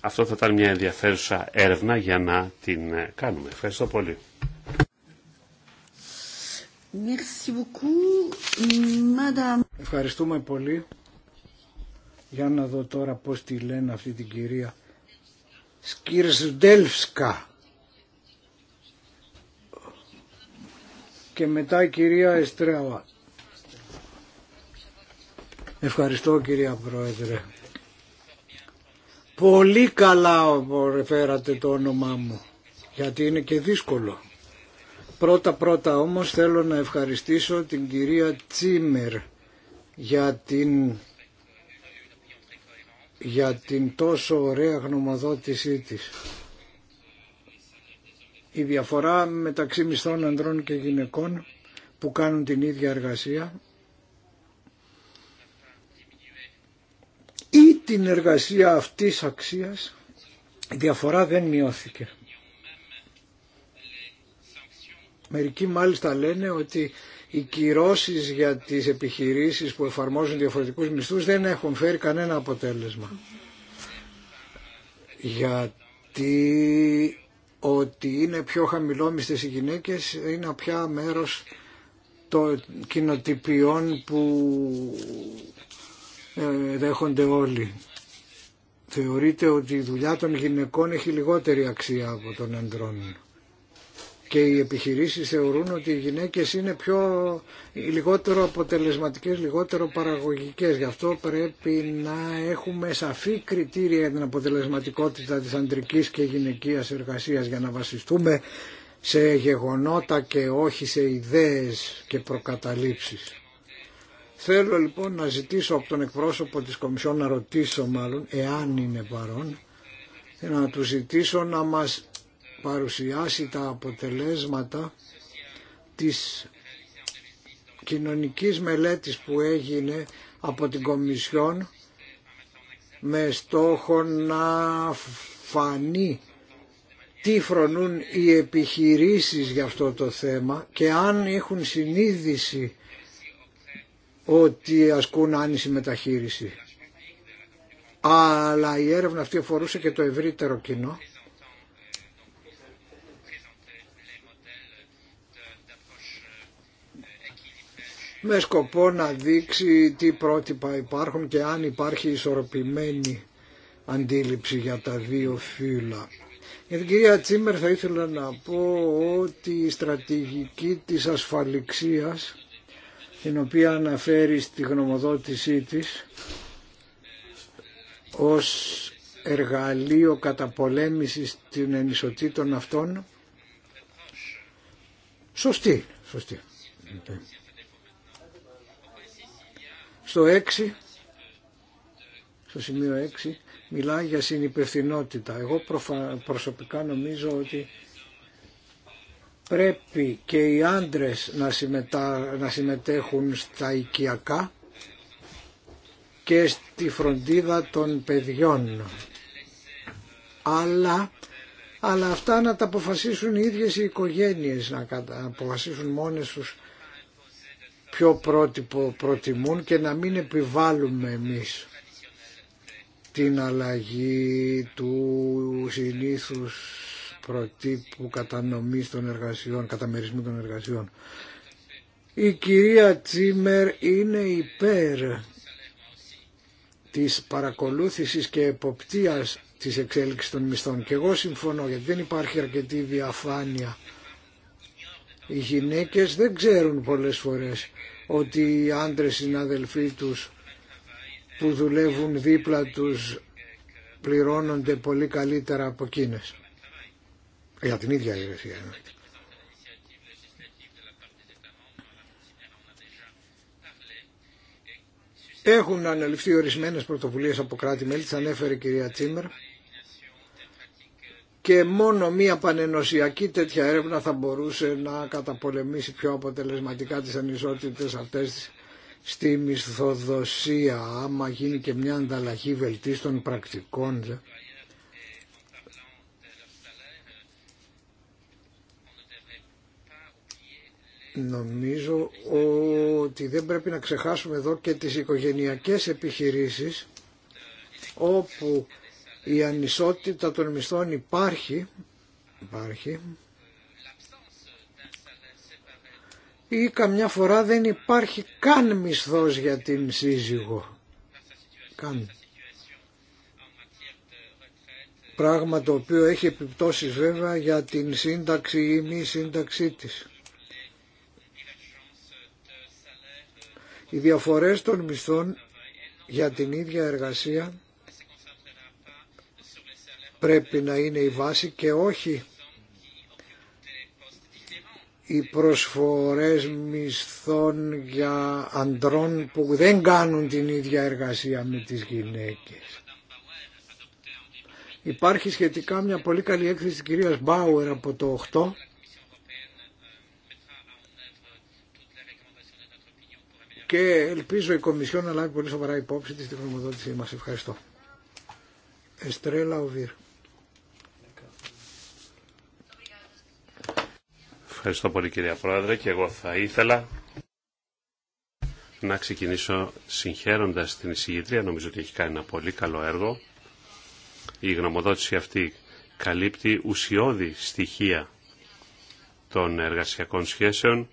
Speaker 2: Αυτό θα ήταν μια ενδιαφέρουσα έρευνα για να την κάνουμε. Ευχαριστώ πολύ.
Speaker 3: Ευχαριστούμε πολύ. Για να δω τώρα πώς τη λένε αυτή την κυρία. Σκυρσντέλφσκα. Και μετά η κυρία Εστρέαβα. Ευχαριστώ κυρία Πρόεδρε. Πολύ καλά φέρατε το όνομά μου. Γιατί είναι και δύσκολο. Πρώτα πρώτα όμως θέλω να ευχαριστήσω την κυρία Τσίμερ για την, για την τόσο ωραία γνωμοδότησή της. Η διαφορά μεταξύ μισθών ανδρών και γυναικών που κάνουν την ίδια εργασία ή την εργασία αυτής αξίας η διαφορά δεν μειώθηκε. Μερικοί μάλιστα λένε ότι οι κυρώσεις για τις επιχειρήσεις που εφαρμόζουν διαφορετικούς μισθούς δεν έχουν φέρει κανένα αποτέλεσμα. Γιατί ότι είναι πιο χαμηλόμιστες οι γυναίκες είναι πια μέρος των κοινοτυπιών που ε, δέχονται όλοι. Θεωρείται ότι η δουλειά των γυναικών έχει λιγότερη αξία από των ανδρών και οι επιχειρήσεις θεωρούν ότι οι γυναίκες είναι πιο λιγότερο αποτελεσματικές, λιγότερο παραγωγικές. Γι' αυτό πρέπει να έχουμε σαφή κριτήρια για την αποτελεσματικότητα της αντρικής και γυναικείας εργασίας για να βασιστούμε σε γεγονότα και όχι σε ιδέες και προκαταλήψεις. Θέλω λοιπόν να ζητήσω από τον εκπρόσωπο της Κομισιόν να ρωτήσω μάλλον, εάν είναι παρόν, να του ζητήσω να μας παρουσιάσει τα αποτελέσματα της κοινωνικής μελέτης που έγινε από την Κομισιόν με στόχο να φανεί τι φρονούν οι επιχειρήσεις για αυτό το θέμα και αν έχουν συνείδηση ότι ασκούν άνηση μεταχείριση. Αλλά η έρευνα αυτή αφορούσε και το ευρύτερο κοινό με σκοπό να δείξει τι πρότυπα υπάρχουν και αν υπάρχει ισορροπημένη αντίληψη για τα δύο φύλλα. Για την κυρία Τσίμερ θα ήθελα να πω ότι η στρατηγική της ασφαλιξίας την οποία αναφέρει στη γνωμοδότησή της ως εργαλείο καταπολέμησης των ενισοτήτων αυτών σωστή, σωστή. Στο 6, στο σημείο 6, μιλάει για συνυπευθυνότητα. Εγώ προσωπικά νομίζω ότι πρέπει και οι άντρες να, συμμετέχουν στα οικιακά και στη φροντίδα των παιδιών. Αλλά, αυτά να τα αποφασίσουν οι ίδιες οι οικογένειες, να, κατα... αποφασίσουν μόνες τους ποιο πρότυπο προτιμούν και να μην επιβάλλουμε εμείς την αλλαγή του συνήθους προτύπου κατανομής των εργασιών, καταμερισμού των εργασιών. Η κυρία Τσίμερ είναι υπέρ της παρακολούθησης και εποπτείας της εξέλιξης των μισθών και εγώ συμφωνώ γιατί δεν υπάρχει αρκετή διαφάνεια οι γυναίκες δεν ξέρουν πολλές φορές ότι οι άντρες συναδελφοί τους που δουλεύουν δίπλα τους πληρώνονται πολύ καλύτερα από εκείνες. Για την ίδια εννοείται. Έχουν αναλυφθεί ορισμένες πρωτοβουλίες από κράτη-μέλη, τις ανέφερε η κυρία Τσίμερ και μόνο μία πανενοσιακή τέτοια έρευνα θα μπορούσε να καταπολεμήσει πιο αποτελεσματικά τις ανισότητες αυτές στη μισθοδοσία άμα γίνει και μια ανταλλαγή βελτίστων πρακτικών Νομίζω ότι δεν πρέπει να ξεχάσουμε εδώ και τις οικογενειακές επιχειρήσεις όπου η ανισότητα των μισθών υπάρχει, υπάρχει ή καμιά φορά δεν υπάρχει καν μισθός για την σύζυγο. Καν. Πράγμα το οποίο έχει επιπτώσεις βέβαια για την σύνταξη ή μη σύνταξή της. Οι διαφορές των μισθών για την ίδια εργασία πρέπει να είναι η βάση και όχι οι προσφορές μισθών για αντρών που δεν κάνουν την ίδια εργασία με τις γυναίκες. Υπάρχει σχετικά μια πολύ καλή έκθεση της κυρίας Μπάουερ από το 8 και ελπίζω η Κομισιόν να λάβει πολύ σοβαρά υπόψη της τη χρονοδότησή μας. Ευχαριστώ. Εστρέλα Οβίρ.
Speaker 2: Ευχαριστώ πολύ κυρία Πρόεδρε και εγώ θα ήθελα να ξεκινήσω συγχαίροντας την εισηγητρία. Νομίζω ότι έχει κάνει ένα πολύ καλό έργο. Η γνωμοδότηση αυτή καλύπτει ουσιώδη στοιχεία των εργασιακών σχέσεων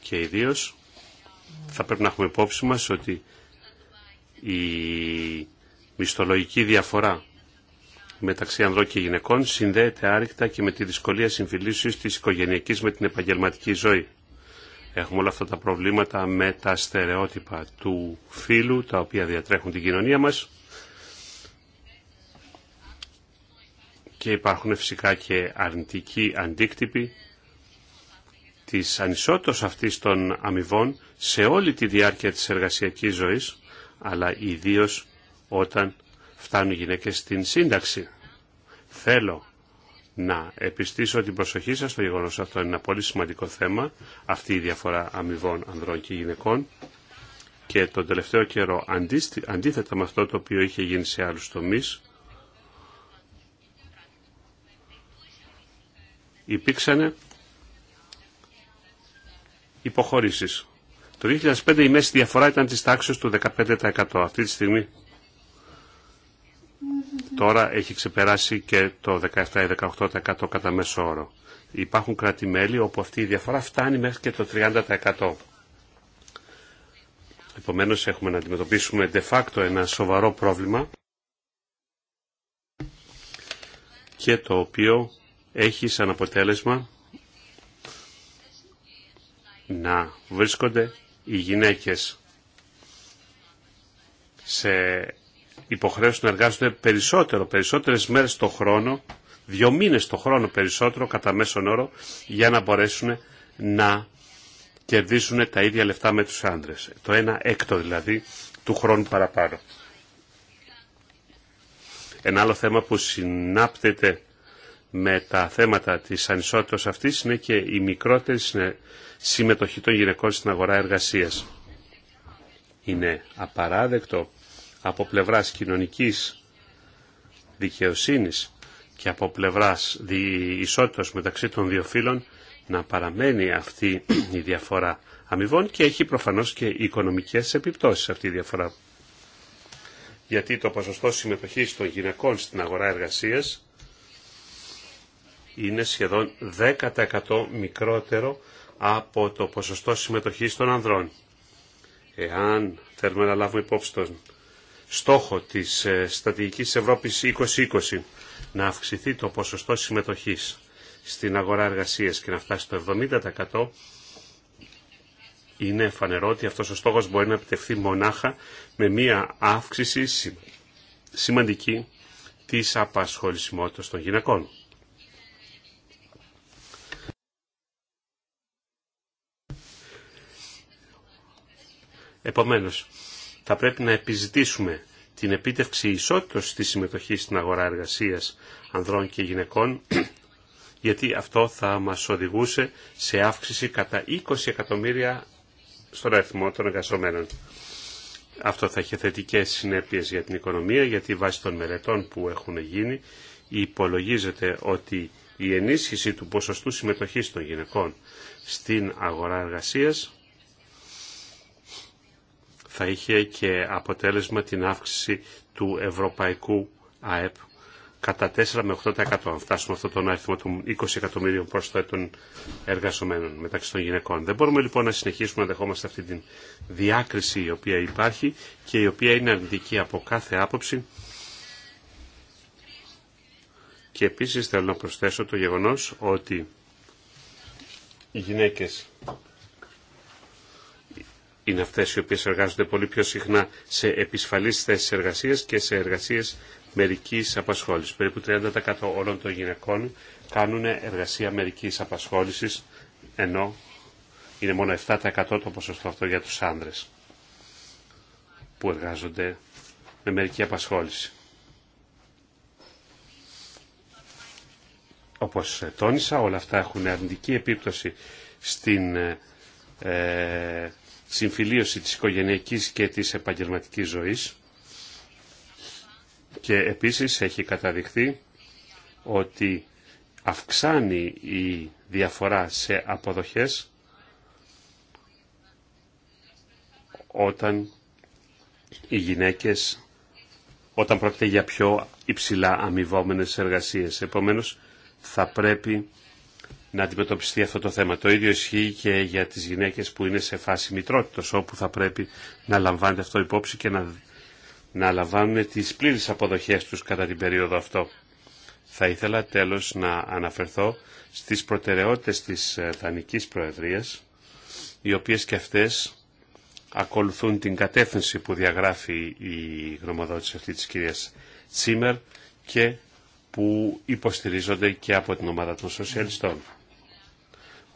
Speaker 2: και ιδίως θα πρέπει να έχουμε υπόψη μας ότι η μισθολογική διαφορά μεταξύ ανδρών και γυναικών συνδέεται άρρηκτα και με τη δυσκολία συμφιλήσεω της οικογένειακή με την επαγγελματική ζωή. Έχουμε όλα αυτά τα προβλήματα με τα στερεότυπα του φύλου, τα οποία διατρέχουν την κοινωνία μας. Και υπάρχουν φυσικά και αρνητικοί αντίκτυποι της ανισότητας αυτής των αμοιβών σε όλη τη διάρκεια της εργασιακής ζωής, αλλά ιδίως όταν φτάνουν οι γυναίκες στην σύνταξη. Θέλω να επιστήσω την προσοχή σας στο γεγονός αυτό είναι ένα πολύ σημαντικό θέμα, αυτή η διαφορά αμοιβών ανδρών και γυναικών και τον τελευταίο καιρό αντίθετα με αυτό το οποίο είχε γίνει σε άλλους τομείς υπήρξαν υποχωρήσεις. Το 2005 η μέση διαφορά ήταν της τάξης του 15%. Αυτή τη στιγμή Τώρα έχει ξεπεράσει και το 17-18% κατά μέσο όρο. Υπάρχουν κράτη-μέλη όπου αυτή η διαφορά φτάνει μέχρι και το 30%. Επομένως έχουμε να αντιμετωπίσουμε de facto ένα σοβαρό πρόβλημα και το οποίο έχει σαν αποτέλεσμα να βρίσκονται οι γυναίκες σε υποχρέωση να εργάζονται περισσότερο, περισσότερες μέρες το χρόνο, δύο μήνες το χρόνο περισσότερο κατά μέσον όρο, για να μπορέσουν να κερδίσουν τα ίδια λεφτά με τους άντρες. Το ένα έκτο δηλαδή του χρόνου παραπάνω. Ένα άλλο θέμα που συνάπτεται με τα θέματα της ανισότητας αυτής είναι και η μικρότερη συμμετοχή των γυναικών στην αγορά εργασίας. Είναι απαράδεκτο από πλευράς κοινωνικής δικαιοσύνης και από πλευράς ισότητας μεταξύ των δύο φύλων να παραμένει αυτή η διαφορά αμοιβών και έχει προφανώς και οικονομικές επιπτώσεις αυτή η διαφορά. Γιατί το ποσοστό συμμετοχής των γυναικών στην αγορά εργασίας είναι σχεδόν 10% μικρότερο από το ποσοστό συμμετοχής των ανδρών. Εάν θέλουμε να λάβουμε υπόψη των στόχο της ε, στρατηγικής Ευρώπης 2020 να αυξηθεί το ποσοστό συμμετοχής στην αγορά εργασίας και να φτάσει το 70% είναι φανερό ότι αυτός ο στόχος μπορεί να επιτευχθεί μονάχα με μία αύξηση σημαντική της απασχολησιμότητας των γυναικών. Επομένως, θα πρέπει να επιζητήσουμε την επίτευξη ισότητας τη συμμετοχή στην αγορά εργασίας ανδρών και γυναικών, γιατί αυτό θα μας οδηγούσε σε αύξηση κατά 20 εκατομμύρια στον αριθμό των εργαζομένων. Αυτό θα έχει θετικέ συνέπειε για την οικονομία, γιατί βάσει των μελετών που έχουν γίνει, υπολογίζεται ότι η ενίσχυση του ποσοστού συμμετοχής των γυναικών στην αγορά εργασίας θα είχε και αποτέλεσμα την αύξηση του ευρωπαϊκού ΑΕΠ κατά 4 με 8% αν φτάσουμε αυτό τον αριθμό των 20 εκατομμύριων προσθέτων εργαζομένων μεταξύ των γυναικών. Δεν μπορούμε λοιπόν να συνεχίσουμε να δεχόμαστε αυτή την διάκριση η οποία υπάρχει και η οποία είναι αρνητική από κάθε άποψη και επίσης θέλω να προσθέσω το γεγονός ότι οι γυναίκες είναι αυτές οι οποίες εργάζονται πολύ πιο συχνά σε επισφαλείς θέσεις εργασίας και σε εργασίες μερικής απασχόλησης. Περίπου 30% όλων των γυναικών κάνουν εργασία μερικής απασχόλησης, ενώ είναι μόνο 7% το ποσοστό αυτό για τους άνδρες που εργάζονται με μερική απασχόληση. Όπως ε, τόνισα, όλα αυτά έχουν αρνητική επίπτωση στην ε, συμφιλίωση της οικογενειακής και της επαγγελματικής ζωής και επίσης έχει καταδειχθεί ότι αυξάνει η διαφορά σε αποδοχές όταν οι γυναίκες όταν πρόκειται για πιο υψηλά αμοιβόμενες εργασίες. Επομένως, θα πρέπει να αντιμετωπιστεί αυτό το θέμα. Το ίδιο ισχύει και για τις γυναίκες που είναι σε φάση μητρότητος, όπου θα πρέπει να λαμβάνεται αυτό υπόψη και να, να λαμβάνουν τις πλήρες αποδοχές τους κατά την περίοδο αυτό. Θα ήθελα τέλος να αναφερθώ στις προτεραιότητες της ε, Δανικής Προεδρίας, οι οποίες και αυτές ακολουθούν την κατεύθυνση που διαγράφει η γνωμοδότηση αυτή της κυρίας Τσίμερ και που υποστηρίζονται και από την ομάδα των σοσιαλιστών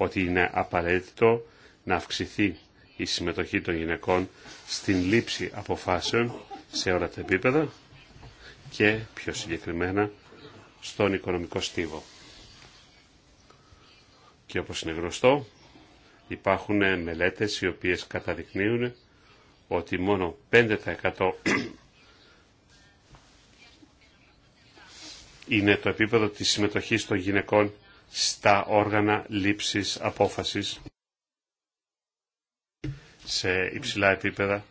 Speaker 2: ότι είναι απαραίτητο να αυξηθεί η συμμετοχή των γυναικών στην λήψη αποφάσεων σε όλα τα επίπεδα και πιο συγκεκριμένα στον οικονομικό στίβο. Και όπως είναι γνωστό, υπάρχουν μελέτες οι οποίες καταδεικνύουν ότι μόνο 5% είναι το επίπεδο της συμμετοχής των γυναικών στα όργανα λήψης απόφασης σε υψηλά επίπεδα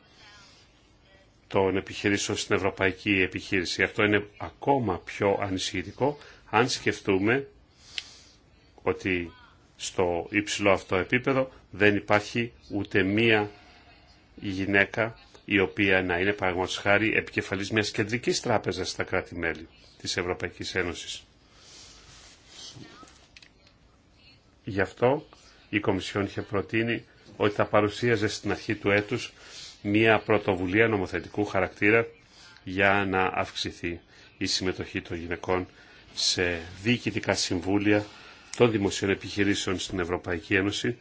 Speaker 2: των επιχειρήσεων στην ευρωπαϊκή επιχείρηση. Αυτό είναι ακόμα πιο ανησυχητικό αν σκεφτούμε ότι στο υψηλό αυτό επίπεδο δεν υπάρχει ούτε μία γυναίκα η οποία να είναι παραγματικά χάρη επικεφαλής μιας κεντρικής τράπεζας στα κράτη-μέλη της Ευρωπαϊκής Ένωσης. Γι' αυτό η Κομισιόν είχε προτείνει ότι θα παρουσίαζε στην αρχή του έτους μία πρωτοβουλία νομοθετικού χαρακτήρα για να αυξηθεί η συμμετοχή των γυναικών σε διοικητικά συμβούλια των δημοσίων επιχειρήσεων στην Ευρωπαϊκή Ένωση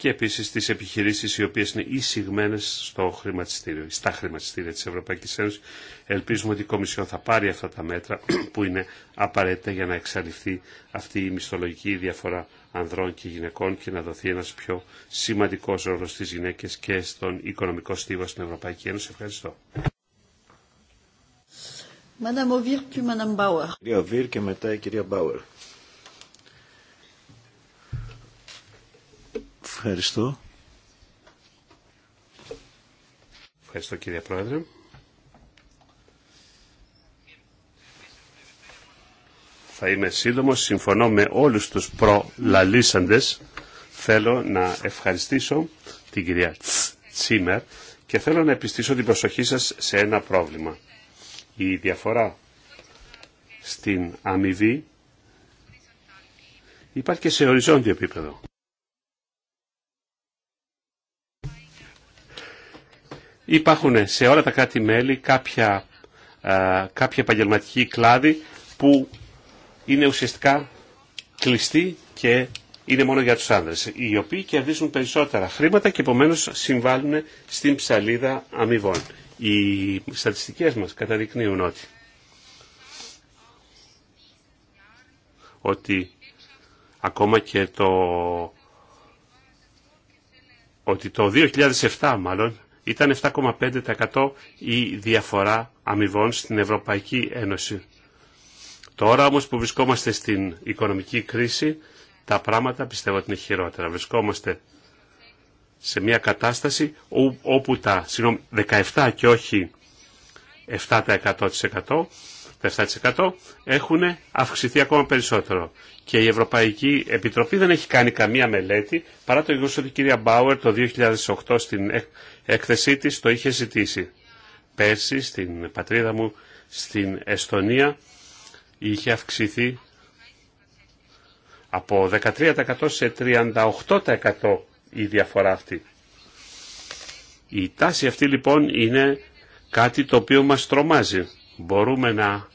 Speaker 2: και επίσης τις επιχειρήσεις οι οποίες είναι εισηγμένες στο χρηματιστήριο, στα χρηματιστήρια της Ευρωπαϊκής Ένωσης. Ελπίζουμε ότι η Κομισιόν θα πάρει αυτά τα μέτρα που είναι απαραίτητα για να εξαλειφθεί αυτή η μισθολογική διαφορά ανδρών και γυναικών και να δοθεί ένας πιο σημαντικός ρόλος στις γυναίκες και στον οικονομικό στίβο στην Ευρωπαϊκή Ένωση. Ευχαριστώ.
Speaker 1: Madame Ovir, puis Madame Bauer.
Speaker 2: Κυρία Ovir και μετά Bauer. Ευχαριστώ. Ευχαριστώ κύριε Πρόεδρε. Θα είμαι σύντομος, συμφωνώ με όλους τους προλαλήσαντες. Θέλω να ευχαριστήσω την κυρία Τσίμερ και θέλω να επιστήσω την προσοχή σας σε ένα πρόβλημα. Η διαφορά στην αμοιβή υπάρχει και σε οριζόντιο επίπεδο. Υπάρχουν σε όλα τα κράτη-μέλη κάποια, κάποια επαγγελματική κλάδη που είναι ουσιαστικά κλειστή και είναι μόνο για τους άνδρες, οι οποίοι κερδίζουν περισσότερα χρήματα και επομένως συμβάλλουν στην ψαλίδα αμοιβών. Οι στατιστικές μας καταδεικνύουν ότι, ότι ακόμα και το ότι το 2007 μάλλον ήταν 7,5% η διαφορά αμοιβών στην Ευρωπαϊκή Ένωση. Τώρα όμως που βρισκόμαστε στην οικονομική κρίση, τα πράγματα πιστεύω ότι είναι χειρότερα. Βρισκόμαστε σε μια κατάσταση όπου τα 17 και όχι 7%, έχουν αυξηθεί ακόμα περισσότερο. Και η Ευρωπαϊκή Επιτροπή δεν έχει κάνει καμία μελέτη παρά το γεγονό ότι η κυρία Μπάουερ το 2008 στην έκθεσή της το είχε ζητήσει. Πέρσι στην πατρίδα μου στην Εστονία είχε αυξηθεί από 13% σε 38% η διαφορά αυτή. Η τάση αυτή λοιπόν είναι κάτι το οποίο μας τρομάζει. Μπορούμε να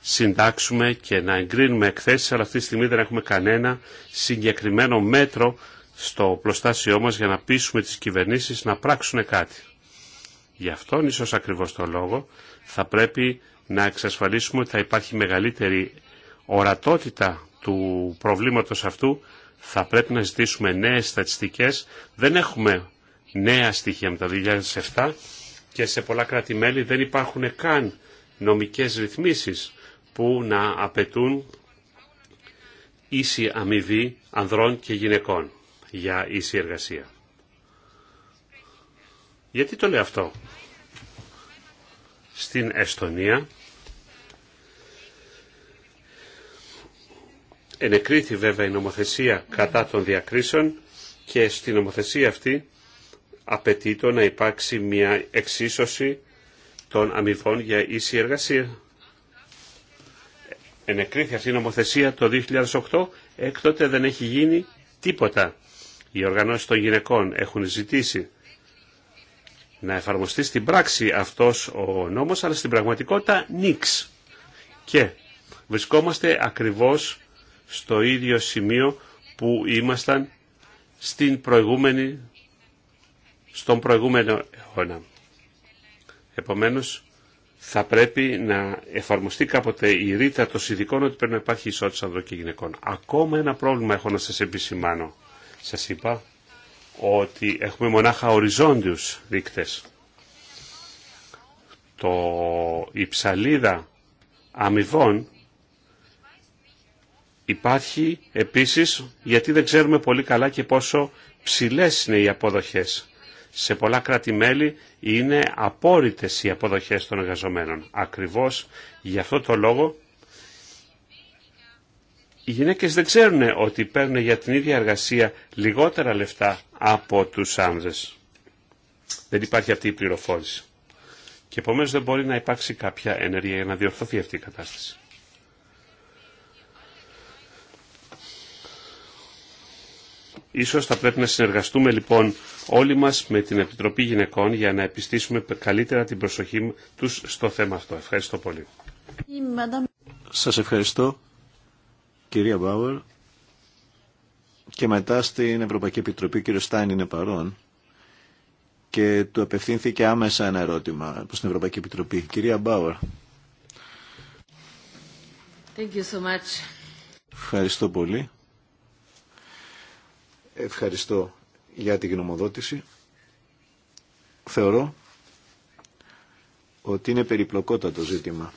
Speaker 2: συντάξουμε και να εγκρίνουμε εκθέσεις, αλλά αυτή τη στιγμή δεν έχουμε κανένα συγκεκριμένο μέτρο στο πλωστάσιό μας για να πείσουμε τις κυβερνήσεις να πράξουν κάτι. Γι' αυτό, ίσως ακριβώς το λόγο θα πρέπει να εξασφαλίσουμε ότι θα υπάρχει μεγαλύτερη ορατότητα του προβλήματος αυτού. Θα πρέπει να ζητήσουμε νέες στατιστικές. Δεν έχουμε νέα στοιχεία με το 2007 και σε πολλά κράτη-μέλη δεν υπάρχουν καν νομικές ρυθμίσεις που να απαιτούν ίση αμοιβή ανδρών και γυναικών για ίση εργασία. Γιατί το λέω αυτό. Στην Εστονία ενεκρίθη βέβαια η νομοθεσία κατά των διακρίσεων και στην νομοθεσία αυτή απαιτεί το να υπάρξει μια εξίσωση των αμοιβών για ίση εργασία. Ενεκρίθη αυτή η νομοθεσία το 2008, έκτοτε δεν έχει γίνει τίποτα οι οργανώσεις των γυναικών έχουν ζητήσει να εφαρμοστεί στην πράξη αυτός ο νόμος, αλλά στην πραγματικότητα νίξ. Και βρισκόμαστε ακριβώς στο ίδιο σημείο που ήμασταν στην προηγούμενη, στον προηγούμενο αιώνα. Επομένως, θα πρέπει να εφαρμοστεί κάποτε η ρήτρα των συνδικών ότι πρέπει να υπάρχει ισότητα ανδρών και γυναικών. Ακόμα ένα πρόβλημα έχω να σας επισημάνω. Σας είπα ότι έχουμε μονάχα οριζόντιους δείκτες. Το, η ψαλίδα αμοιβών υπάρχει επίσης γιατί δεν ξέρουμε πολύ καλά και πόσο ψηλές είναι οι αποδοχές. Σε πολλά κράτη-μέλη είναι απόρριτες οι αποδοχές των εργαζομένων. Ακριβώς γι' αυτό το λόγο οι γυναίκες δεν ξέρουν ότι παίρνουν για την ίδια εργασία λιγότερα λεφτά από τους άνδρες. Δεν υπάρχει αυτή η πληροφόρηση. Και επομένως δεν μπορεί να υπάρξει κάποια ενέργεια για να διορθωθεί αυτή η κατάσταση. Ίσως θα πρέπει να συνεργαστούμε λοιπόν όλοι μας με την Επιτροπή Γυναικών για να επιστήσουμε καλύτερα την προσοχή τους στο θέμα αυτό. Ευχαριστώ πολύ. Σας ευχαριστώ κυρία Μπάουερ
Speaker 4: και μετά στην Ευρωπαϊκή Επιτροπή Κύριο Στάιν είναι παρόν και του απευθύνθηκε άμεσα ένα ερώτημα προς την Ευρωπαϊκή Επιτροπή. Κυρία Μπάουερ.
Speaker 3: Thank you so much.
Speaker 4: Ευχαριστώ πολύ. Ευχαριστώ για την γνωμοδότηση. Θεωρώ ότι είναι περιπλοκότατο ζήτημα.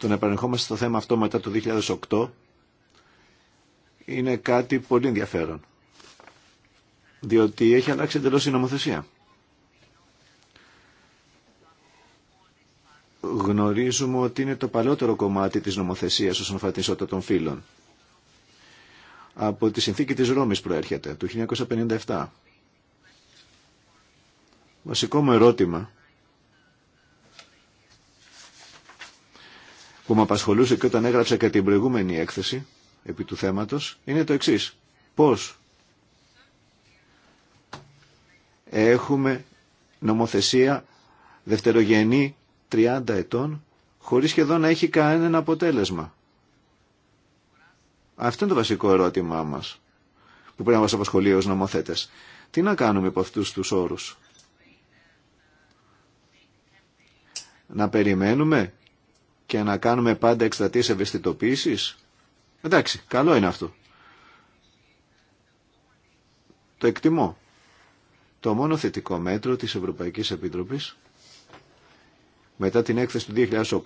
Speaker 4: το να επανερχόμαστε στο θέμα αυτό μετά το 2008 είναι κάτι πολύ ενδιαφέρον. Διότι έχει αλλάξει εντελώ η νομοθεσία. Γνωρίζουμε ότι είναι το παλαιότερο κομμάτι της νομοθεσίας όσον αφορά την ισότητα των φύλων. Από τη συνθήκη της Ρώμης προέρχεται, του 1957. Βασικό μου ερώτημα που με απασχολούσε και όταν έγραψα και την προηγούμενη έκθεση επί του θέματος είναι το εξής. Πώς έχουμε νομοθεσία δευτερογενή 30 ετών χωρίς σχεδόν να έχει κανένα αποτέλεσμα. Αυτό είναι το βασικό ερώτημά μας που πρέπει να μας απασχολεί ως νομοθέτες. Τι να κάνουμε από αυτούς τους όρους. Να περιμένουμε και να κάνουμε πάντα εκστατείς ευαισθητοποίησης. Εντάξει, καλό είναι αυτό. Το εκτιμώ. Το μόνο θετικό μέτρο της Ευρωπαϊκής Επιτροπής μετά την έκθεση του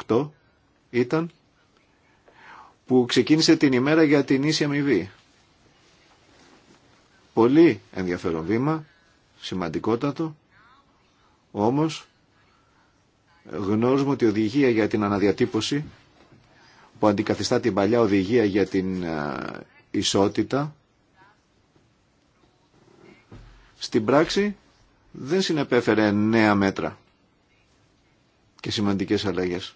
Speaker 4: 2008 ήταν που ξεκίνησε την ημέρα για την ίση e αμοιβή. E Πολύ ενδιαφέρον βήμα, σημαντικότατο, όμως Γνωρίζουμε ότι η οδηγία για την αναδιατύπωση που αντικαθιστά την παλιά οδηγία για την ε, ισότητα στην πράξη δεν συνεπέφερε νέα μέτρα και σημαντικές αλλαγές.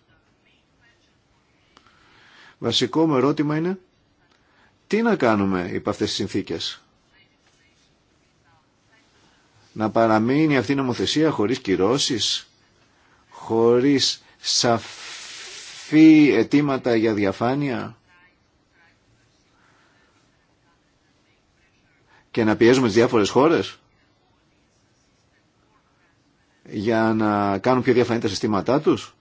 Speaker 4: Βασικό μου ερώτημα είναι τι να κάνουμε υπ' αυτές τις συνθήκες. Να παραμείνει αυτή η νομοθεσία χωρίς κυρώσεις, χωρίς σαφή αιτήματα για διαφάνεια και να πιέζουμε τις διάφορες χώρες για να κάνουν πιο διαφανή τα συστήματά τους.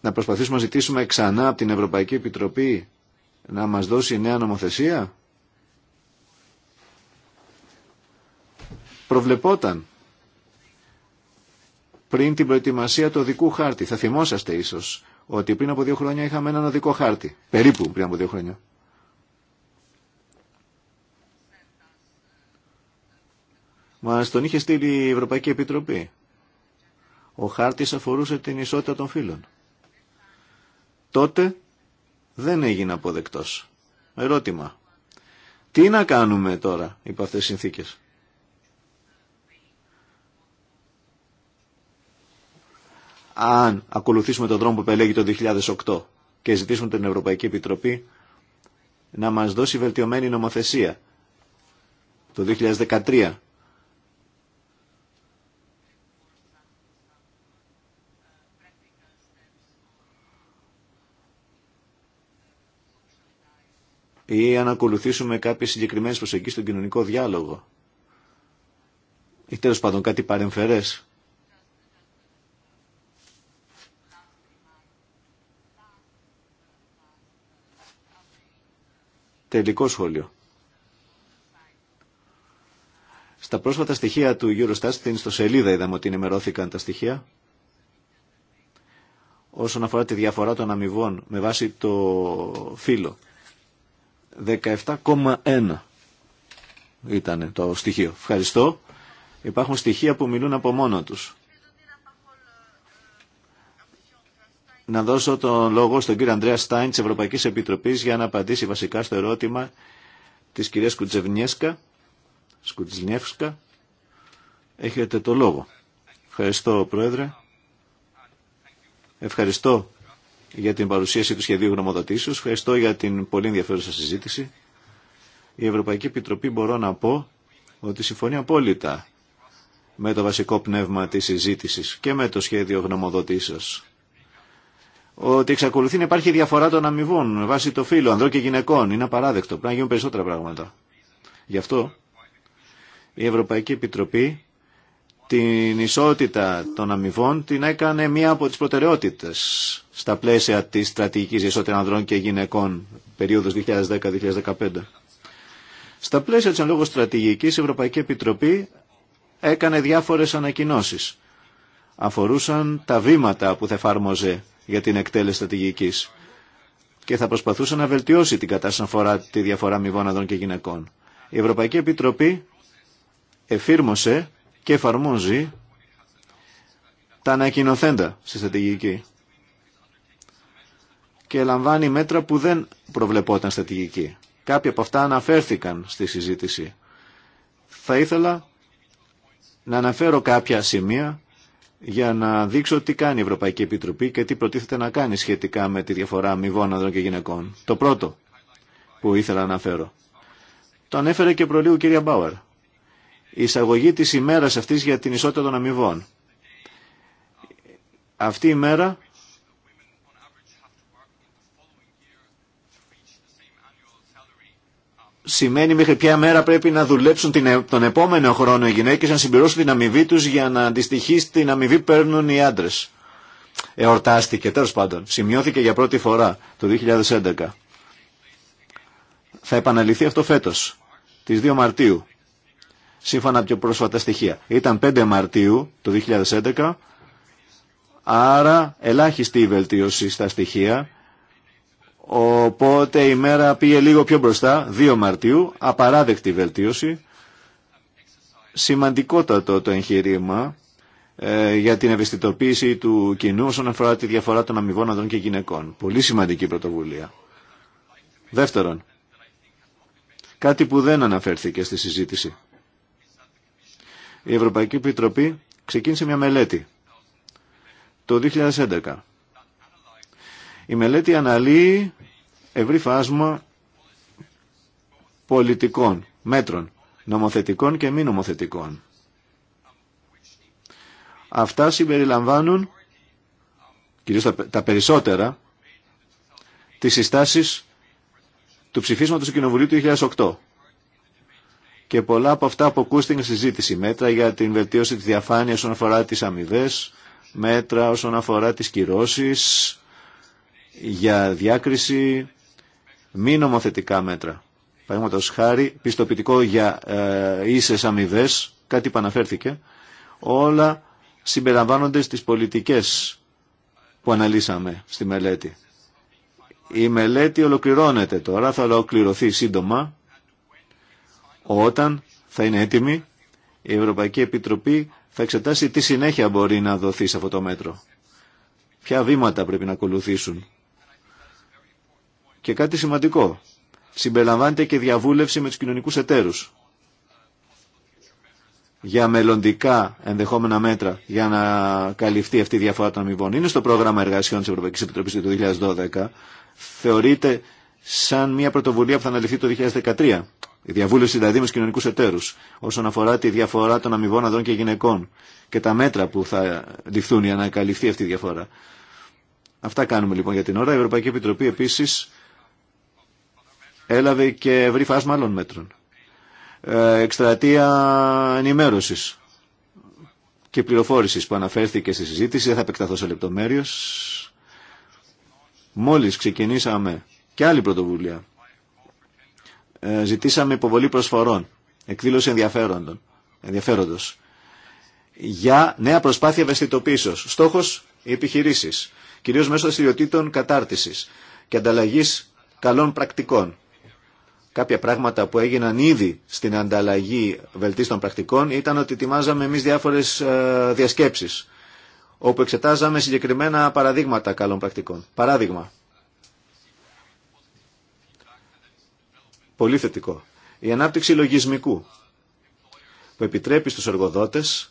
Speaker 4: Να προσπαθήσουμε να ζητήσουμε ξανά από την Ευρωπαϊκή Επιτροπή να μας δώσει νέα νομοθεσία. Προβλεπόταν πριν την προετοιμασία του οδικού χάρτη. Θα θυμόσαστε ίσως ότι πριν από δύο χρόνια είχαμε έναν οδικό χάρτη. Περίπου πριν από δύο χρόνια. Μα τον είχε στείλει η Ευρωπαϊκή Επιτροπή. Ο χάρτης αφορούσε την ισότητα των φύλων. Τότε δεν έγινε αποδεκτός. Ερώτημα. Τι να κάνουμε τώρα υπό αυτές τις συνθήκες. αν ακολουθήσουμε τον δρόμο που επελέγει το 2008 και ζητήσουμε την Ευρωπαϊκή Επιτροπή να μας δώσει βελτιωμένη νομοθεσία το 2013 ή αν ακολουθήσουμε κάποιες συγκεκριμένες προσεγγίσεις στον κοινωνικό διάλογο ή τέλος πάντων κάτι παρεμφερές Τελικό σχόλιο. Στα πρόσφατα στοιχεία του Eurostat, στην ιστοσελίδα είδαμε ότι ενημερώθηκαν τα στοιχεία. Όσον αφορά τη διαφορά των αμοιβών με βάση το φύλλο. 17,1 ήταν το στοιχείο. Ευχαριστώ. Υπάρχουν στοιχεία που μιλούν από μόνο τους. να δώσω τον λόγο στον κύριο Ανδρέα Στάιν τη Ευρωπαϊκή Επιτροπή για να απαντήσει βασικά στο ερώτημα τη κυρία Σκουτζευνιέσκα. Σκουτζνιεύσκα. Έχετε το λόγο. Ευχαριστώ, Πρόεδρε. Ευχαριστώ για την παρουσίαση του σχεδίου γνωμοδοτήσεως. Ευχαριστώ για την πολύ ενδιαφέρουσα συζήτηση. Η Ευρωπαϊκή Επιτροπή μπορώ να πω ότι συμφωνεί απόλυτα με το βασικό πνεύμα της συζήτησης και με το σχέδιο γνωμοδοτήσεως ότι εξακολουθεί να υπάρχει διαφορά των αμοιβών με βάση το φύλλο ανδρών και γυναικών. Είναι απαράδεκτο. Πρέπει να γίνουν περισσότερα πράγματα. Γι' αυτό η Ευρωπαϊκή Επιτροπή την ισότητα των αμοιβών την έκανε μία από τις προτεραιότητες στα πλαίσια της στρατηγικής ισότητα ανδρών και γυναικών περίοδος 2010-2015. Στα πλαίσια της λόγω στρατηγικής η Ευρωπαϊκή Επιτροπή έκανε διάφορες ανακοινώσει. Αφορούσαν τα βήματα που θα εφάρμοζε για την εκτέλεση στρατηγική και θα προσπαθούσε να βελτιώσει την κατάσταση αφορά τη διαφορά μη ανδρών και γυναικών. Η Ευρωπαϊκή Επιτροπή εφήρμοσε και εφαρμόζει τα ανακοινοθέντα στη στρατηγική και λαμβάνει μέτρα που δεν προβλεπόταν στρατηγική. Κάποια από αυτά αναφέρθηκαν στη συζήτηση. Θα ήθελα να αναφέρω κάποια σημεία για να δείξω τι κάνει η Ευρωπαϊκή Επιτροπή και τι προτίθεται να κάνει σχετικά με τη διαφορά αμοιβών ανδρών και γυναικών. Το πρώτο που ήθελα να αναφέρω. Το ανέφερε και προλίγου κυρία Μπάουερ. Η εισαγωγή της ημέρας αυτής για την ισότητα των αμοιβών. Αυτή η μέρα σημαίνει μέχρι ποια μέρα πρέπει να δουλέψουν την, ε- τον επόμενο χρόνο οι γυναίκες να συμπληρώσουν την αμοιβή τους για να αντιστοιχεί στην αμοιβή που παίρνουν οι άντρες. Εορτάστηκε, τέλος πάντων, σημειώθηκε για πρώτη φορά το 2011. Θα επαναληφθεί αυτό φέτος, τις 2 Μαρτίου, σύμφωνα πιο πρόσφατα στοιχεία. Ήταν 5 Μαρτίου το 2011, άρα ελάχιστη η βελτίωση στα στοιχεία Οπότε η μέρα πήγε λίγο πιο μπροστά, 2 Μαρτίου, απαράδεκτη βελτίωση. Σημαντικότατο το εγχείρημα ε, για την ευαισθητοποίηση του κοινού όσον αφορά τη διαφορά των αμοιβών ανδρών και γυναικών. Πολύ σημαντική πρωτοβουλία. Δεύτερον, κάτι που δεν αναφέρθηκε στη συζήτηση. Η Ευρωπαϊκή Επιτροπή ξεκίνησε μια μελέτη το 2011 η μελέτη αναλύει ευρύ φάσμα πολιτικών, μέτρων, νομοθετικών και μη νομοθετικών. Αυτά συμπεριλαμβάνουν, κυρίως τα περισσότερα, τις συστάσεις του ψηφίσματος του Κοινοβουλίου του 2008. Και πολλά από αυτά που στη συζήτηση, μέτρα για την βελτίωση της διαφάνειας όσον αφορά τις αμοιβέ, μέτρα όσον αφορά τις κυρώσεις, για διάκριση μη νομοθετικά μέτρα. Παραδείγματο χάρη, πιστοποιητικό για ε, ίσες αμοιβέ, κάτι που αναφέρθηκε, όλα συμπεριλαμβάνονται στι πολιτικές που αναλύσαμε στη μελέτη. Η μελέτη ολοκληρώνεται τώρα, θα ολοκληρωθεί σύντομα, όταν θα είναι έτοιμη η Ευρωπαϊκή Επιτροπή θα εξετάσει τι συνέχεια μπορεί να δοθεί σε αυτό το μέτρο. Ποια βήματα πρέπει να ακολουθήσουν και κάτι σημαντικό. Συμπεριλαμβάνεται και διαβούλευση με τους κοινωνικούς εταίρους για μελλοντικά ενδεχόμενα μέτρα για να καλυφθεί αυτή η διαφορά των αμοιβών. Είναι στο πρόγραμμα εργασιών της Ευρωπαϊκής Επιτροπής του 2012. Θεωρείται σαν μια πρωτοβουλία που θα αναλυθεί το 2013. Η διαβούλευση δηλαδή με τους κοινωνικού εταίρους όσον αφορά τη διαφορά των αμοιβών αδών και γυναικών και τα μέτρα που θα ληφθούν για να καλυφθεί αυτή η διαφορά. Αυτά κάνουμε λοιπόν για την ώρα. Η Ευρωπαϊκή Επιτροπή επίση έλαβε και ευρύ φάσμα άλλων μέτρων. Ε, εκστρατεία ενημέρωση και πληροφόρηση που αναφέρθηκε στη συζήτηση, δεν θα επεκταθώ σε λεπτομέρειε. Μόλις ξεκινήσαμε και άλλη πρωτοβουλία, ε, ζητήσαμε υποβολή προσφορών, εκδήλωση ενδιαφέροντων, ενδιαφέροντος, για νέα προσπάθεια ευαισθητοποίηση. Στόχο οι επιχειρήσει. Κυρίω μέσω δραστηριοτήτων κατάρτιση και ανταλλαγή καλών πρακτικών κάποια πράγματα που έγιναν ήδη στην ανταλλαγή βελτίστων πρακτικών ήταν ότι ετοιμάζαμε εμείς διάφορες ε, διασκέψεις όπου εξετάζαμε συγκεκριμένα παραδείγματα καλών πρακτικών. Παράδειγμα. Πολύ θετικό. Η ανάπτυξη λογισμικού που επιτρέπει στους εργοδότες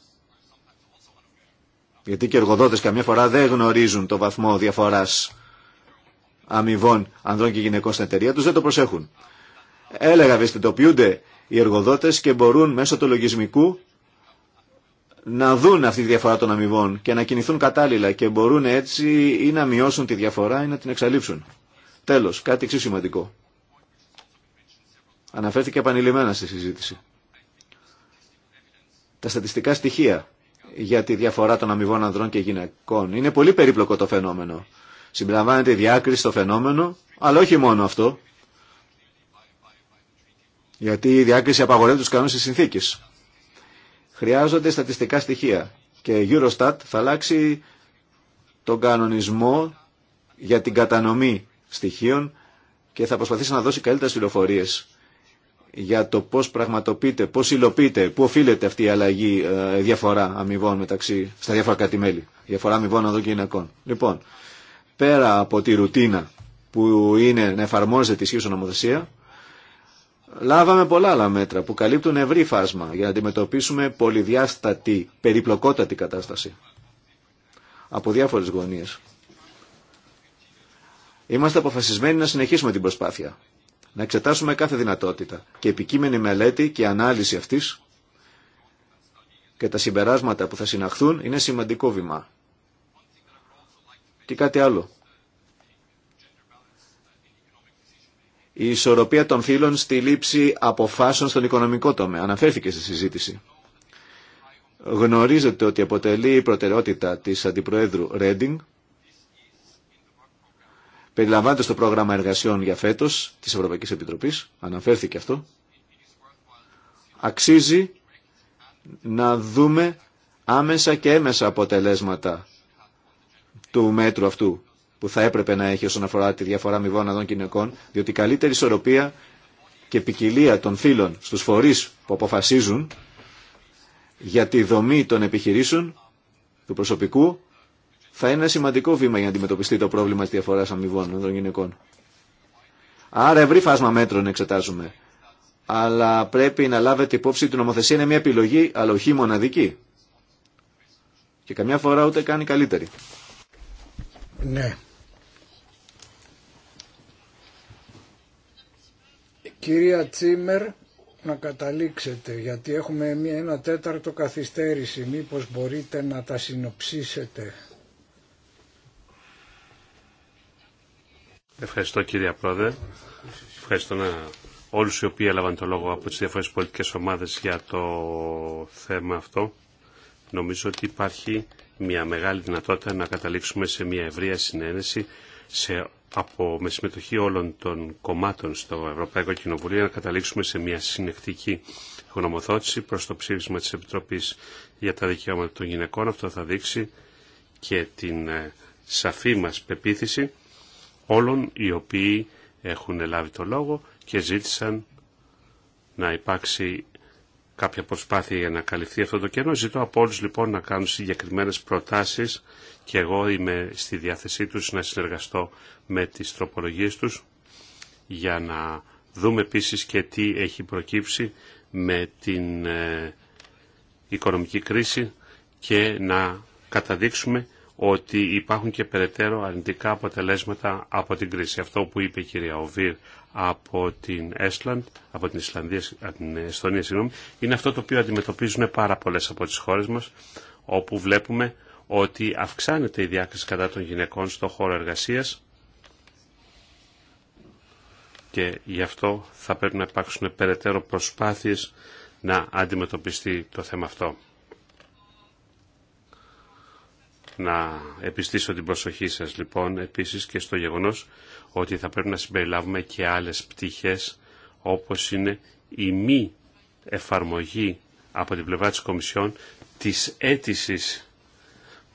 Speaker 4: γιατί και οι εργοδότες καμιά φορά δεν γνωρίζουν το βαθμό διαφοράς αμοιβών ανδρών και γυναικών στην εταιρεία τους, δεν το προσέχουν έλεγα ευαισθητοποιούνται οι εργοδότες και μπορούν μέσω του λογισμικού να δουν αυτή τη διαφορά των αμοιβών και να κινηθούν κατάλληλα και μπορούν έτσι ή να μειώσουν τη διαφορά ή να την εξαλείψουν. Τέλος, κάτι εξίσου σημαντικό. Αναφέρθηκε επανειλημμένα στη συζήτηση. Τα στατιστικά στοιχεία για τη διαφορά των αμοιβών ανδρών και γυναικών. Είναι πολύ περίπλοκο το φαινόμενο. Συμπλαμβάνεται η διάκριση στο φαινόμενο, αλλά όχι μόνο αυτό γιατί η διάκριση απαγορεύει τους κανόνες τη συνθήκη. Χρειάζονται στατιστικά στοιχεία και η Eurostat θα αλλάξει τον κανονισμό για την κατανομή στοιχείων και θα προσπαθήσει να δώσει καλύτερε πληροφορίε για το πώ αυτή η αλλαγή ε, διαφορά αμοιβών μεταξύ, πώ και γυναικών. Λοιπόν, πέρα από τη ρουτίνα που οφειλεται αυτη η αλλαγη διαφορα αμοιβων να εδω και γυναικων λοιπον περα απο τη σχέση νομοθεσία, Λάβαμε πολλά άλλα μέτρα που καλύπτουν ευρύ φάσμα για να αντιμετωπίσουμε πολυδιάστατη, περιπλοκότατη κατάσταση από διάφορες γωνίες. Είμαστε αποφασισμένοι να συνεχίσουμε την προσπάθεια, να εξετάσουμε κάθε δυνατότητα και επικείμενη μελέτη και ανάλυση αυτής και τα συμπεράσματα που θα συναχθούν είναι σημαντικό βήμα. Και κάτι άλλο η ισορροπία των φύλων στη λήψη αποφάσεων στον οικονομικό τομέα. Αναφέρθηκε στη συζήτηση. Γνωρίζετε ότι αποτελεί η προτεραιότητα της Αντιπροέδρου Ρέντινγκ. Περιλαμβάνεται στο πρόγραμμα εργασιών για φέτος της Ευρωπαϊκής Επιτροπής. Αναφέρθηκε αυτό. Αξίζει να δούμε άμεσα και έμεσα αποτελέσματα του μέτρου αυτού που θα έπρεπε να έχει όσον αφορά τη διαφορά αμοιβών αδών γυναικών, διότι η καλύτερη ισορροπία και ποικιλία των φύλων στους φορείς που αποφασίζουν για τη δομή των επιχειρήσεων του προσωπικού θα είναι ένα σημαντικό βήμα για να αντιμετωπιστεί το πρόβλημα της διαφορά αμοιβών των γυναικών. Άρα ευρύ φάσμα μέτρων εξετάζουμε. Αλλά πρέπει να λάβετε υπόψη ότι η νομοθεσία είναι μια επιλογή, αλλά όχι μοναδική. Και καμιά φορά ούτε κάνει καλύτερη.
Speaker 3: Ναι, Κυρία Τσίμερ, να καταλήξετε, γιατί έχουμε ένα τέταρτο καθυστέρηση. Μήπως μπορείτε να τα συνοψίσετε.
Speaker 2: Ευχαριστώ κύριε Πρόεδρε. Ευχαριστώ να όλους οι οποίοι έλαβαν το λόγο από τις διαφορετικές πολιτικές ομάδες για το θέμα αυτό. Νομίζω ότι υπάρχει μια μεγάλη δυνατότητα να καταλήξουμε σε μια ευρεία συνένεση σε από, με συμμετοχή όλων των κομμάτων στο Ευρωπαϊκό Κοινοβουλίο να καταλήξουμε σε μια συνεκτική γνωμοθότηση προς το ψήφισμα της Επιτροπής για τα Δικαιώματα των Γυναικών. Αυτό θα δείξει και την ε, σαφή μας πεποίθηση όλων οι οποίοι έχουν λάβει το λόγο και ζήτησαν να υπάρξει κάποια προσπάθεια για να καλυφθεί αυτό το κενό. Ζητώ από όλους λοιπόν να κάνουν συγκεκριμένες προτάσεις και εγώ είμαι στη διάθεσή τους να συνεργαστώ με τις τροπολογίες τους για να δούμε επίσης και τι έχει προκύψει με την ε, οικονομική κρίση και να καταδείξουμε ότι υπάρχουν και περαιτέρω αρνητικά αποτελέσματα από την κρίση. Αυτό που είπε η κυρία Οβίρ από την, Έσλαντ, από την, Ισλανδία, από την Εστονία συγγνώμη, είναι αυτό το οποίο αντιμετωπίζουν πάρα πολλέ από τις χώρες μας όπου βλέπουμε ότι αυξάνεται η διάκριση κατά των γυναικών στον χώρο εργασίας και γι' αυτό θα πρέπει να υπάρξουν περαιτέρω προσπάθειες να αντιμετωπιστεί το θέμα αυτό. Να επιστήσω την προσοχή σας λοιπόν επίσης και στο γεγονός ότι θα πρέπει να συμπεριλάβουμε και άλλες πτυχές όπως είναι η μη εφαρμογή από την πλευρά της Κομισιόν της αίτηση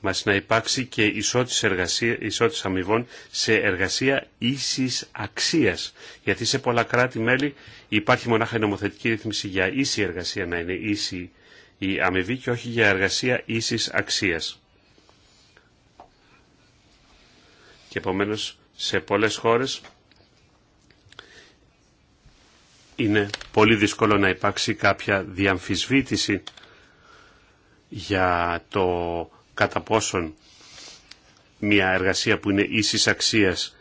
Speaker 2: μας να υπάρξει και ισότης, εργασία, ισότης αμοιβών σε εργασία ίσης αξίας. Γιατί σε πολλά κράτη-μέλη υπάρχει μονάχα η νομοθετική ρύθμιση για ίση εργασία να είναι ίση η αμοιβή και όχι για εργασία ίσης αξίας. Και επομένως σε πολλές χώρες είναι πολύ δύσκολο να υπάρξει κάποια διαμφισβήτηση για το κατά πόσον μια εργασία που είναι ίσης αξίας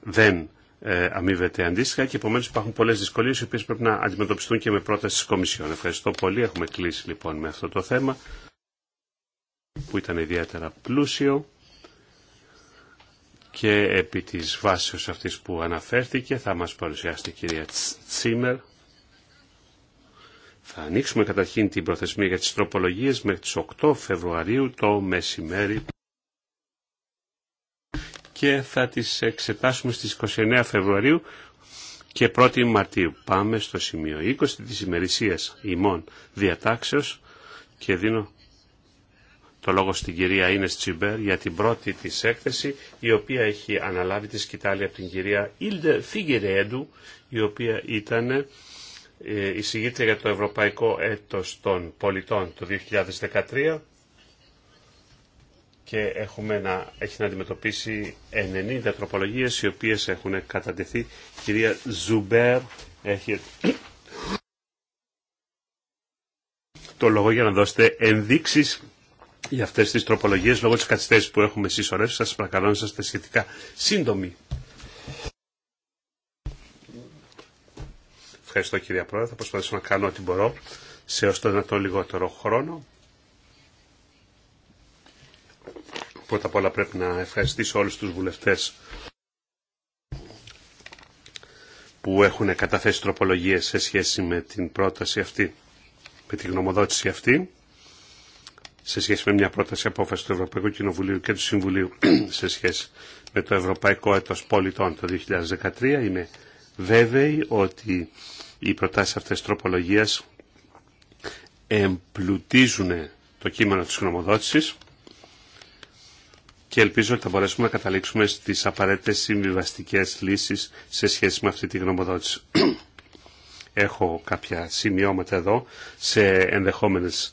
Speaker 2: δεν ε, αμείβεται αντίστοιχα και επομένω υπάρχουν πολλές δυσκολίες οι οποίες πρέπει να αντιμετωπιστούν και με πρόταση τη Κομισιόν. Ευχαριστώ πολύ. Έχουμε κλείσει λοιπόν με αυτό το θέμα που ήταν ιδιαίτερα πλούσιο και επί της βάσης αυτής που αναφέρθηκε θα μας παρουσιάσει η κυρία Τσίμερ. Θα ανοίξουμε καταρχήν την προθεσμία για τις τροπολογίες μέχρι τις 8 Φεβρουαρίου το μεσημέρι και θα τις εξετάσουμε στις 29 Φεβρουαρίου και 1η Μαρτίου. Πάμε στο σημείο 20 της ημερησίας ημών διατάξεως και δίνω το λόγο στην κυρία Ίνες Τσιμπέρ για την πρώτη της έκθεση η οποία έχει αναλάβει τη σκητάλη από την κυρία Ιλντε Φίγκερέντου η οποία ήταν εισηγήτρια για το Ευρωπαϊκό Έτος των Πολιτών το 2013 και έχουμε να, έχει να αντιμετωπίσει 90 τροπολογίες οι οποίες έχουν κατατεθεί. Κυρία Ζουμπέρ έχει το λόγο για να δώσετε ενδείξεις για αυτές τις τροπολογίες λόγω τη καθυστέρηση που έχουμε συσσωρεύσει. Σας παρακαλώ να είστε σχετικά σύντομοι. Ευχαριστώ κυρία Πρόεδρε. Θα προσπαθήσω να κάνω ό,τι μπορώ σε ως το δυνατό λιγότερο χρόνο. Πρώτα απ' όλα πρέπει να ευχαριστήσω όλους τους βουλευτές που έχουν καταθέσει τροπολογίες σε σχέση με την πρόταση αυτή, με την γνωμοδότηση αυτή σε σχέση με μια πρόταση απόφαση του Ευρωπαϊκού Κοινοβουλίου και του Συμβουλίου σε σχέση με το Ευρωπαϊκό Έτος Πολιτών το 2013. Είμαι βέβαιη ότι οι προτάσεις αυτές τροπολογίας εμπλουτίζουν το κείμενο της γνωμοδότησης και ελπίζω ότι θα μπορέσουμε να καταλήξουμε στις απαραίτητες συμβιβαστικές λύσεις σε σχέση με αυτή τη γνωμοδότηση. Έχω κάποια σημειώματα εδώ σε ενδεχόμενες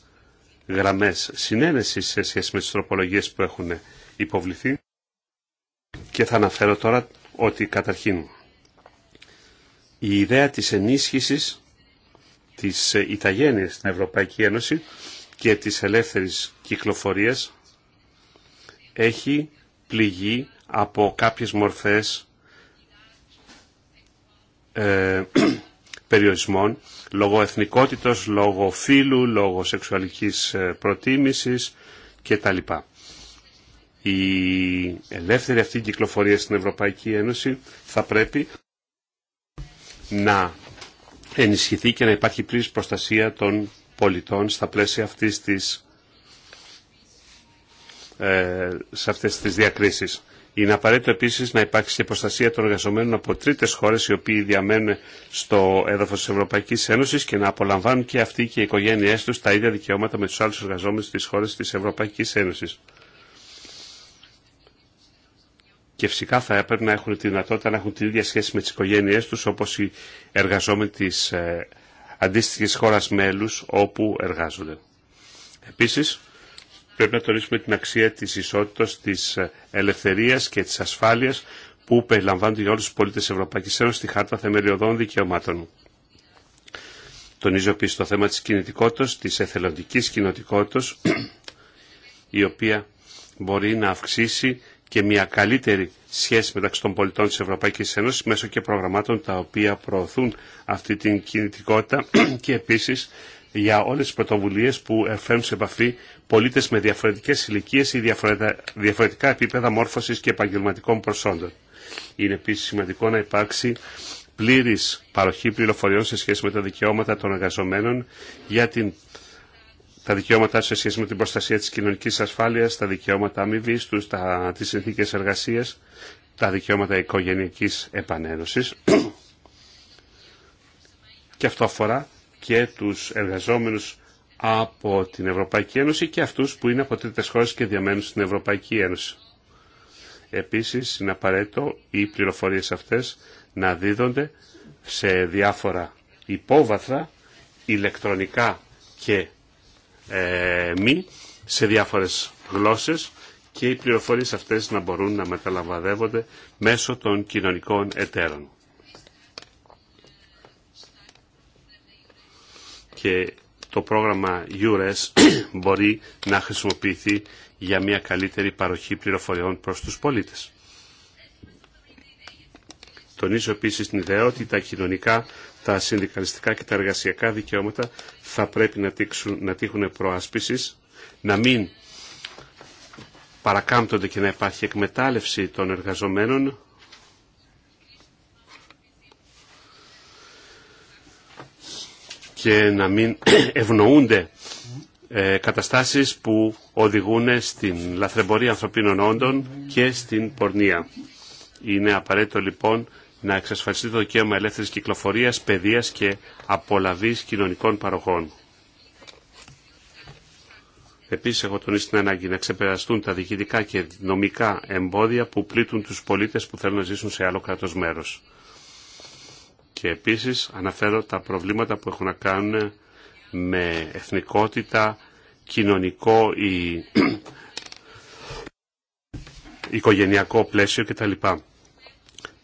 Speaker 2: γραμμές συνένεση σε σχέση με τις τροπολογίες που έχουν υποβληθεί και θα αναφέρω τώρα ότι καταρχήν η ιδέα της ενίσχυσης της Ιταγένειας στην Ευρωπαϊκή Ένωση και της ελεύθερης κυκλοφορίας έχει πληγεί από κάποιες μορφές ε, περιορισμών λόγω εθνικότητος, λόγω φύλου, λόγω σεξουαλικής ε, προτίμησης κτλ. Η ελεύθερη αυτή κυκλοφορία στην Ευρωπαϊκή Ένωση θα πρέπει να ενισχυθεί και να υπάρχει πλήρης προστασία των πολιτών στα πλαίσια αυτής της, ε, σε αυτές τις διακρίσεις. Είναι απαραίτητο επίση να υπάρξει και προστασία των εργαζομένων από τρίτε χώρε οι οποίοι διαμένουν στο έδαφο τη Ευρωπαϊκή Ένωση και να απολαμβάνουν και αυτοί και οι οικογένειέ του τα ίδια δικαιώματα με του άλλου εργαζόμενου τη χώρε τη Ευρωπαϊκή Ένωση. Και φυσικά θα έπρεπε να έχουν τη δυνατότητα να έχουν την ίδια σχέση με τι οικογένειέ του όπω οι εργαζόμενοι τη ε, αντίστοιχη χώρα μέλου όπου εργάζονται. Επίση, Πρέπει να τονίσουμε την αξία της ισότητας, της ε, ελευθερίας και της ασφάλειας που περιλαμβάνονται για όλους τους πολίτες Ευρωπαϊκής Ένωσης στη Χάρτα Θεμελιωδών Δικαιωμάτων. Τονίζω επίση το θέμα της κινητικότητας, της εθελοντικής κοινοτικότητας, η οποία μπορεί να αυξήσει και μια καλύτερη σχέση μεταξύ των πολιτών της Ευρωπαϊκής Ένωσης μέσω και προγραμμάτων τα οποία προωθούν αυτή την κινητικότητα και επίσης για όλε τι πρωτοβουλίε που φέρνουν σε επαφή πολίτε με διαφορετικέ ηλικίε ή διαφορετικά επίπεδα μόρφωση και επαγγελματικών προσόντων. Είναι επίση σημαντικό να υπάρξει πλήρη παροχή πληροφοριών σε σχέση με τα δικαιώματα των εργαζομένων για την τα δικαιώματά σε σχέση με την προστασία της κοινωνικής ασφάλειας, τα δικαιώματα αμοιβή του, τα, τις συνθήκες εργασίας, τα δικαιώματα οικογενειακής επανένωσης. και αυτό αφορά και τους εργαζόμενους από την Ευρωπαϊκή Ένωση και αυτούς που είναι από τρίτες χώρες και διαμένουν στην Ευρωπαϊκή Ένωση. Επίσης, είναι απαραίτητο οι πληροφορίες αυτές να δίδονται σε διάφορα υπόβαθρα, ηλεκτρονικά και ε, μη, σε διάφορες γλώσσες και οι πληροφορίες αυτές να μπορούν να μεταλαμβαδεύονται μέσω των κοινωνικών εταίρων. και το πρόγραμμα EURES μπορεί να χρησιμοποιηθεί για μια καλύτερη παροχή πληροφοριών προς τους πολίτες. Τονίζω επίσης την ιδέα ότι τα κοινωνικά, τα συνδικαλιστικά και τα εργασιακά δικαιώματα θα πρέπει να, να τύχουν προάσπισης, να μην παρακάμπτονται και να υπάρχει εκμετάλλευση των εργαζομένων και να μην ευνοούνται ε, καταστάσεις που οδηγούν στην λαθρεμπορία ανθρωπίνων όντων και στην πορνεία. Είναι απαραίτητο λοιπόν να εξασφαλιστεί το δικαίωμα ελεύθερης κυκλοφορίας, παιδείας και απολαβής κοινωνικών παροχών. Επίσης, έχω τονίσει την ανάγκη να ξεπεραστούν τα διοικητικά και νομικά εμπόδια που πλήττουν τους πολίτες που θέλουν να ζήσουν σε άλλο κράτος μέρος. Και επίσης αναφέρω τα προβλήματα που έχουν να κάνουν με εθνικότητα, κοινωνικό ή οικογενειακό πλαίσιο κτλ.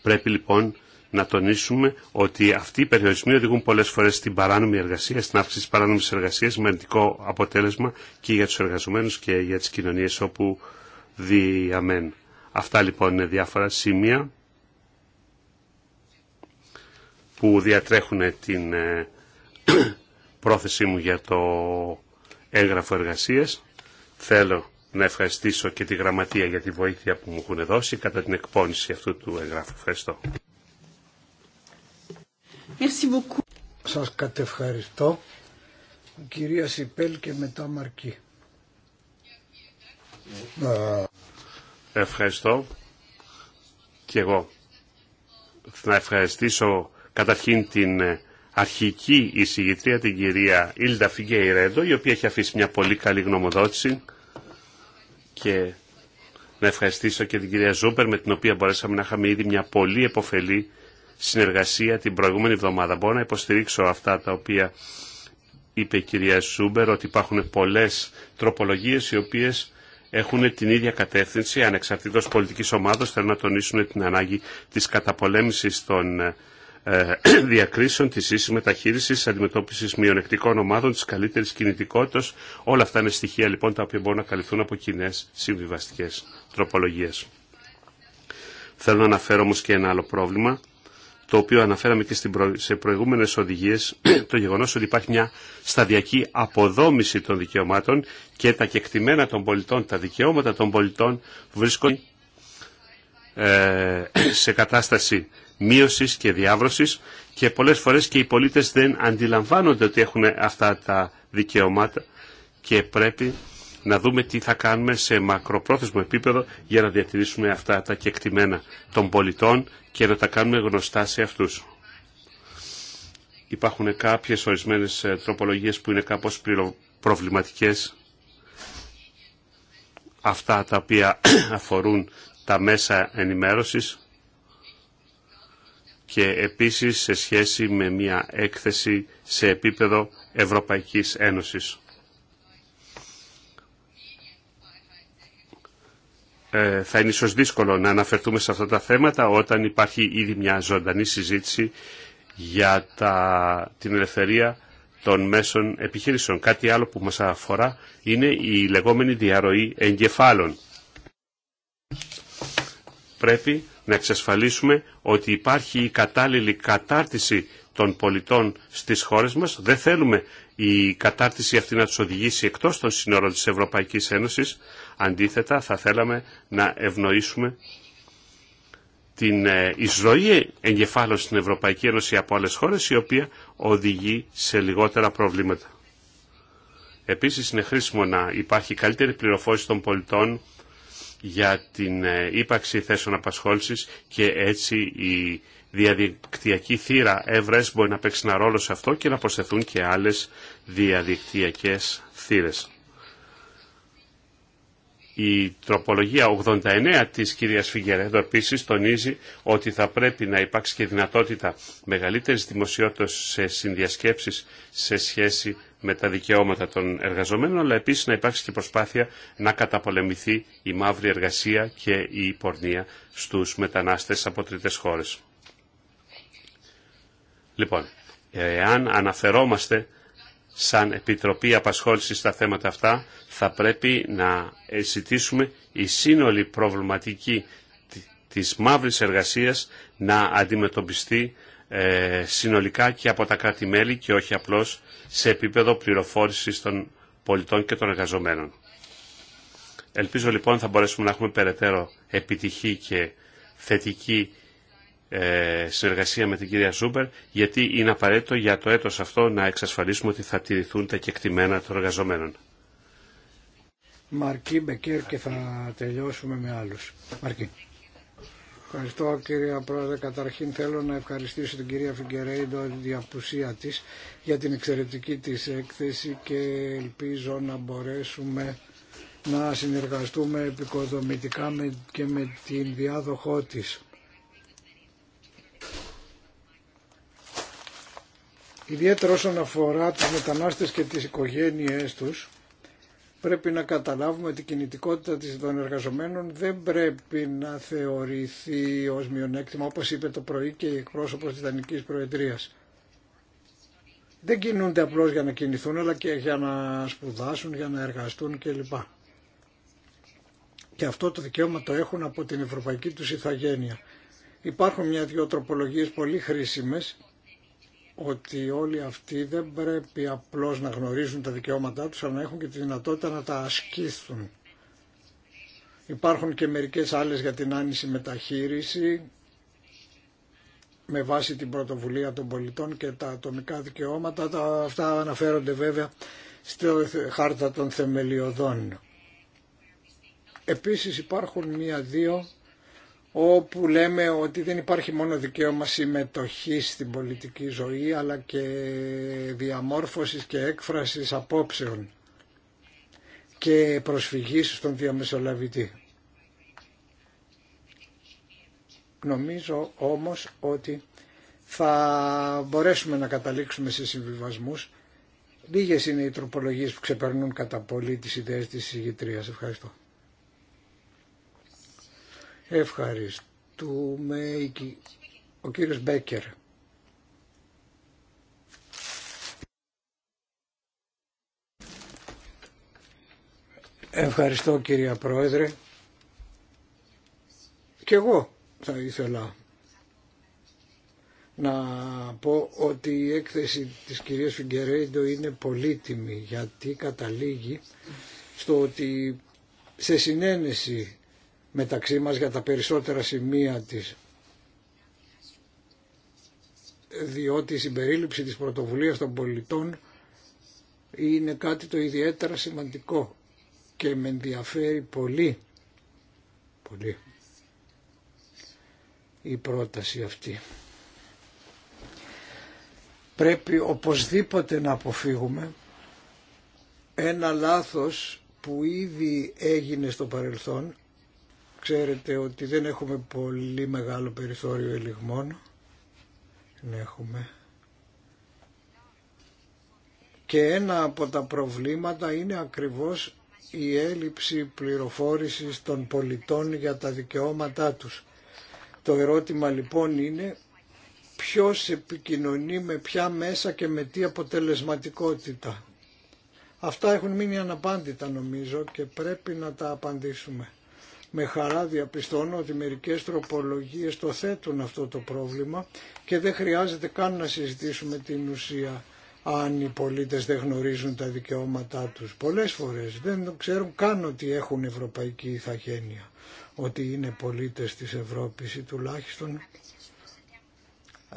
Speaker 2: Πρέπει λοιπόν να τονίσουμε ότι αυτοί οι περιορισμοί οδηγούν πολλές φορές στην παράνομη εργασία, στην αύξηση της παράνομης εργασίας με αντικό αποτέλεσμα και για τους εργαζομένους και για τις κοινωνίες όπου διαμένουν. Αυτά λοιπόν είναι διάφορα σημεία που διατρέχουν την ε, πρόθεσή μου για το έγγραφο εργασίας. Θέλω να ευχαριστήσω και τη Γραμματεία για τη βοήθεια που μου έχουν δώσει κατά την εκπόνηση αυτού του εγγράφου. Ευχαριστώ.
Speaker 3: Σας κατευχαριστώ. Κυρία Σιπέλ και μετά Μαρκή.
Speaker 2: Ε, ευχαριστώ και εγώ. Να ευχαριστήσω καταρχήν την ε, αρχική εισηγητρία, την κυρία Φιγκέι Φιγκέιρέντο, η οποία έχει αφήσει μια πολύ καλή γνωμοδότηση και να ευχαριστήσω και την κυρία Ζούπερ με την οποία μπορέσαμε να είχαμε ήδη μια πολύ επωφελή συνεργασία την προηγούμενη εβδομάδα. Μπορώ να υποστηρίξω αυτά τα οποία είπε η κυρία Ζούμπερ ότι υπάρχουν πολλές τροπολογίες οι οποίες έχουν την ίδια κατεύθυνση ανεξαρτήτως πολιτικής ομάδος θέλουν να τονίσουν την ανάγκη της καταπολέμησης των ε, ε, διακρίσεων, τη ίση μεταχείρισης, αντιμετώπιση αντιμετώπισης μειονεκτικών ομάδων, τη καλύτερη κινητικότητα. Όλα αυτά είναι στοιχεία λοιπόν τα οποία μπορούν να καλυφθούν από κοινέ συμβιβαστικέ τροπολογίε. Θέλω να αναφέρω όμω και ένα άλλο πρόβλημα, το οποίο αναφέραμε και σε προηγούμενε οδηγίε, το γεγονό ότι υπάρχει μια σταδιακή αποδόμηση των δικαιωμάτων και τα κεκτημένα των πολιτών, τα δικαιώματα των πολιτών βρίσκονται ε, σε κατάσταση μείωσης και διάβρωσης και πολλές φορές και οι πολίτες δεν αντιλαμβάνονται ότι έχουν αυτά τα δικαιώματα και πρέπει να δούμε τι θα κάνουμε σε μακροπρόθεσμο επίπεδο για να διατηρήσουμε αυτά τα κεκτημένα των πολιτών και να τα κάνουμε γνωστά σε αυτούς. Υπάρχουν κάποιες ορισμένες ε, τροπολογίες που είναι κάπως προβληματικές. Αυτά τα οποία αφορούν τα μέσα ενημέρωσης και επίσης σε σχέση με μια έκθεση σε επίπεδο Ευρωπαϊκής Ένωσης. Ε, θα είναι ίσως δύσκολο να αναφερθούμε σε αυτά τα θέματα όταν υπάρχει ήδη μια ζωντανή συζήτηση για τα, την ελευθερία των μέσων επιχειρήσεων. Κάτι άλλο που μας αφορά είναι η λεγόμενη διαρροή εγκεφάλων. Πρέπει να εξασφαλίσουμε ότι υπάρχει η κατάλληλη κατάρτιση των πολιτών στις χώρες μας. Δεν θέλουμε η κατάρτιση αυτή να τους οδηγήσει εκτός των σύνορων της Ευρωπαϊκής Ένωσης. Αντίθετα, θα θέλαμε να ευνοήσουμε την ε, εισρωή εγκεφάλων στην Ευρωπαϊκή Ένωση από άλλες χώρες, η οποία οδηγεί σε λιγότερα προβλήματα. Επίσης, είναι χρήσιμο να υπάρχει καλύτερη πληροφόρηση των πολιτών για την ε, ύπαρξη θέσεων απασχόλησης και έτσι η διαδικτυακή θύρα Εύρες μπορεί να παίξει ένα ρόλο σε αυτό και να προσθεθούν και άλλες διαδικτυακές θύρες. Η τροπολογία 89 της κυρίας Φιγκερέντο επίση τονίζει ότι θα πρέπει να υπάρξει και δυνατότητα μεγαλύτερης δημοσιότητας σε συνδιασκέψεις σε σχέση με τα δικαιώματα των εργαζομένων, αλλά επίσης να υπάρξει και προσπάθεια να καταπολεμηθεί η μαύρη εργασία και η πορνεία στους μετανάστες από τρίτες χώρες. Λοιπόν, εάν αναφερόμαστε σαν Επιτροπή Απασχόλησης στα θέματα αυτά, θα πρέπει να ζητήσουμε η σύνολη προβληματική της μαύρης εργασίας να αντιμετωπιστεί ε, συνολικά και από τα κράτη-μέλη και όχι απλώς σε επίπεδο πληροφόρησης των πολιτών και των εργαζομένων. Ελπίζω λοιπόν θα μπορέσουμε να έχουμε περαιτέρω επιτυχή και θετική ε, συνεργασία με την κυρία Ζούμπερ, γιατί είναι απαραίτητο για το έτος αυτό να εξασφαλίσουμε ότι θα τηρηθούν τα κεκτημένα των εργαζομένων.
Speaker 3: Μαρκή Μπεκέρ και θα τελειώσουμε με άλλους. Ευχαριστώ κύριε Πρόεδρε. Καταρχήν θέλω να ευχαριστήσω την κυρία Φιγκερέιντο για της για την εξαιρετική της έκθεση και ελπίζω να μπορέσουμε να συνεργαστούμε επικοδομητικά και με την διάδοχό της. Ιδιαίτερα όσον αφορά τους μετανάστες και τις οικογένειές τους, πρέπει να καταλάβουμε ότι η κινητικότητα των εργαζομένων δεν πρέπει να θεωρηθεί ως μειονέκτημα, όπως είπε το πρωί και η εκπρόσωπο της Δανικής Προεδρίας. Δεν κινούνται απλώς για να κινηθούν, αλλά και για να σπουδάσουν, για να εργαστούν κλπ. Και αυτό το δικαίωμα το έχουν από την ευρωπαϊκή τους ηθαγένεια. Υπάρχουν μια-δυο τροπολογίες πολύ χρήσιμες ότι όλοι αυτοί δεν πρέπει απλώς να γνωρίζουν τα δικαιώματά τους, αλλά να έχουν και τη δυνατότητα να τα ασκήσουν. Υπάρχουν και μερικές άλλες για την άνηση μεταχείριση, με βάση την πρωτοβουλία των πολιτών και τα ατομικά δικαιώματα. Τα, αυτά αναφέρονται βέβαια στη χάρτα των θεμελιωδών. Επίσης υπάρχουν μία-δύο όπου λέμε ότι δεν υπάρχει μόνο δικαίωμα συμμετοχή στην πολιτική ζωή αλλά και διαμόρφωσης και έκφρασης απόψεων και προσφυγής στον διαμεσολαβητή. Νομίζω όμως ότι θα μπορέσουμε να καταλήξουμε σε συμβιβασμούς. Λίγες είναι οι τροπολογίες που ξεπερνούν κατά πολύ τις ιδέες της Ευχαριστώ. Ευχαριστούμε ο κύριος Μπέκερ. Ευχαριστώ κυρία Πρόεδρε. Και εγώ θα ήθελα να πω ότι η έκθεση της κυρίας Φιγκερέντο είναι πολύτιμη γιατί καταλήγει στο ότι σε συνένεση μεταξύ μας για τα περισσότερα σημεία της διότι η συμπερίληψη της πρωτοβουλίας των πολιτών είναι κάτι το ιδιαίτερα σημαντικό και με ενδιαφέρει πολύ, πολύ η πρόταση αυτή. Πρέπει οπωσδήποτε να αποφύγουμε ένα λάθος που ήδη έγινε στο παρελθόν Ξέρετε ότι δεν έχουμε πολύ μεγάλο περιθώριο ελιγμών. Δεν έχουμε. Και ένα από τα προβλήματα είναι ακριβώς η έλλειψη πληροφόρησης των πολιτών για τα δικαιώματά τους. Το ερώτημα λοιπόν είναι ποιος επικοινωνεί με ποια μέσα και με τι αποτελεσματικότητα. Αυτά έχουν μείνει αναπάντητα νομίζω και πρέπει να τα απαντήσουμε. Με χαρά διαπιστώνω ότι μερικές τροπολογίες το θέτουν αυτό το πρόβλημα και δεν χρειάζεται καν να συζητήσουμε την ουσία αν οι πολίτες δεν γνωρίζουν τα δικαιώματά τους. Πολλές φορές δεν ξέρουν καν ότι έχουν ευρωπαϊκή ηθαγένεια, ότι είναι πολίτες της Ευρώπης ή τουλάχιστον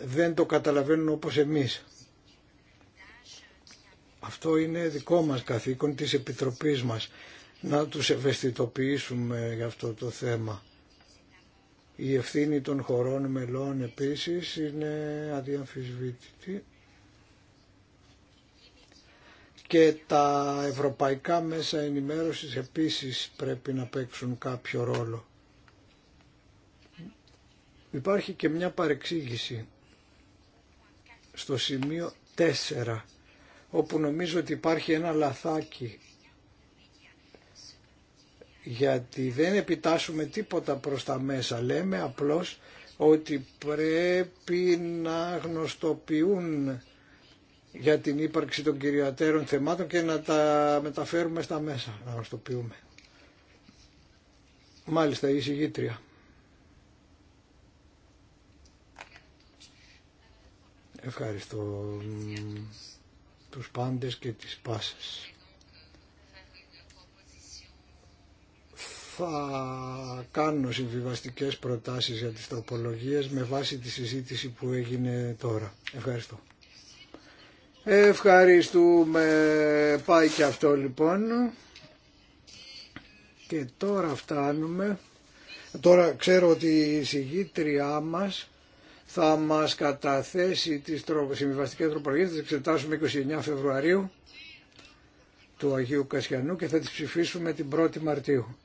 Speaker 3: δεν το καταλαβαίνουν όπως εμείς. Αυτό είναι δικό μας καθήκον της Επιτροπής μας να τους ευαισθητοποιήσουμε για αυτό το θέμα. Η ευθύνη των χωρών μελών επίσης είναι αδιαμφισβήτητη και τα ευρωπαϊκά μέσα ενημέρωσης επίσης πρέπει να παίξουν κάποιο ρόλο. Υπάρχει και μια παρεξήγηση στο σημείο 4 όπου νομίζω ότι υπάρχει ένα λαθάκι γιατί δεν επιτάσσουμε τίποτα προς τα μέσα. Λέμε απλώς ότι πρέπει να γνωστοποιούν για την ύπαρξη των κυριατέρων θεμάτων και να τα μεταφέρουμε στα μέσα, να γνωστοποιούμε. Μάλιστα, η συγγήτρια. Ευχαριστώ τους πάντες και τις πάσες. θα κάνω συμβιβαστικές προτάσεις για τις τροπολογίες με βάση τη συζήτηση που έγινε τώρα. Ευχαριστώ. Ευχαριστούμε. Πάει και αυτό λοιπόν. Και τώρα φτάνουμε. Τώρα ξέρω ότι η συγγήτριά μας θα μας καταθέσει τις συμβιβαστικές τροπολογίες. Τις εξετάσουμε 29 Φεβρουαρίου του Αγίου Κασιανού και θα τις ψηφίσουμε την 1η Μαρτίου.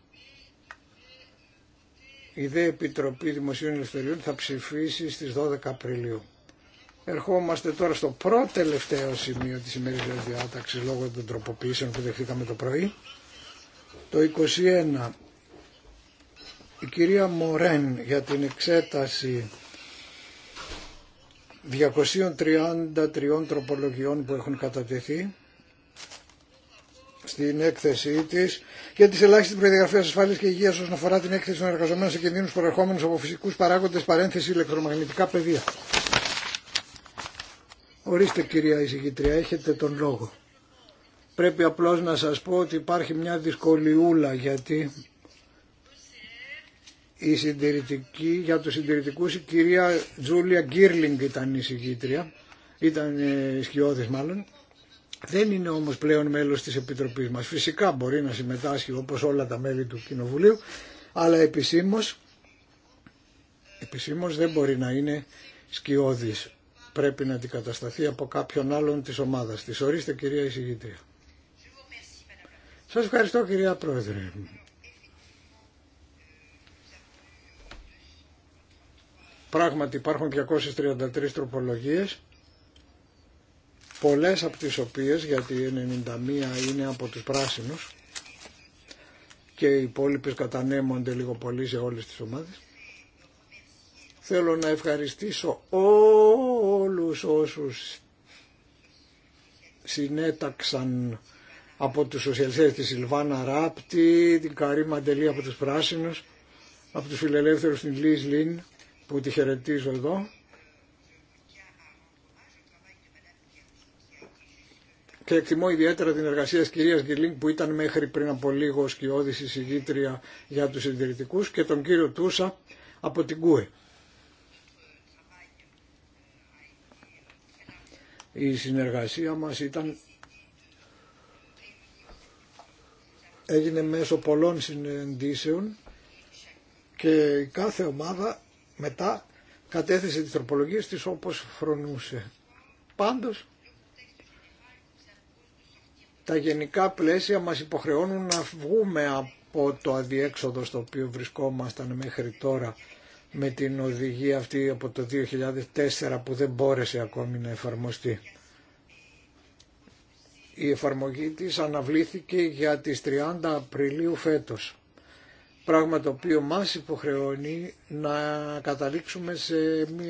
Speaker 3: Η ΔΕ Επιτροπή Δημοσίων Ελευθεριών θα ψηφίσει στις 12 Απριλίου. Ερχόμαστε τώρα στο πρώτο τελευταίο σημείο της ημερήσιας διάταξης λόγω των τροποποιήσεων που δεχτήκαμε το πρωί. Το 21 η κυρία Μορέν για την εξέταση 233 τροπολογιών που έχουν κατατεθεί στην έκθεσή τη για τι ελάχιστε προδιαγραφέ ασφάλεια και υγεία όσον αφορά την έκθεση των εργαζομένων σε κινδύνου προερχόμενου από φυσικού παράγοντε παρένθεση ηλεκτρομαγνητικά πεδία. Ορίστε κυρία εισηγητρία, έχετε τον λόγο. Πρέπει απλώς να σας πω ότι υπάρχει μια δυσκολιούλα γιατί η συντηρητική, για τους συντηρητικούς η κυρία Τζούλια Γκίρλινγκ ήταν η εισηγήτρια, ήταν ε, σκιώδης μάλλον δεν είναι όμως πλέον μέλος της Επιτροπής μας. Φυσικά μπορεί να συμμετάσχει όπως όλα τα μέλη του Κοινοβουλίου, αλλά επισήμως, επισήμως δεν μπορεί να είναι σκιώδης. Πρέπει να αντικατασταθεί από κάποιον άλλον της ομάδας της. Ορίστε κυρία εισηγήτρια. Σας ευχαριστώ κυρία Πρόεδρε. Πράγματι υπάρχουν 233 τροπολογίες πολλές από τις οποίες, γιατί 91 είναι από τους πράσινους και οι υπόλοιπες κατανέμονται λίγο πολύ σε όλες τις ομάδες, θέλω να ευχαριστήσω όλους όσους συνέταξαν από τους σοσιαλιστές τη Σιλβάνα Ράπτη, την Καρή Μαντελή από τους Πράσινους, από τους φιλελεύθερους την Λίζ Λίν που τη χαιρετίζω εδώ και εκτιμώ ιδιαίτερα την εργασία της κυρίας Γκυλίνγκ που ήταν μέχρι πριν από λίγο σκιώδης συγγήτρια για τους συντηρητικούς και τον κύριο Τούσα από την ΚΟΕ. Η συνεργασία μας ήταν έγινε μέσω πολλών συνεντήσεων και κάθε ομάδα μετά κατέθεσε τις τροπολογίες της όπως φρονούσε. Πάντως τα γενικά πλαίσια μας υποχρεώνουν να βγούμε από το αδιέξοδο στο οποίο βρισκόμασταν μέχρι τώρα με την οδηγία αυτή από το 2004 που δεν μπόρεσε ακόμη να εφαρμοστεί. Η εφαρμογή της αναβλήθηκε για τις 30 Απριλίου φέτος, πράγμα το οποίο μας υποχρεώνει να καταλήξουμε σε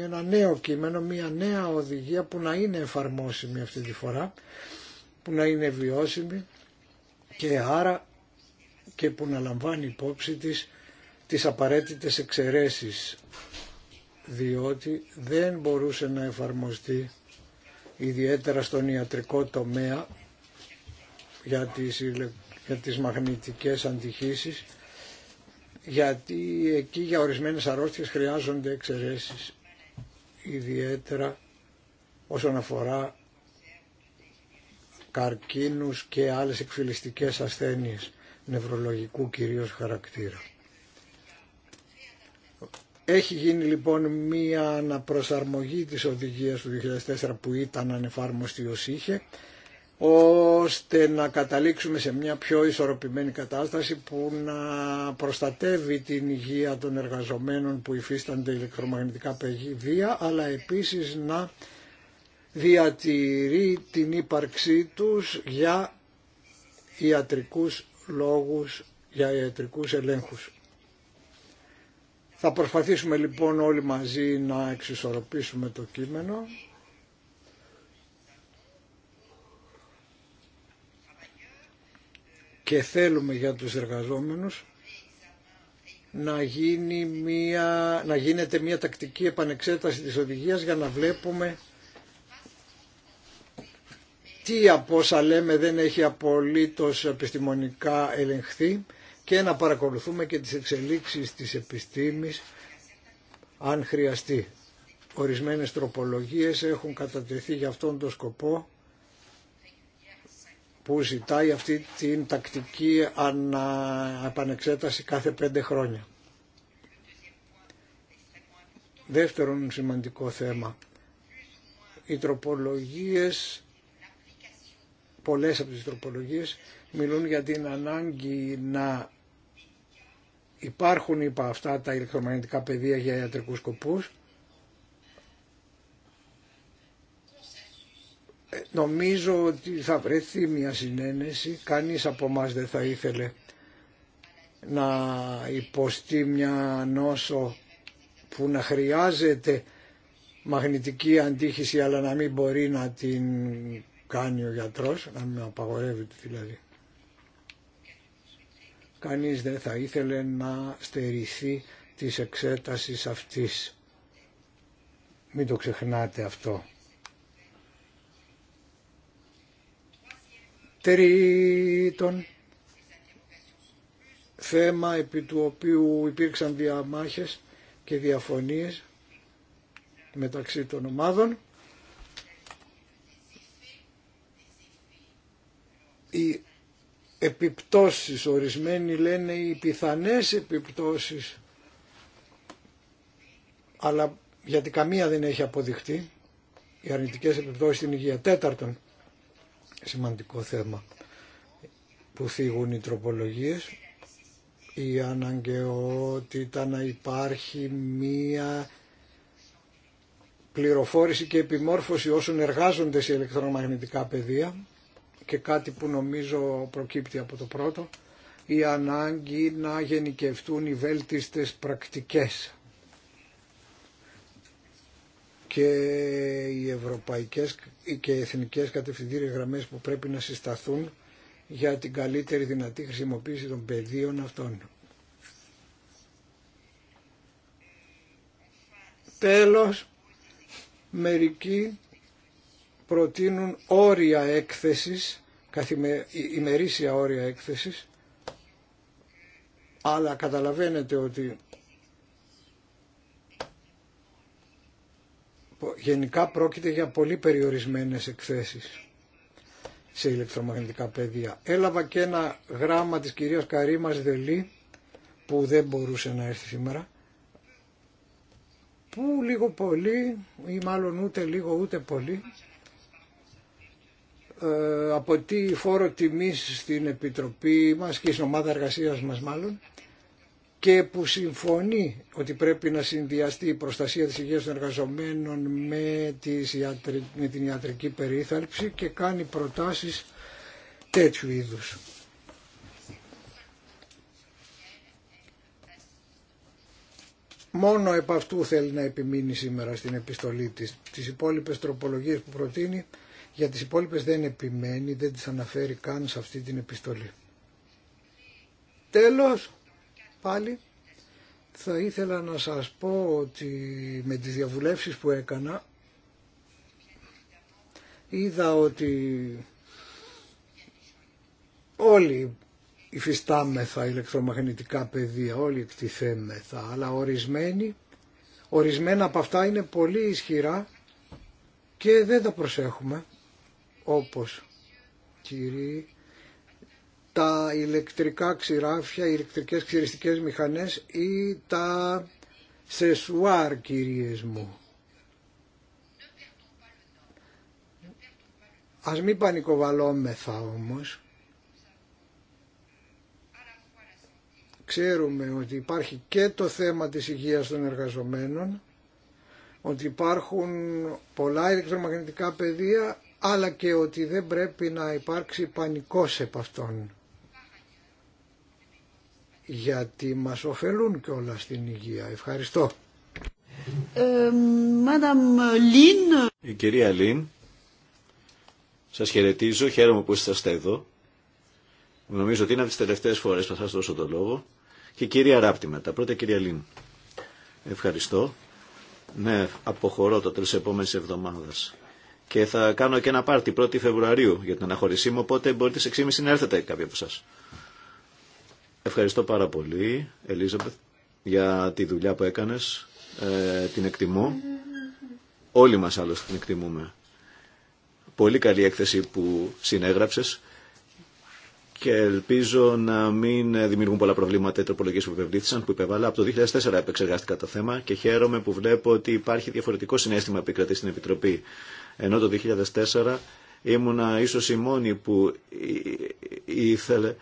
Speaker 3: ένα νέο κείμενο, μια νέα οδηγία που να είναι εφαρμόσιμη αυτή τη φορά που να είναι βιώσιμη και άρα και που να λαμβάνει υπόψη της τις απαραίτητες εξαιρέσεις διότι δεν μπορούσε να εφαρμοστεί ιδιαίτερα στον ιατρικό τομέα για τις, για τις μαγνητικές αντιχήσεις γιατί εκεί για ορισμένες αρρώστιες χρειάζονται εξαιρέσεις ιδιαίτερα όσον αφορά καρκίνους και άλλες εκφυλιστικές ασθένειες νευρολογικού κυρίως χαρακτήρα. Έχει γίνει λοιπόν μία αναπροσαρμογή της οδηγίας του 2004 που ήταν ανεφάρμοστη ως είχε, ώστε να καταλήξουμε σε μια πιο ισορροπημένη κατάσταση που να προστατεύει την υγεία των εργαζομένων που υφίστανται ηλεκτρομαγνητικά πεδία, αλλά επίσης να διατηρεί την ύπαρξή τους για ιατρικούς λόγους, για ιατρικούς ελέγχους. Θα προσπαθήσουμε λοιπόν όλοι μαζί να εξισορροπήσουμε το κείμενο. Και θέλουμε για τους εργαζόμενους να, γίνει μια, να γίνεται μια τακτική επανεξέταση της οδηγίας για να βλέπουμε τι από όσα λέμε δεν έχει απολύτω επιστημονικά ελεγχθεί και να παρακολουθούμε και τις εξελίξεις της επιστήμης αν χρειαστεί. Ορισμένες τροπολογίες έχουν κατατεθεί για αυτόν τον σκοπό που ζητάει αυτή την τακτική ανα... επανεξέταση κάθε πέντε χρόνια. Δεύτερον σημαντικό θέμα. Οι τροπολογίες πολλές από τις τροπολογίες μιλούν για την ανάγκη να υπάρχουν είπα αυτά τα ηλεκτρομαγνητικά πεδία για ιατρικούς σκοπούς ε, Νομίζω ότι θα βρεθεί μια συνένεση, κανείς από εμά δεν θα ήθελε να υποστεί μια νόσο που να χρειάζεται μαγνητική αντίχηση αλλά να μην μπορεί να την κάνει ο γιατρός, να με απαγορεύεται δηλαδή. Κανείς δεν θα ήθελε να στερηθεί της εξέτασης αυτής. Μην το ξεχνάτε αυτό. Τρίτον, θέμα επί του οποίου υπήρξαν διαμάχες και διαφωνίες μεταξύ των ομάδων οι επιπτώσεις, ορισμένοι λένε οι πιθανές επιπτώσεις, αλλά γιατί καμία δεν έχει αποδειχτεί, οι αρνητικές επιπτώσεις στην υγεία. Τέταρτον, σημαντικό θέμα που θίγουν οι τροπολογίες, η αναγκαιότητα να υπάρχει μία πληροφόρηση και επιμόρφωση όσων εργάζονται σε ηλεκτρομαγνητικά πεδία και κάτι που νομίζω προκύπτει από το πρώτο, η ανάγκη να γενικευτούν οι βέλτιστες πρακτικές. Και οι ευρωπαϊκές και οι εθνικές κατευθυντήριες γραμμές που πρέπει να συσταθούν για την καλύτερη δυνατή χρησιμοποίηση των πεδίων αυτών. Τέλος, μερικοί προτείνουν όρια έκθεσης, ημερήσια όρια έκθεσης, αλλά καταλαβαίνετε ότι γενικά πρόκειται για πολύ περιορισμένες εκθέσεις σε ηλεκτρομαγνητικά πεδία. Έλαβα και ένα γράμμα της κυρίας Καρίμας Δελή που δεν μπορούσε να έρθει σήμερα που λίγο πολύ ή μάλλον ούτε λίγο ούτε πολύ ε, από τι φόρο τιμής στην Επιτροπή μας και στην ομάδα εργασίας μας μάλλον και που συμφωνεί ότι πρέπει να συνδυαστεί η προστασία της υγείας των εργαζομένων με, με την ιατρική περίθαλψη και κάνει προτάσεις τέτοιου είδους. Μόνο επ' αυτού θέλει να επιμείνει σήμερα στην επιστολή της. Τις υπόλοιπες τροπολογίες που προτείνει για τις υπόλοιπες δεν επιμένει, δεν τις αναφέρει καν σε αυτή την επιστολή. Τέλος, πάλι, θα ήθελα να σας πω ότι με τις διαβουλεύσεις που έκανα είδα ότι όλοι υφιστάμεθα ηλεκτρομαγνητικά πεδία, όλοι εκτιθέμεθα, αλλά ορισμένοι, ορισμένα από αυτά είναι πολύ ισχυρά και δεν τα προσέχουμε όπως κύριοι, τα ηλεκτρικά ξηράφια, οι ηλεκτρικές ξηριστικές μηχανές ή τα σεσουάρ κυρίες μου. Ας μην πανικοβαλόμεθα όμως. Ξέρουμε ότι υπάρχει και το θέμα της υγείας των εργαζομένων, ότι υπάρχουν πολλά ηλεκτρομαγνητικά πεδία αλλά και ότι δεν πρέπει να υπάρξει πανικός επ' αυτών. Γιατί μας ωφελούν και όλα στην υγεία. Ευχαριστώ. Ε, Λίν.
Speaker 4: Η κυρία Λίν, σας χαιρετίζω, χαίρομαι που είστε εδώ. Νομίζω ότι είναι από τις τελευταίες φορές που θα σας δώσω το λόγο. Και η κυρία Ράπτη μετά. Πρώτα κυρία Λίν. Ευχαριστώ. Ναι, αποχωρώ το τέλος επόμενης εβδομάδες και θα κάνω και ένα πάρτι 1η Φεβρουαρίου για την αναχωρησή μου, οπότε μπορείτε σε 6.30 να έρθετε κάποιοι από εσάς. Ευχαριστώ πάρα πολύ, Ελίζαμπεθ, για τη δουλειά που έκανες. Ε, την εκτιμώ. Όλοι μας άλλωστε την εκτιμούμε. Πολύ καλή έκθεση που συνέγραψες και ελπίζω να μην δημιουργούν πολλά προβλήματα οι τροπολογίε που υπευλήθησαν, που υπεύαλα Από το 2004 επεξεργάστηκα το θέμα και χαίρομαι που βλέπω ότι υπάρχει διαφορετικό συνέστημα επικρατεί στην Επιτροπή ενώ το 2004 ήμουνα ίσως η μόνη που ήθελε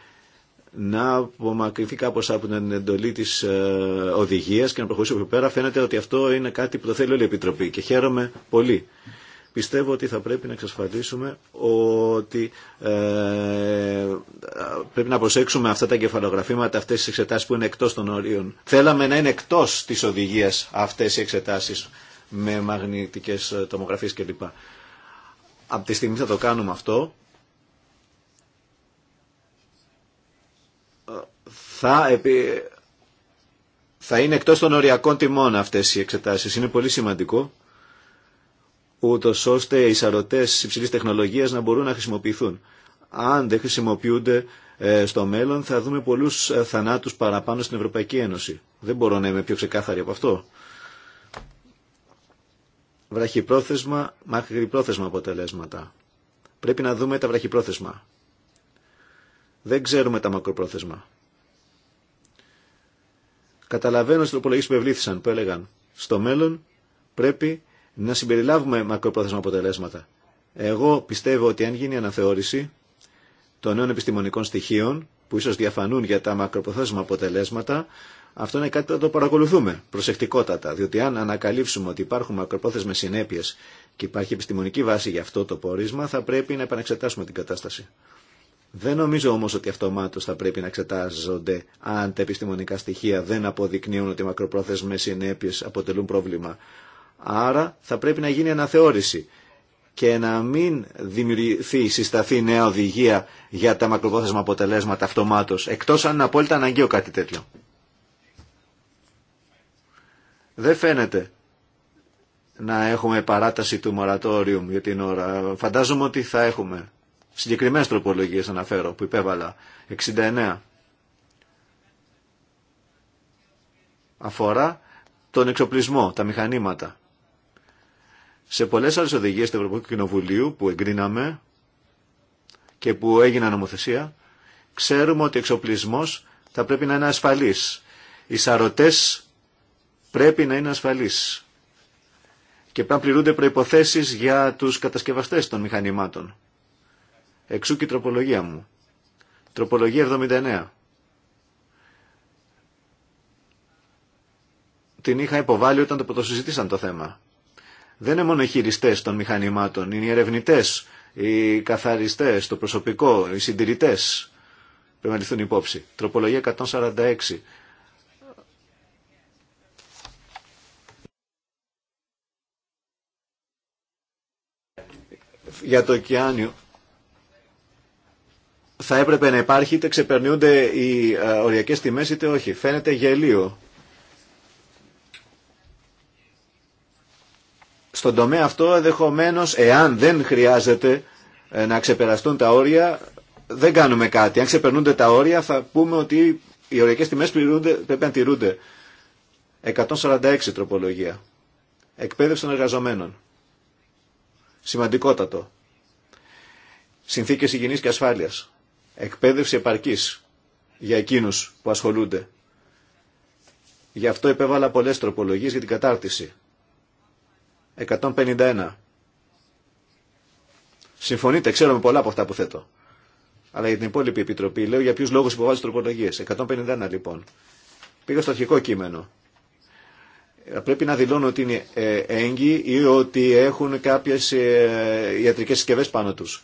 Speaker 4: να απομακρυνθεί κάπως από την εντολή της ε, οδηγίας και να προχωρήσει από πέρα. Φαίνεται ότι αυτό είναι κάτι που το θέλει όλη η Επιτροπή και χαίρομαι πολύ. Πιστεύω ότι θα πρέπει να εξασφαλίσουμε ότι ε, πρέπει να προσέξουμε αυτά τα εγκεφαλογραφήματα, αυτές τις εξετάσεις που είναι εκτός των ορίων. Θέλαμε να είναι εκτός της οδηγίας αυτές οι εξετάσεις με μαγνητικές ε, τομογραφίες κλπ. Από τη στιγμή θα το κάνουμε αυτό, ε, θα, επί... θα είναι εκτός των οριακών τιμών αυτές οι εξετάσεις. Είναι πολύ σημαντικό, ούτω ώστε οι σαρωτές υψηλής τεχνολογίας να μπορούν να χρησιμοποιηθούν. Αν δεν χρησιμοποιούνται ε, στο μέλλον θα δούμε πολλούς θανάτους παραπάνω στην Ευρωπαϊκή Ένωση. Δεν μπορώ να είμαι πιο ξεκάθαρη από αυτό βραχυπρόθεσμα, μακρυπρόθεσμα αποτελέσματα. Πρέπει να δούμε τα βραχυπρόθεσμα. Δεν ξέρουμε τα μακροπρόθεσμα. Καταλαβαίνω στις τροπολογίες που ευλήθησαν, που έλεγαν στο μέλλον πρέπει να συμπεριλάβουμε μακροπρόθεσμα αποτελέσματα. Εγώ πιστεύω ότι αν γίνει αναθεώρηση των νέων επιστημονικών στοιχείων, που ίσως διαφανούν για τα μακροπρόθεσμα αποτελέσματα, αυτό είναι κάτι που θα το παρακολουθούμε προσεκτικότατα, διότι αν ανακαλύψουμε ότι υπάρχουν μακροπρόθεσμε συνέπειε και υπάρχει επιστημονική βάση για αυτό το πόρισμα, θα πρέπει να επανεξετάσουμε την κατάσταση. Δεν νομίζω όμω ότι αυτομάτω θα πρέπει να εξετάζονται αν τα επιστημονικά στοιχεία δεν αποδεικνύουν ότι οι μακροπρόθεσμε συνέπειε αποτελούν πρόβλημα. Άρα θα πρέπει να γίνει αναθεώρηση και να μην δημιουργηθεί, συσταθεί νέα οδηγία για τα μακροπρόθεσμα αποτελέσματα αυτομάτω, εκτό αν είναι απόλυτα αναγκαίο κάτι τέτοιο. Δεν φαίνεται να έχουμε παράταση του μορατόριου για την ώρα. Φαντάζομαι ότι θα έχουμε. Συγκεκριμένε τροπολογίε αναφέρω που υπέβαλα. 69. Αφορά τον εξοπλισμό, τα μηχανήματα. Σε πολλές άλλες οδηγίες του Ευρωπαϊκού Κοινοβουλίου που εγκρίναμε και που έγιναν νομοθεσία, ξέρουμε ότι ο εξοπλισμός θα πρέπει να είναι ασφαλής. Οι σαρωτές πρέπει να είναι ασφαλής και πρέπει να πληρούνται προϋποθέσεις για τους κατασκευαστές των μηχανημάτων. Εξού και η τροπολογία μου. Τροπολογία 79. Την είχα υποβάλει όταν το συζητήσαν το θέμα. Δεν είναι μόνο οι χειριστέ των μηχανημάτων, είναι οι ερευνητέ, οι καθαριστέ, το προσωπικό, οι συντηρητέ. Πρέπει να ληφθούν υπόψη. Τροπολογία 146. για το ωκεάνιο θα έπρεπε να υπάρχει είτε ξεπερνούνται οι ε, οριακές τιμές είτε όχι. Φαίνεται γελίο. Στον τομέα αυτό ενδεχομένω, εάν δεν χρειάζεται ε, να ξεπεραστούν τα όρια, δεν κάνουμε κάτι. Αν ξεπερνούνται τα όρια θα πούμε ότι οι οριακές τιμές πρέπει να τηρούνται. 146 τροπολογία. Εκπαίδευση των εργαζομένων. Σημαντικότατο. Συνθήκες υγιεινής και ασφάλειας. Εκπαίδευση επαρκής για εκείνους που ασχολούνται. Γι' αυτό επέβαλα πολλές τροπολογίες για την κατάρτιση. 151. Συμφωνείτε, ξέρω με πολλά από αυτά που θέτω. Αλλά για την υπόλοιπη επιτροπή λέω για ποιους λόγους υποβάζει τροπολογίες. 151 λοιπόν. Πήγα στο αρχικό κείμενο πρέπει να δηλώνουν ότι είναι ε, έγκυοι ή ότι έχουν κάποιες ε, ιατρικές συσκευέ πάνω τους.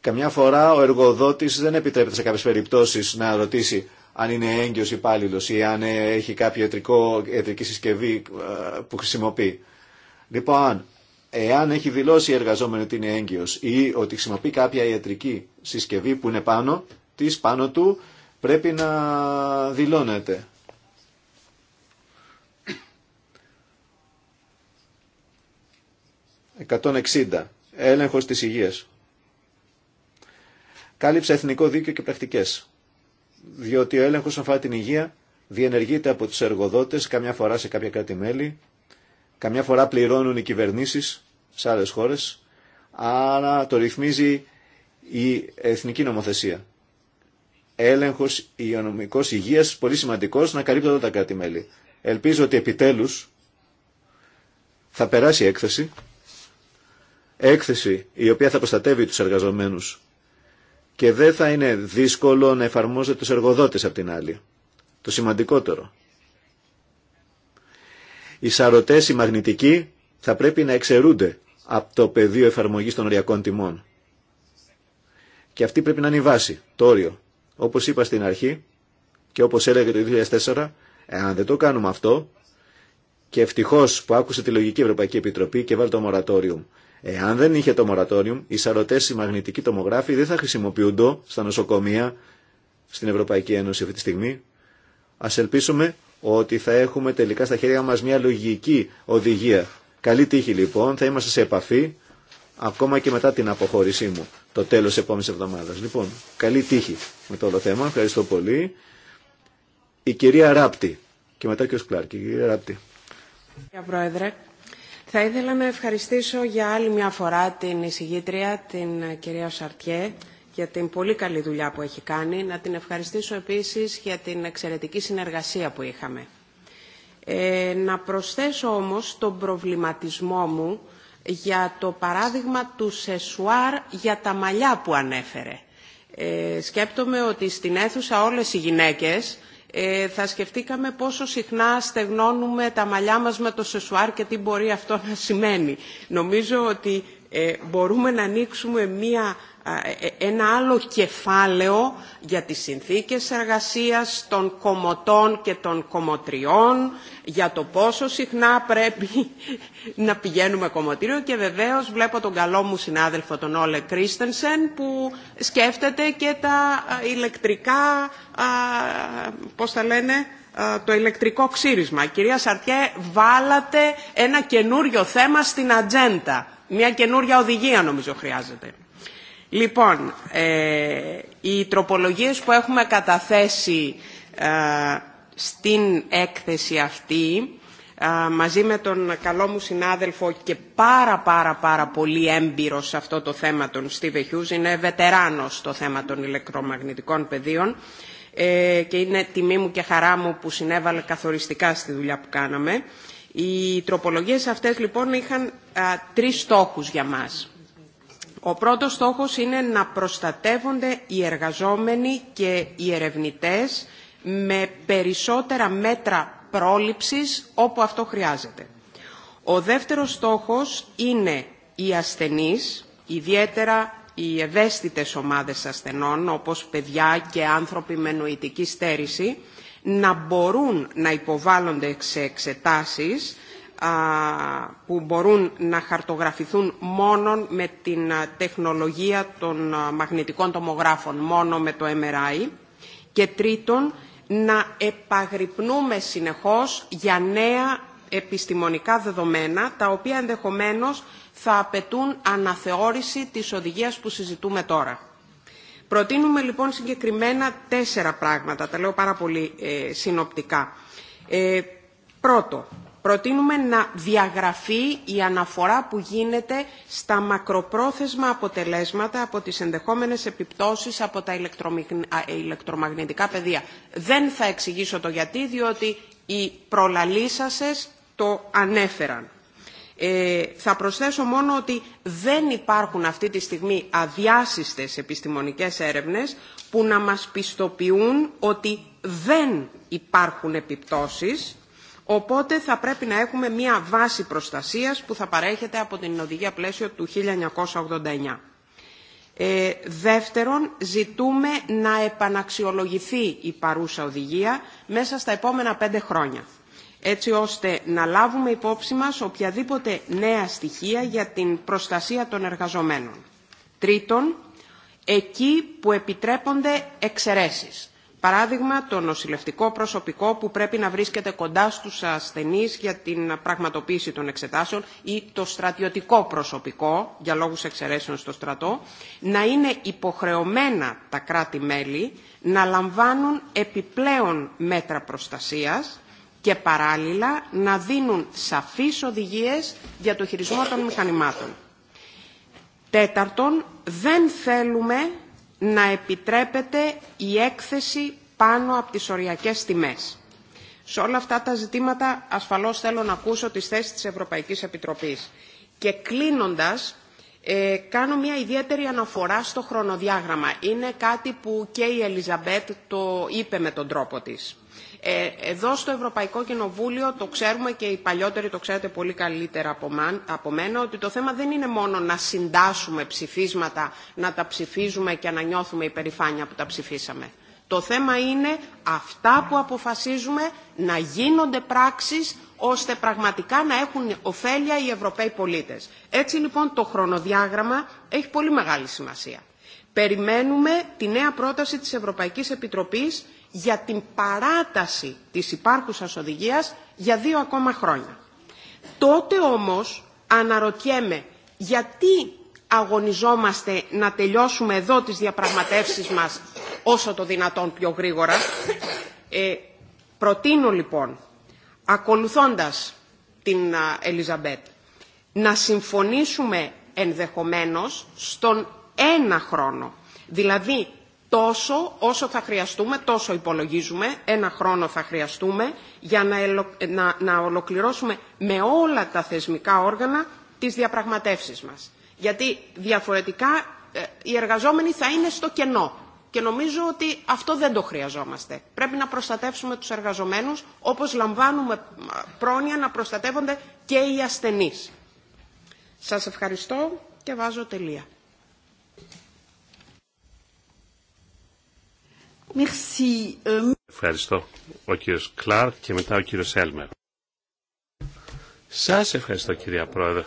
Speaker 4: Καμιά φορά ο εργοδότης δεν επιτρέπεται σε κάποιες περιπτώσεις να ρωτήσει αν είναι έγκυος υπάλληλο ή αν έχει κάποιο ιατρικό, ιατρική συσκευή ε, που χρησιμοποιεί. Λοιπόν, εάν έχει δηλώσει η εργαζόμενη ότι είναι έγκυος ή ότι χρησιμοποιεί κάποια ιατρική συσκευή που είναι πάνω της, πάνω του, πρέπει να δηλώνεται. 160. Έλεγχος της υγείας. Κάλυψε εθνικό δίκαιο και πρακτικές. Διότι ο έλεγχος αφορά την υγεία διενεργείται από τους εργοδότες, καμιά φορά σε κάποια κράτη-μέλη, καμιά φορά πληρώνουν οι κυβερνήσεις σε άλλες χώρες, άρα το ρυθμίζει η εθνική νομοθεσία. Έλεγχος υγειονομικός υγείας, πολύ σημαντικό να καλύπτουν όλα τα κράτη-μέλη. Ελπίζω ότι επιτέλους θα περάσει η έκθεση έκθεση η οποία θα προστατεύει τους εργαζομένους και δεν θα είναι δύσκολο να εφαρμόζεται τους εργοδότες από την άλλη. Το σημαντικότερο. Οι σαρωτές, οι μαγνητικοί, θα πρέπει να εξαιρούνται από το πεδίο εφαρμογής των οριακών τιμών. Και αυτή πρέπει να είναι η βάση, το όριο. Όπως είπα στην αρχή και όπως έλεγε το 2004, εάν δεν το κάνουμε αυτό, και ευτυχώς που άκουσε τη λογική Ευρωπαϊκή Επιτροπή και βάλει το μορατόριο Εάν δεν είχε το μορατόριο, οι σαρωτέ, οι μαγνητικοί τομογράφοι δεν θα χρησιμοποιούνται στα νοσοκομεία στην Ευρωπαϊκή Ένωση αυτή τη στιγμή. Α ελπίσουμε ότι θα έχουμε τελικά στα χέρια μα μια λογική οδηγία. Καλή τύχη λοιπόν, θα είμαστε σε επαφή ακόμα και μετά την αποχώρησή μου, το τέλος της επόμενης εβδομάδας. Λοιπόν, καλή τύχη με το όλο θέμα, ευχαριστώ πολύ. Η κυρία Ράπτη και μετά και ο Σκλάρκη. Η κυρία Ράπτη.
Speaker 1: Θα ήθελα να ευχαριστήσω για άλλη μια φορά την εισηγήτρια, την ε, κυρία Σαρτιέ, για την πολύ καλή δουλειά που έχει κάνει. Να την ευχαριστήσω επίσης για την εξαιρετική συνεργασία που είχαμε. Ε, να προσθέσω όμως τον προβληματισμό μου για το παράδειγμα του Σεσουάρ για τα μαλλιά που ανέφερε. Ε, σκέπτομαι ότι στην αίθουσα όλες οι γυναίκες ε, θα σκεφτήκαμε πόσο συχνά στεγνώνουμε τα μαλλιά μας με το σεσουάρ και τι μπορεί αυτό να σημαίνει. Νομίζω ότι ε, μπορούμε να ανοίξουμε μία ε, ε, ένα άλλο κεφάλαιο για τις συνθήκες εργασίας των κομωτών και των κομωτριών, για το πόσο συχνά πρέπει να πηγαίνουμε κομωτήριο και βεβαίως βλέπω τον καλό μου συνάδελφο τον Όλε Κρίστενσεν που σκέφτεται και τα ηλεκτρικά, πώς τα λένε, το ηλεκτρικό ξύρισμα. Κυρία Σαρτιέ, βάλατε ένα καινούριο θέμα στην ατζέντα. Μια καινούρια οδηγία νομίζω χρειάζεται. Λοιπόν, ε, οι τροπολογίες που έχουμε καταθέσει ε, στην έκθεση αυτή ε, μαζί με τον καλό μου συνάδελφο και πάρα πάρα πάρα πολύ έμπειρο σε αυτό το θέμα τον Στίβε Χιούς, είναι βετεράνος στο θέμα των ηλεκτρομαγνητικών πεδίων και είναι τιμή μου και χαρά μου που συνέβαλε καθοριστικά στη δουλειά που κάναμε. Οι τροπολογίες αυτές λοιπόν είχαν τρεις στόχους για μας. Ο πρώτος στόχος είναι να προστατεύονται οι εργαζόμενοι και οι ερευνητές με περισσότερα μέτρα πρόληψης όπου αυτό χρειάζεται. Ο δεύτερος στόχος είναι οι ασθενείς, ιδιαίτερα οι ευαίσθητες ομάδες ασθενών, όπως παιδιά και άνθρωποι με νοητική στέρηση, να μπορούν να υποβάλλονται σε εξετάσεις που μπορούν να χαρτογραφηθούν μόνο με την τεχνολογία των μαγνητικών τομογράφων, μόνο με το MRI. Και τρίτον, να επαγρυπνούμε συνεχώς για νέα επιστημονικά δεδομένα, τα οποία ενδεχομένως θα απαιτούν αναθεώρηση της οδηγίας που συζητούμε τώρα. Προτείνουμε λοιπόν συγκεκριμένα τέσσερα πράγματα, τα λέω πάρα πολύ ε, συνοπτικά. Ε, πρώτο, προτείνουμε να διαγραφεί η αναφορά που γίνεται στα μακροπρόθεσμα αποτελέσματα από τις ενδεχόμενες επιπτώσεις από τα ηλεκτρομαγνητικά πεδία. Δεν θα εξηγήσω το γιατί, διότι οι προλαλήσασες το ανέφεραν. Ε, θα προσθέσω μόνο ότι δεν υπάρχουν αυτή τη στιγμή αδιάσυστες επιστημονικές έρευνες που να μας πιστοποιούν ότι δεν υπάρχουν επιπτώσεις Οπότε θα πρέπει να έχουμε μία βάση προστασίας που θα παρέχεται από την οδηγία πλαίσιο του 1989. Ε, δεύτερον, ζητούμε να επαναξιολογηθεί η παρούσα οδηγία μέσα στα επόμενα πέντε χρόνια, έτσι ώστε να λάβουμε υπόψη μας οποιαδήποτε νέα στοιχεία για την προστασία των εργαζομένων. Τρίτον, εκεί που επιτρέπονται εξαιρέσεις. Παράδειγμα, το νοσηλευτικό προσωπικό που πρέπει να βρίσκεται κοντά στους ασθενείς για την πραγματοποίηση των εξετάσεων ή το στρατιωτικό προσωπικό, για λόγους εξαιρέσεων στο στρατό, να είναι υποχρεωμένα τα κράτη-μέλη να λαμβάνουν επιπλέον μέτρα προστασίας και παράλληλα να δίνουν σαφείς οδηγίες για το χειρισμό των μηχανημάτων. Τέταρτον, δεν θέλουμε να επιτρέπεται η έκθεση πάνω από τις οριακές τιμές. Σε όλα αυτά τα ζητήματα ασφαλώς θέλω να ακούσω τις θέσεις της Ευρωπαϊκής Επιτροπής. Και κλείνοντας, ε, κάνω μια ιδιαίτερη αναφορά στο χρονοδιάγραμμα. Είναι κάτι που και η Ελιζαμπέτ το είπε με τον τρόπο της. Ε, εδώ στο Ευρωπαϊκό Κοινοβούλιο το ξέρουμε και οι παλιότεροι το ξέρετε πολύ καλύτερα από μένα ότι το θέμα δεν είναι μόνο να συντάσουμε ψηφίσματα, να τα ψηφίζουμε και να νιώθουμε υπερηφάνεια που τα ψηφίσαμε. Το θέμα είναι αυτά που αποφασίζουμε να γίνονται πράξεις ώστε πραγματικά να έχουν ωφέλεια οι Ευρωπαίοι πολίτες. Έτσι λοιπόν το χρονοδιάγραμμα έχει πολύ μεγάλη σημασία. Περιμένουμε τη νέα πρόταση της Ευρωπαϊκής Επιτροπής για την παράταση της υπάρχουσας οδηγίας για δύο ακόμα χρόνια. Τότε όμως αναρωτιέμαι γιατί αγωνιζόμαστε να τελειώσουμε εδώ τις διαπραγματεύσεις μας όσο το δυνατόν πιο γρήγορα. Ε, προτείνω λοιπόν, ακολουθώντας την Ελιζαμπέτ, να συμφωνήσουμε ενδεχομένως στον ένα χρόνο. Δηλαδή τόσο όσο θα χρειαστούμε, τόσο υπολογίζουμε, ένα χρόνο θα χρειαστούμε για να, να... να ολοκληρώσουμε με όλα τα θεσμικά όργανα τις διαπραγματεύσεις μας. Γιατί διαφορετικά ε, οι εργαζόμενοι θα είναι στο κενό. Και νομίζω ότι αυτό δεν το χρειαζόμαστε. Πρέπει να προστατεύσουμε τους εργαζομένους όπως λαμβάνουμε ε, πρόνοια να προστατεύονται και οι ασθενείς. Σας ευχαριστώ και βάζω τελεία. Merci. Euh,
Speaker 2: ευχαριστώ. Ο κύριος Κλάρκ και μετά ο κύριος Έλμερ. Σας ευχαριστώ κυρία Πρόεδρε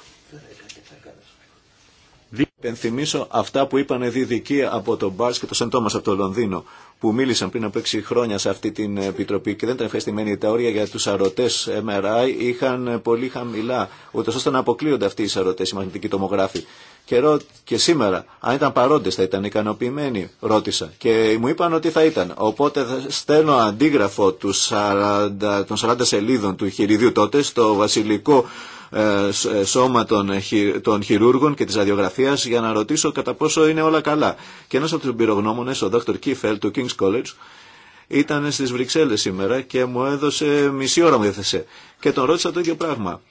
Speaker 4: υπενθυμίσω αυτά που είπαν διδικοί από τον Μπάρς και τον Σεντόμα από το Λονδίνο, που μίλησαν πριν από 6 χρόνια σε αυτή την επιτροπή και δεν ήταν ευχαριστημένοι τα όρια για τους αρωτές MRI, είχαν πολύ χαμηλά, ούτω ώστε να αποκλείονται αυτοί οι αρωτές, οι μαγνητικοί τομογράφοι. Και, ρω... και σήμερα, αν ήταν παρόντες θα ήταν ικανοποιημένοι, ρώτησα. Και μου είπαν ότι θα ήταν. Οπότε στέλνω αντίγραφο του 40... των 40 σελίδων του χειριδίου τότε στο βασιλικό ε, ε, σώμα των χειρούργων και της αδειογραφίας για να ρωτήσω κατά πόσο είναι όλα καλά. Και ένας από τους πυρογνώμονες, ο Dr. Κίφελ του King's College, ήταν στις Βρυξέλλες σήμερα και μου έδωσε μισή ώρα μου έθεσε. Και τον ρώτησα το ίδιο πράγμα.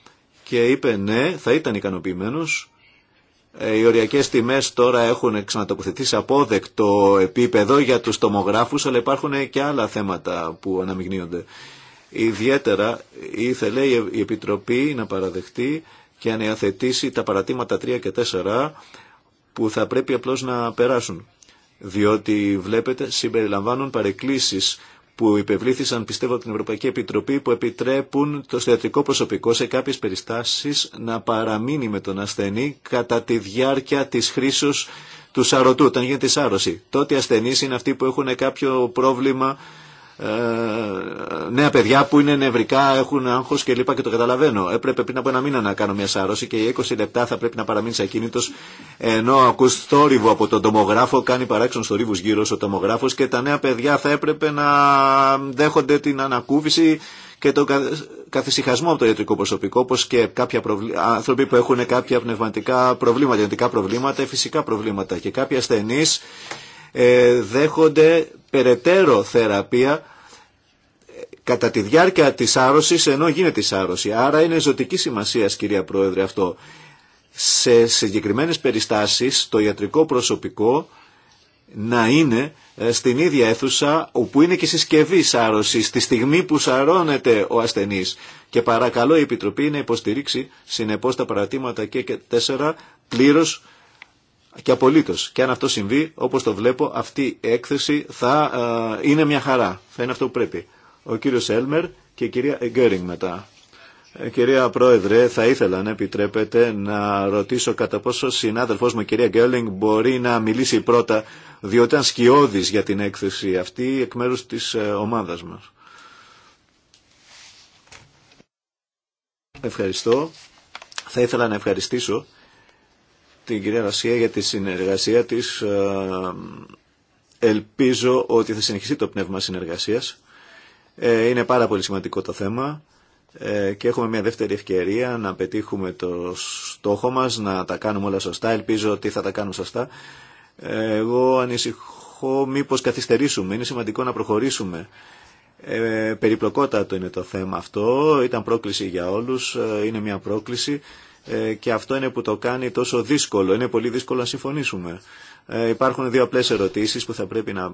Speaker 4: Και είπε ναι, θα ήταν ικανοποιημένο. Ε, οι οριακέ τιμέ τώρα έχουν ξανατοποθετήσει σε απόδεκτο επίπεδο για του τομογράφου, αλλά υπάρχουν και άλλα θέματα που αναμειγνύονται. Ιδιαίτερα ήθελε η Επιτροπή να παραδεχτεί και να υιοθετήσει τα παρατήματα 3 και 4 που θα πρέπει απλώς να περάσουν. Διότι βλέπετε συμπεριλαμβάνουν παρεκκλήσεις που υπευλήθησαν πιστεύω από την Ευρωπαϊκή Επιτροπή που επιτρέπουν το θεατρικό προσωπικό σε κάποιες περιστάσεις να παραμείνει με τον ασθενή κατά τη διάρκεια της χρήσης του σαρωτού, όταν γίνεται σάρωση. Τότε οι ασθενείς είναι αυτοί που έχουν κάποιο πρόβλημα ε, νέα παιδιά που είναι νευρικά, έχουν άγχο και λοιπά και το καταλαβαίνω. Έπρεπε πριν από ένα μήνα να κάνω μια σάρωση και οι 20 λεπτά θα πρέπει να παραμείνει ακίνητο ενώ ακού θόρυβο από τον τομογράφο, κάνει παράξενου θορύβου γύρω ο τομογράφο και τα νέα παιδιά θα έπρεπε να δέχονται την ανακούφιση και τον καθησυχασμό από το ιατρικό προσωπικό, όπω και κάποια άνθρωποι που έχουν κάποια πνευματικά προβλήματα, γενετικά προβλήματα, φυσικά προβλήματα και κάποιοι ασθενεί ε, δέχονται περαιτέρω θεραπεία κατά τη διάρκεια της άρρωσης ενώ γίνεται η άρρωση. Άρα είναι ζωτική σημασία, κυρία Πρόεδρε, αυτό. Σε συγκεκριμένες περιστάσεις το ιατρικό προσωπικό να είναι ε, στην ίδια αίθουσα όπου είναι και η συσκευή άρρωση τη στιγμή που σαρώνεται ο ασθενή Και παρακαλώ η Επιτροπή να υποστηρίξει συνεπώ τα παρατήματα και τέσσερα πλήρω και απολύτω. Και αν αυτό συμβεί, όπω το βλέπω, αυτή η έκθεση θα ε, είναι μια χαρά. Θα είναι αυτό που πρέπει ο κύριος Έλμερ και η κυρία Εγκέρινγκ μετά. Ε, κυρία Πρόεδρε, θα ήθελα να επιτρέπετε να ρωτήσω κατά πόσο συνάδελφός μου κυρία Γκέρλινγκ μπορεί να μιλήσει πρώτα διότι ήταν σκιώδης για την έκθεση αυτή εκ μέρους της ε, ομάδας μας. Ευχαριστώ. Θα ήθελα να ευχαριστήσω την κυρία Ρασία για τη συνεργασία της. Ε, ελπίζω ότι θα συνεχιστεί το πνεύμα συνεργασίας ε, είναι πάρα πολύ σημαντικό το θέμα ε, και έχουμε μια δεύτερη ευκαιρία να πετύχουμε το στόχο μας, να τα κάνουμε όλα σωστά. Ελπίζω ότι θα τα κάνουμε σωστά. Ε, εγώ ανησυχώ μήπως καθυστερήσουμε. Είναι σημαντικό να προχωρήσουμε. Ε, περιπλοκότατο είναι το θέμα αυτό. Ήταν πρόκληση για όλους. Είναι μια πρόκληση. Ε, και αυτό είναι που το κάνει τόσο δύσκολο. Είναι πολύ δύσκολο να συμφωνήσουμε. Ε, υπάρχουν δύο απλές ερωτήσεις που θα πρέπει να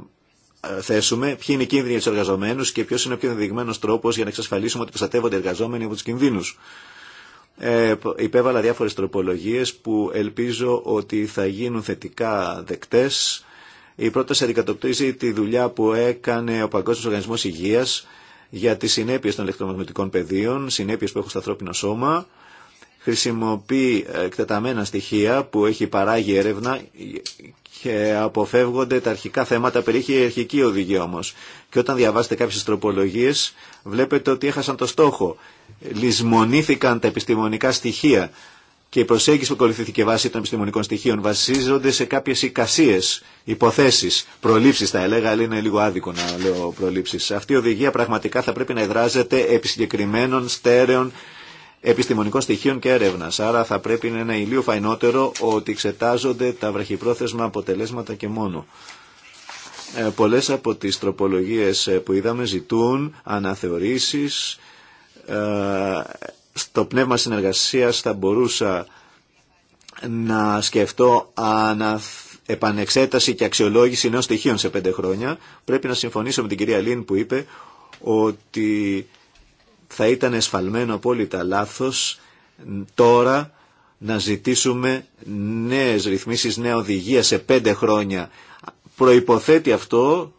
Speaker 4: θέσουμε ποιοι είναι οι κίνδυνοι για του εργαζομένου και ποιο είναι ο πιο ενδεδειγμένο τρόπο για να εξασφαλίσουμε ότι προστατεύονται οι εργαζόμενοι από του κινδύνου. Ε, υπέβαλα διάφορες τροπολογίες που ελπίζω ότι θα γίνουν θετικά δεκτέ. Η πρόταση αντικατοπτρίζει τη δουλειά που έκανε ο Παγκόσμιο Οργανισμό Υγεία για τι συνέπειε των ηλεκτρομαγνητικών πεδίων, συνέπειε που έχουν στο ανθρώπινο σώμα χρησιμοποιεί εκτεταμένα στοιχεία που έχει παράγει έρευνα και αποφεύγονται τα αρχικά θέματα, περιέχει η αρχική οδηγία όμως. Και όταν διαβάζετε κάποιες τροπολογίες βλέπετε ότι έχασαν το στόχο. Λυσμονήθηκαν τα επιστημονικά στοιχεία και η προσέγγιση που ακολουθήθηκε βάσει των επιστημονικών στοιχείων βασίζονται σε κάποιε εικασίε, υποθέσει, προλήψει θα έλεγα, αλλά είναι λίγο άδικο να λέω προλήψει. Αυτή η οδηγία πραγματικά θα πρέπει να εδράζεται επί συγκεκριμένων στέρεων επιστημονικών στοιχείων και έρευνα. Άρα θα πρέπει να είναι ηλίου φαϊνότερο ότι εξετάζονται τα βραχυπρόθεσμα αποτελέσματα και μόνο. Ε, πολλές από τις τροπολογίες ε, που είδαμε ζητούν αναθεωρήσεις. Ε, στο πνεύμα συνεργασίας θα μπορούσα να σκεφτώ αναθεωρήσεις επανεξέταση και αξιολόγηση νέων στοιχείων σε πέντε χρόνια. Πρέπει να συμφωνήσω με την κυρία Λίν που είπε ότι θα ήταν εσφαλμένο απόλυτα λάθος τώρα να ζητήσουμε νέες ρυθμίσεις, νέα οδηγία σε πέντε χρόνια. Προϋποθέτει αυτό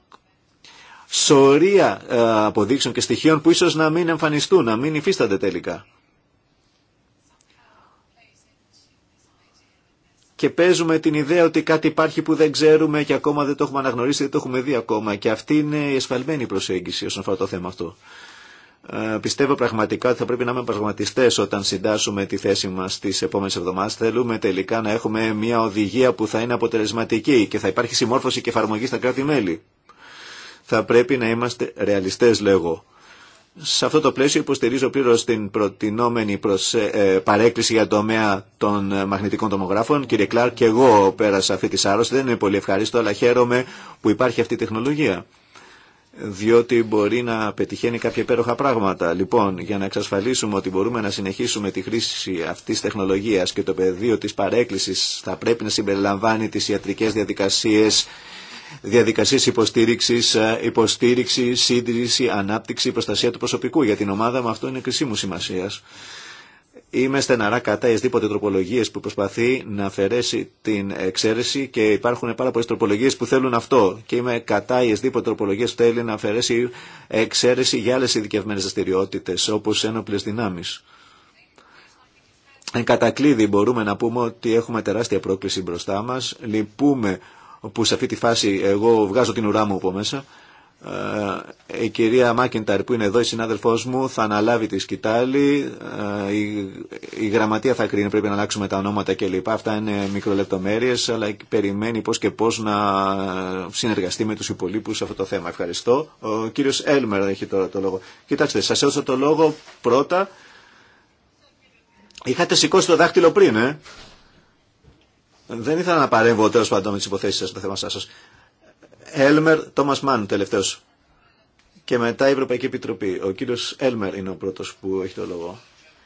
Speaker 4: σωρία ε, αποδείξεων και στοιχείων που ίσως να μην εμφανιστούν, να μην υφίστανται τελικά. Και παίζουμε την ιδέα ότι κάτι υπάρχει που δεν ξέρουμε και ακόμα δεν το έχουμε αναγνωρίσει, δεν το έχουμε δει ακόμα. Και αυτή είναι η εσφαλμένη προσέγγιση όσον αφορά το θέμα αυτό. Ε, πιστεύω πραγματικά ότι θα πρέπει να είμαι πραγματιστέ όταν συντάσσουμε τη θέση μα τι επόμενε εβδομάδε. Θέλουμε τελικά να έχουμε μια οδηγία που θα είναι αποτελεσματική και θα υπάρχει συμμόρφωση και εφαρμογή στα κράτη-μέλη. Θα πρέπει να είμαστε ρεαλιστέ, λέγω. Σε αυτό το πλαίσιο υποστηρίζω πλήρω την προτινόμενη προς, ε, παρέκκληση για τομέα των μαγνητικών τομογράφων. Κύριε Κλάρ και εγώ πέρασα αυτή τη άρρωση. Δεν είναι πολύ ευχαρίστω, αλλά χαίρομαι που υπάρχει αυτή η τεχνολογία διότι μπορεί να πετυχαίνει κάποια υπέροχα πράγματα. Λοιπόν, για να εξασφαλίσουμε ότι μπορούμε να συνεχίσουμε τη χρήση αυτής της τεχνολογίας και το πεδίο της παρέκκλησης θα πρέπει να συμπεριλαμβάνει τις ιατρικές διαδικασίες διαδικασίε υποστήριξη, ε, υποστήριξη, σύντηρηση, ανάπτυξη, προστασία του προσωπικού. Για την ομάδα μου αυτό είναι κρισίμου σημασία. Είμαι στεναρά κατά εσδήποτε τροπολογίε που προσπαθεί να αφαιρέσει την εξαίρεση και υπάρχουν πάρα πολλέ τροπολογίε που θέλουν αυτό. Και είμαι κατά εσδήποτε τροπολογίε που θέλει να αφαιρέσει εξαίρεση για άλλε ειδικευμένε δραστηριότητε όπω ένοπλε δυνάμει. Εν κατακλείδη μπορούμε να πούμε ότι έχουμε τεράστια πρόκληση μπροστά μα. Λυπούμε που σε αυτή τη φάση εγώ βγάζω την ουρά μου από μέσα. Ε, η κυρία Μάκενταρ που είναι εδώ η συνάδελφός μου θα αναλάβει τη σκητάλη ε, η, γραμματεία θα κρίνει πρέπει να αλλάξουμε τα ονόματα κλπ αυτά είναι μικρολεπτομέρειες αλλά περιμένει πως και πως να συνεργαστεί με τους υπολείπους σε αυτό το θέμα ευχαριστώ ο κύριος Έλμερ έχει τώρα το λόγο κοιτάξτε σας έδωσα το λόγο πρώτα είχατε σηκώσει το δάχτυλο πριν ε? δεν ήθελα να παρέμβω τέλο πάντων με τι υποθέσει σα, το θέμα σα. Έλμερ Τόμας Μάν, τελευταίος. Και μετά η Ευρωπαϊκή Επιτροπή. Ο κύριος Έλμερ είναι ο πρώτος που έχει το λόγο.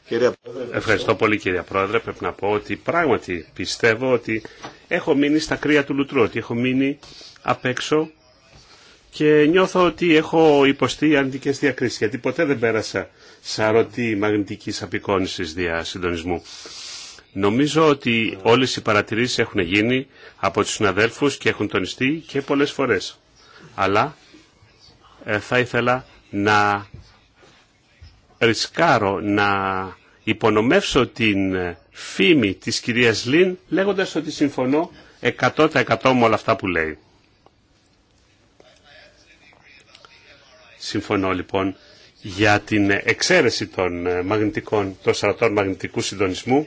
Speaker 2: Κυρία, Ευχαριστώ πολύ κυρία Πρόεδρε. Πρέπει να πω ότι πράγματι πιστεύω ότι έχω μείνει στα κρύα του λουτρού, ότι έχω μείνει απ' έξω και νιώθω ότι έχω υποστεί αντικές διακρίσει γιατί ποτέ δεν πέρασα σαρωτή μαγνητική απεικόνηση δια συντονισμού. Νομίζω ότι όλες οι παρατηρήσεις έχουν γίνει από τους συναδέλφους και έχουν τονιστεί και πολλές φορές. Αλλά ε, θα ήθελα να ρισκάρω να υπονομεύσω την ε, φήμη της κυρίας Λίν λέγοντας ότι συμφωνώ 100% με όλα αυτά που λέει. Συμφωνώ λοιπόν για την εξαίρεση των, ε, μαγνητικών, των σαρατών μαγνητικού συντονισμού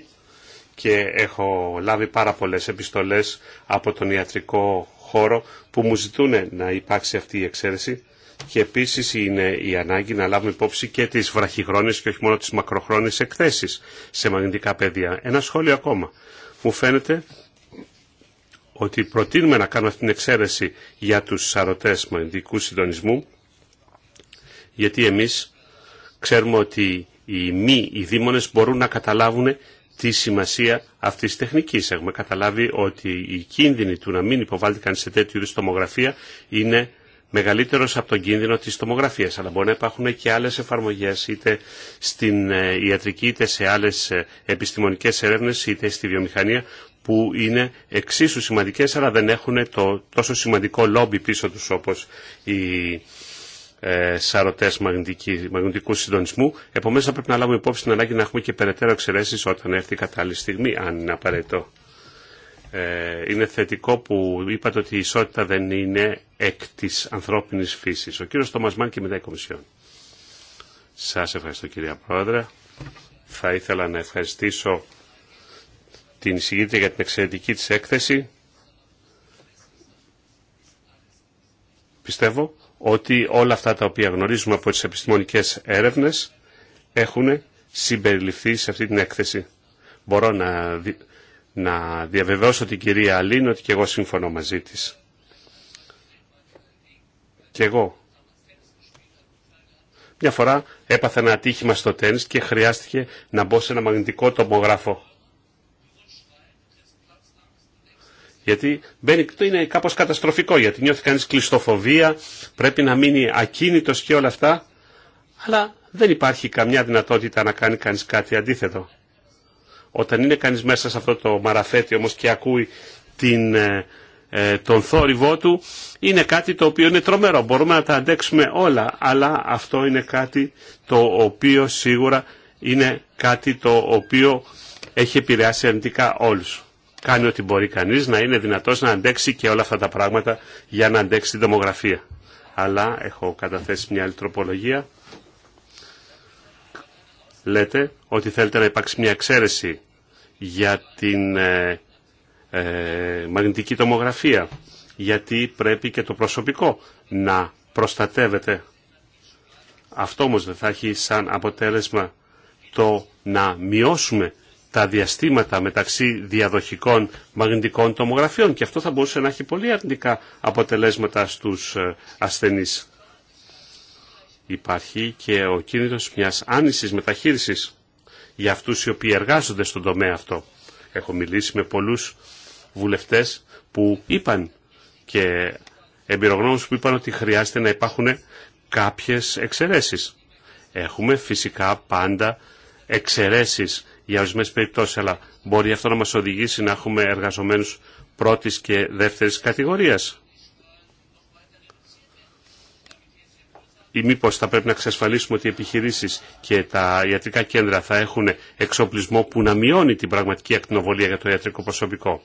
Speaker 2: και έχω λάβει πάρα πολλές επιστολές από τον ιατρικό χώρο που μου ζητούν να υπάρξει αυτή η εξαίρεση και επίσης είναι η ανάγκη να λάβουμε υπόψη και τις βραχυχρόνιες και όχι μόνο τις μακροχρόνιες εκθέσεις σε μαγνητικά πεδία. Ένα σχόλιο ακόμα. Μου φαίνεται ότι προτείνουμε να κάνουμε αυτή την εξαίρεση για τους σαρωτές μαγνητικού συντονισμού γιατί εμείς ξέρουμε ότι οι μη οι δήμονες μπορούν να καταλάβουν τη σημασία αυτή τη τεχνική. Έχουμε καταλάβει ότι οι κίνδυνοι του να μην υποβάλτηκαν σε τέτοιου είδου τομογραφία είναι μεγαλύτερος από τον κίνδυνο της τομογραφία. Αλλά μπορεί να υπάρχουν και άλλες εφαρμογές είτε στην ε, ιατρική είτε σε άλλες ε, επιστημονικές έρευνες είτε στη βιομηχανία που είναι εξίσου σημαντικές αλλά δεν έχουν το τόσο σημαντικό λόμπι πίσω τους όπως η ε, σαρωτές μαγνητικού συντονισμού. Επομένως θα πρέπει να λάβουμε υπόψη την ανάγκη να έχουμε και περαιτέρω εξαιρέσεις όταν έρθει η κατάλληλη στιγμή, αν είναι απαραίτητο. Ε, είναι θετικό που είπατε ότι η ισότητα δεν είναι εκ της ανθρώπινης φύσης. Ο κύριος Τόμας και μετά η Κομισιόν. Σας ευχαριστώ κυρία Πρόεδρε. Θα ήθελα να ευχαριστήσω την εισηγήτρια για την εξαιρετική της έκθεση. Πιστεύω ότι όλα αυτά τα οποία γνωρίζουμε από τις επιστημονικές έρευνες έχουν συμπεριληφθεί σε αυτή την έκθεση. Μπορώ να, να διαβεβαιώσω την κυρία Αλήν ότι και εγώ σύμφωνο μαζί της. Και εγώ. Μια φορά έπαθε ένα ατύχημα στο τένις και χρειάστηκε να μπω σε ένα μαγνητικό τομογράφο Γιατί μπαίνει, το είναι κάπως καταστροφικό, γιατί νιώθει κανείς κλειστοφοβία, πρέπει να μείνει ακίνητος και όλα αυτά, αλλά δεν υπάρχει καμιά δυνατότητα να κάνει κανείς κάτι αντίθετο. Όταν είναι κανείς μέσα σε αυτό το μαραφέτι όμως και ακούει την, ε, ε, τον θόρυβό του, είναι κάτι το οποίο είναι τρομερό. Μπορούμε να τα αντέξουμε όλα, αλλά αυτό είναι κάτι το οποίο σίγουρα είναι κάτι το οποίο έχει επηρεάσει αρνητικά όλους κάνει ό,τι μπορεί κανείς να είναι δυνατός να αντέξει και όλα αυτά τα πράγματα για να αντέξει την τομογραφία. Αλλά έχω καταθέσει μια άλλη τροπολογία. Λέτε ότι θέλετε να υπάρξει μια εξαίρεση για την ε, ε μαγνητική τομογραφία γιατί πρέπει και το προσωπικό να προστατεύεται. Αυτό όμως δεν θα έχει σαν αποτέλεσμα το να μειώσουμε τα διαστήματα μεταξύ διαδοχικών μαγνητικών τομογραφιών και αυτό θα μπορούσε να έχει πολύ αρνητικά αποτελέσματα στους ε, ασθενείς. Υπάρχει και ο κίνητος μιας άνησης μεταχείρισης για αυτούς οι οποίοι εργάζονται στον τομέα αυτό. Έχω μιλήσει με πολλούς βουλευτές που είπαν και εμπειρογνώμους που είπαν ότι χρειάζεται να υπάρχουν κάποιες εξαιρέσεις. Έχουμε φυσικά πάντα εξαιρέσεις για ορισμένε περιπτώσει, αλλά μπορεί αυτό να μα οδηγήσει να έχουμε εργαζομένου πρώτη και δεύτερη κατηγορία. Ή μήπω θα πρέπει να εξασφαλίσουμε ότι οι επιχειρήσει και τα ιατρικά κέντρα θα έχουν εξοπλισμό που να μειώνει την πραγματική ακτινοβολία για το ιατρικό προσωπικό.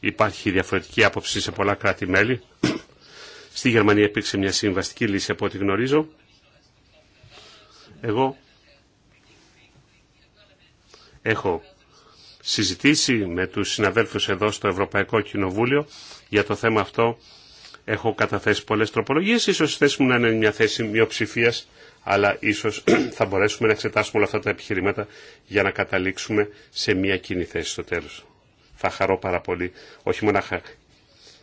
Speaker 2: Υπάρχει διαφορετική άποψη σε πολλά κράτη-μέλη. Στη Γερμανία υπήρξε μια συμβαστική λύση από ό,τι γνωρίζω. Εγώ έχω συζητήσει με τους συναδέλφους εδώ στο Ευρωπαϊκό Κοινοβούλιο για το θέμα αυτό. Έχω καταθέσει πολλές τροπολογίες, ίσως η θέση μου να είναι μια θέση μειοψηφία, αλλά ίσως θα μπορέσουμε να εξετάσουμε όλα αυτά τα επιχειρήματα για να καταλήξουμε σε μια κοινή θέση στο τέλος. Θα χαρώ πάρα πολύ, όχι μόνο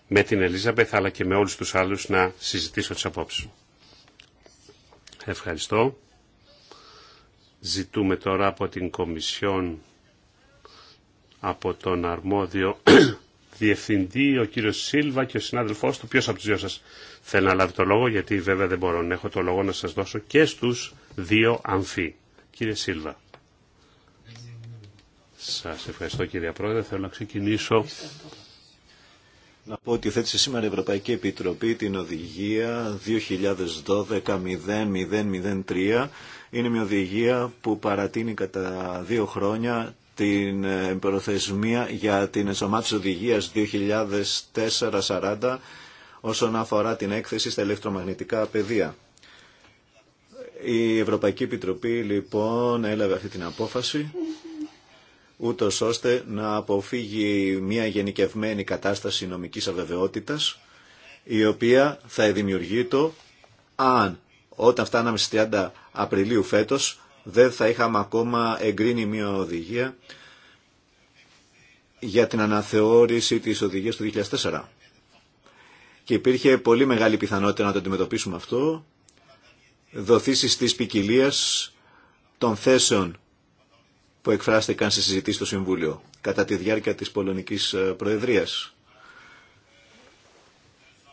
Speaker 2: με την Ελίζαμπεθ, αλλά και με όλους τους άλλους να συζητήσω τις απόψεις. Ευχαριστώ. Ζητούμε τώρα από την Κομισιόν, από τον αρμόδιο διευθυντή, ο κύριος Σίλβα και ο συνάδελφός του, ποιος από τους δύο σας θέλει να λάβει το λόγο, γιατί βέβαια δεν μπορώ να έχω το λόγο να σας δώσω και στους δύο αμφί. Κύριε Σίλβα. Σας ευχαριστώ κύριε Πρόεδρε. Θέλω να ξεκινήσω
Speaker 4: να πω ότι θέτησε σήμερα η Ευρωπαϊκή Επιτροπή την οδηγία 2012-0003. Είναι μια οδηγία που παρατείνει κατά δύο χρόνια την ε, προθεσμία για την ενσωμάτωση οδηγίας 2004-40 όσον αφορά την έκθεση στα ηλεκτρομαγνητικά πεδία. Η Ευρωπαϊκή Επιτροπή λοιπόν έλαβε αυτή την απόφαση ούτω ώστε να αποφύγει μια γενικευμένη κατάσταση νομικής αβεβαιότητας, η οποία θα δημιουργεί το αν όταν φτάναμε στις 30 Απριλίου φέτος δεν θα είχαμε ακόμα εγκρίνει μια οδηγία για την αναθεώρηση της οδηγίας του 2004. Και υπήρχε πολύ μεγάλη πιθανότητα να το αντιμετωπίσουμε αυτό, δοθήσεις της ποικιλία των θέσεων που εκφράστηκαν σε συζητήσεις στο Συμβούλιο κατά τη διάρκεια της Πολωνικής ε, Προεδρίας.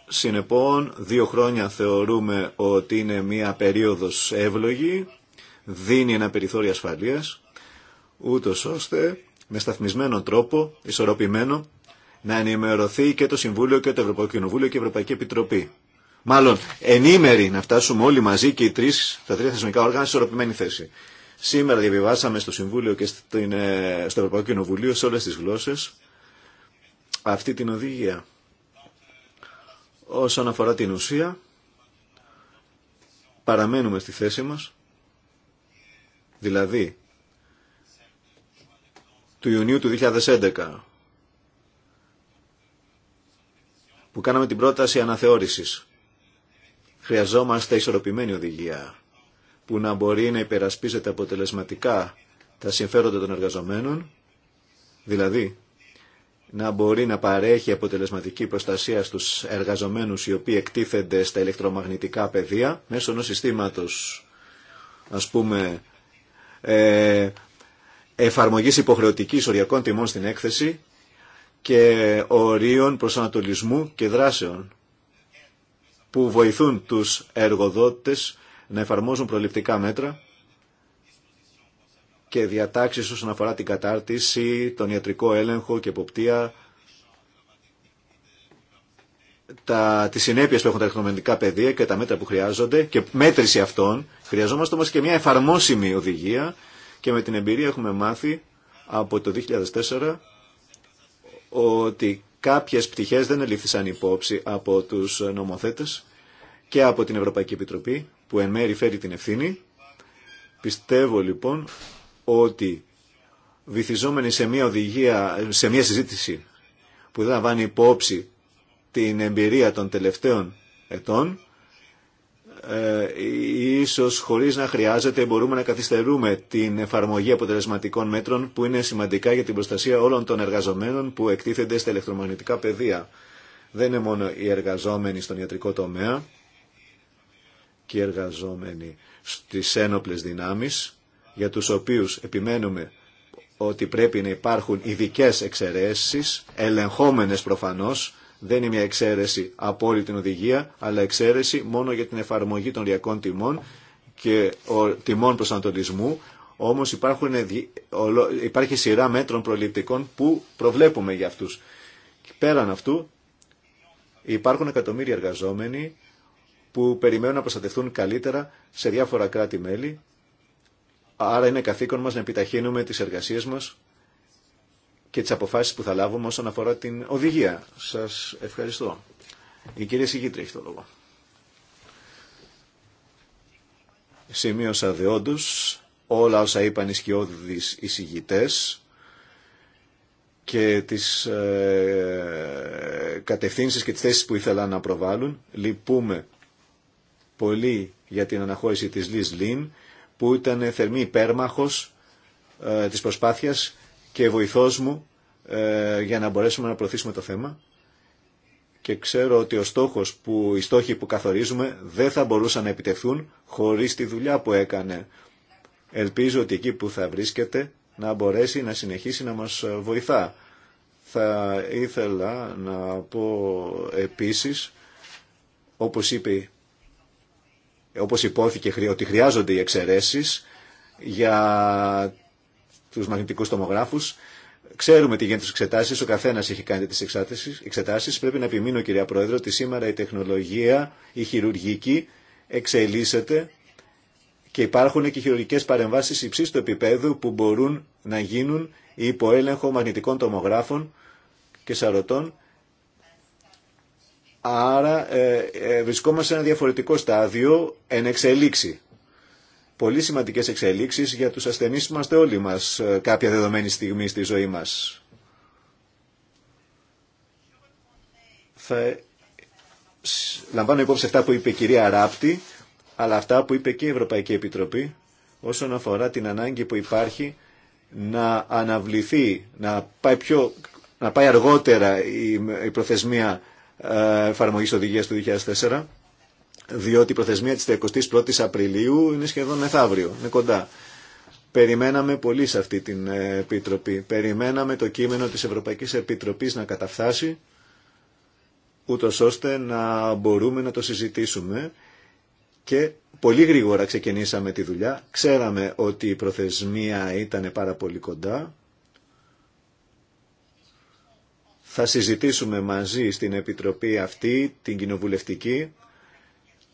Speaker 4: Συνεπών, δύο χρόνια θεωρούμε ότι είναι μία περίοδος εύλογη, δίνει ένα περιθώριο ασφαλείας, ούτω ώστε με σταθμισμένο τρόπο, ισορροπημένο, να ενημερωθεί και το Συμβούλιο και το Ευρωπαϊκό Κοινοβούλιο και η Ευρωπαϊκή Επιτροπή. Μάλλον ενήμεροι να φτάσουμε όλοι μαζί και οι τρεις, τα τρία θεσμικά όργανα σε ισορροπημένη θέση. Σήμερα διαβιβάσαμε στο Συμβούλιο και ε, στο Ευρωπαϊκό Κοινοβουλίο σε όλες τις γλώσσες αυτή την οδηγία. Όσον αφορά την ουσία, παραμένουμε στη θέση μας, δηλαδή του Ιουνίου του 2011, που κάναμε την πρόταση αναθεώρησης. Χρειαζόμαστε ισορροπημένη οδηγία που να μπορεί να υπερασπίζεται αποτελεσματικά τα συμφέροντα των εργαζομένων, δηλαδή να μπορεί να παρέχει αποτελεσματική προστασία στους εργαζομένους οι οποίοι εκτίθενται στα ηλεκτρομαγνητικά πεδία μέσω ενός συστήματος ας πούμε ε, εφαρμογής υποχρεωτικής οριακών τιμών στην έκθεση και ορίων προσανατολισμού και δράσεων που βοηθούν τους εργοδότες να εφαρμόζουν προληπτικά μέτρα και διατάξεις όσον αφορά την κατάρτιση, τον ιατρικό έλεγχο και εποπτεία, τα, τις συνέπειες που έχουν τα εκνομενικά πεδία και τα μέτρα που χρειάζονται και μέτρηση αυτών. Χρειαζόμαστε όμως και μια εφαρμόσιμη οδηγία και με την εμπειρία έχουμε μάθει από το 2004 ότι κάποιες πτυχές δεν ελήφθησαν υπόψη από τους νομοθέτες και από την Ευρωπαϊκή Επιτροπή που εν μέρη φέρει την ευθύνη. Πιστεύω λοιπόν ότι βυθιζόμενοι σε μια οδηγία, σε μια συζήτηση που δεν λαμβάνει υπόψη την εμπειρία των τελευταίων ετών, ε, ίσως χωρίς να χρειάζεται μπορούμε να καθυστερούμε την εφαρμογή αποτελεσματικών μέτρων που είναι σημαντικά για την προστασία όλων των εργαζομένων που εκτίθενται στα ηλεκτρομαγνητικά πεδία. Δεν είναι μόνο οι εργαζόμενοι στον ιατρικό τομέα, και εργαζόμενοι στις ένοπλες δυνάμεις, για τους οποίους επιμένουμε ότι πρέπει να υπάρχουν ειδικέ εξαιρέσει, ελεγχόμενες προφανώς, δεν είναι μια εξαίρεση από όλη την οδηγία, αλλά εξαίρεση μόνο για την εφαρμογή των ριακών τιμών και τιμών προσανατολισμού, όμως υπάρχουν, υπάρχει σειρά μέτρων προληπτικών που προβλέπουμε για αυτούς. Πέραν αυτού υπάρχουν εκατομμύρια εργαζόμενοι που περιμένουν να προστατευτούν καλύτερα σε διάφορα κράτη-μέλη. Άρα είναι καθήκον μας να επιταχύνουμε τις εργασίες μας και τις αποφάσεις που θα λάβουμε όσον αφορά την οδηγία. Σας ευχαριστώ. Η κυρία Σιγήτρη έχει το λόγο. Σημείωσα δεόντως όλα όσα είπαν οι σκιώδεις εισηγητές και τις ε, κατευθύνσεις και τις θέσεις που ήθελα να προβάλλουν. Λυπούμε πολύ για την αναχώρηση της Λις Λίν, που ήταν θερμή υπέρμαχος ε, της προσπάθειας και βοηθός μου ε, για να μπορέσουμε να προωθήσουμε το θέμα. Και ξέρω ότι ο στόχος που, οι στόχοι που καθορίζουμε δεν θα μπορούσαν να επιτευθούν χωρίς τη δουλειά που έκανε. Ελπίζω ότι εκεί που θα βρίσκεται να μπορέσει να συνεχίσει να μας βοηθά. Θα ήθελα να πω επίσης, όπως είπε ε, όπως υπόθηκε ότι χρειάζονται οι εξαιρέσει για τους μαγνητικούς τομογράφους. Ξέρουμε τι γίνεται στις εξετάσεις, ο καθένας έχει κάνει τις εξετάσεις. Πρέπει να επιμείνω κυρία Πρόεδρο ότι σήμερα η τεχνολογία, η χειρουργική εξελίσσεται και υπάρχουν και χειρουργικές παρεμβάσεις υψής του επίπεδου που μπορούν να γίνουν υπό έλεγχο μαγνητικών τομογράφων και σαρωτών Άρα ε, ε, βρισκόμαστε σε ένα διαφορετικό στάδιο εν εξελίξη. Πολύ σημαντικές εξελίξεις για τους ασθενείς είμαστε όλοι μας ε, κάποια δεδομένη στιγμή στη ζωή μας. λαμβάνω υπόψη αυτά που είπε η κυρία Ράπτη, αλλά αυτά που είπε και η Ευρωπαϊκή Επιτροπή όσον αφορά την ανάγκη που υπάρχει να αναβληθεί, να πάει, να πάει αργότερα η, η προθεσμία ε, εφαρμογή οδηγία του 2004 διότι η προθεσμία της 21 η Απριλίου είναι σχεδόν μεθαύριο, είναι κοντά. Περιμέναμε πολύ σε αυτή την ε, Επίτροπη. Περιμέναμε το κείμενο της Ευρωπαϊκής Επιτροπής να καταφθάσει, ούτω ώστε να μπορούμε να το συζητήσουμε. Και πολύ γρήγορα ξεκινήσαμε τη δουλειά. Ξέραμε ότι η προθεσμία ήταν πάρα πολύ κοντά. Θα συζητήσουμε μαζί στην Επιτροπή αυτή, την κοινοβουλευτική,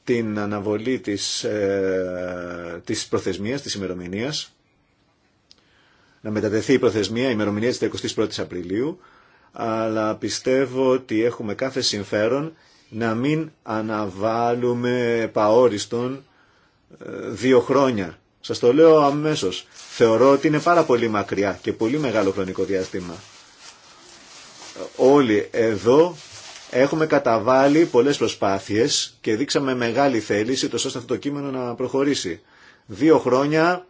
Speaker 4: την αναβολή της, ε, της προθεσμίας, της ημερομηνίας, Να μετατεθεί η προθεσμία, η ημερομηνία της 21ης Απριλίου, αλλά πιστεύω ότι έχουμε κάθε συμφέρον να μην αναβάλουμε παόριστον ε, δύο χρόνια. Σας το λέω αμέσως. Θεωρώ ότι είναι πάρα πολύ μακριά και πολύ μεγάλο χρονικό διάστημα όλοι εδώ έχουμε καταβάλει πολλές προσπάθειες και δείξαμε μεγάλη θέληση τόσο ώστε αυτό το κείμενο να προχωρήσει. Δύο χρόνια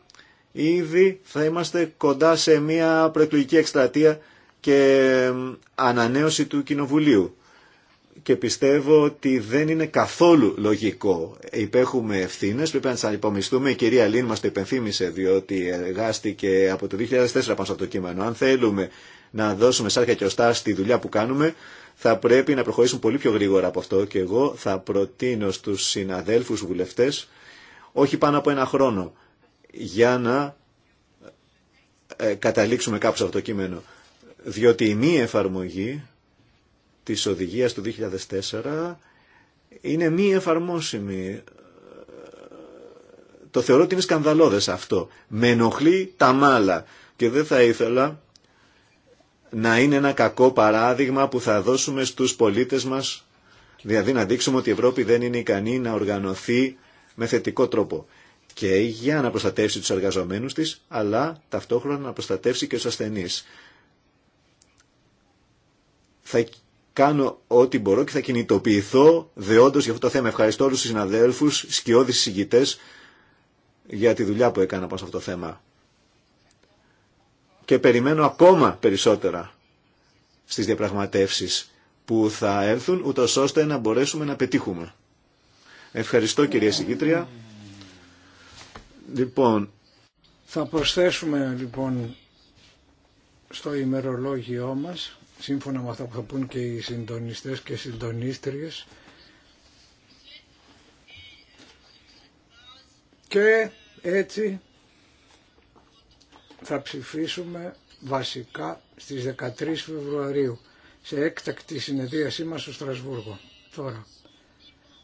Speaker 4: ήδη θα είμαστε κοντά σε μια προεκλογική εκστρατεία και ανανέωση του Κοινοβουλίου. Και πιστεύω ότι δεν είναι καθόλου λογικό. Υπέχουμε ευθύνε, πρέπει να τι ανυπομιστούμε. Η κυρία Λίν μα το υπενθύμησε, διότι εργάστηκε από το 2004 πάνω σε αυτό το κείμενο. Αν θέλουμε να δώσουμε σάρκα και οστά στη δουλειά που κάνουμε, θα πρέπει να προχωρήσουν πολύ πιο γρήγορα από αυτό και εγώ θα προτείνω στους συναδέλφους βουλευτές όχι πάνω από ένα χρόνο για να ε, καταλήξουμε κάπου σε αυτό το κείμενο. Διότι η μη εφαρμογή της οδηγίας του 2004 είναι μη εφαρμόσιμη. Ε, το θεωρώ ότι είναι σκανδαλώδες αυτό. Με ενοχλεί τα μάλα και δεν θα ήθελα να είναι ένα κακό παράδειγμα που θα δώσουμε στους πολίτες μας, δηλαδή να δείξουμε ότι η Ευρώπη δεν είναι ικανή να οργανωθεί με θετικό τρόπο και για να προστατεύσει τους εργαζομένους της, αλλά ταυτόχρονα να προστατεύσει και τους ασθενείς. Θα κάνω ό,τι μπορώ και θα κινητοποιηθώ δεόντως για αυτό το θέμα. Ευχαριστώ όλους τους συναδέλφους, σκιώδεις συγκητές, για τη δουλειά που έκανα πάνω σε αυτό το θέμα και περιμένω ακόμα περισσότερα στις διαπραγματεύσεις που θα έρθουν, ούτω ώστε να μπορέσουμε να πετύχουμε. Ευχαριστώ κυρία Συγκήτρια. Λοιπόν. Θα προσθέσουμε
Speaker 3: λοιπόν στο ημερολόγιό μας, σύμφωνα με αυτά που θα πούν και οι συντονιστές και συντονίστριες, και έτσι θα ψηφίσουμε βασικά στις 13 Φεβρουαρίου σε έκτακτη συνεδρίασή μας στο Στρασβούργο. Τώρα,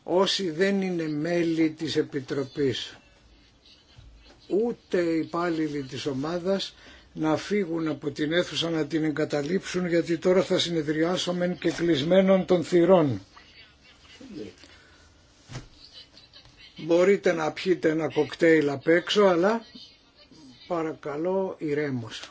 Speaker 3: όσοι δεν είναι μέλη της Επιτροπής, ούτε υπάλληλοι της ομάδας, να φύγουν από την αίθουσα να την εγκαταλείψουν γιατί τώρα θα συνεδριάσουμε και κλεισμένων των θυρών. Μπορείτε να πιείτε ένα κοκτέιλ απ' έξω, αλλά Παρακαλώ ηρέμωσα.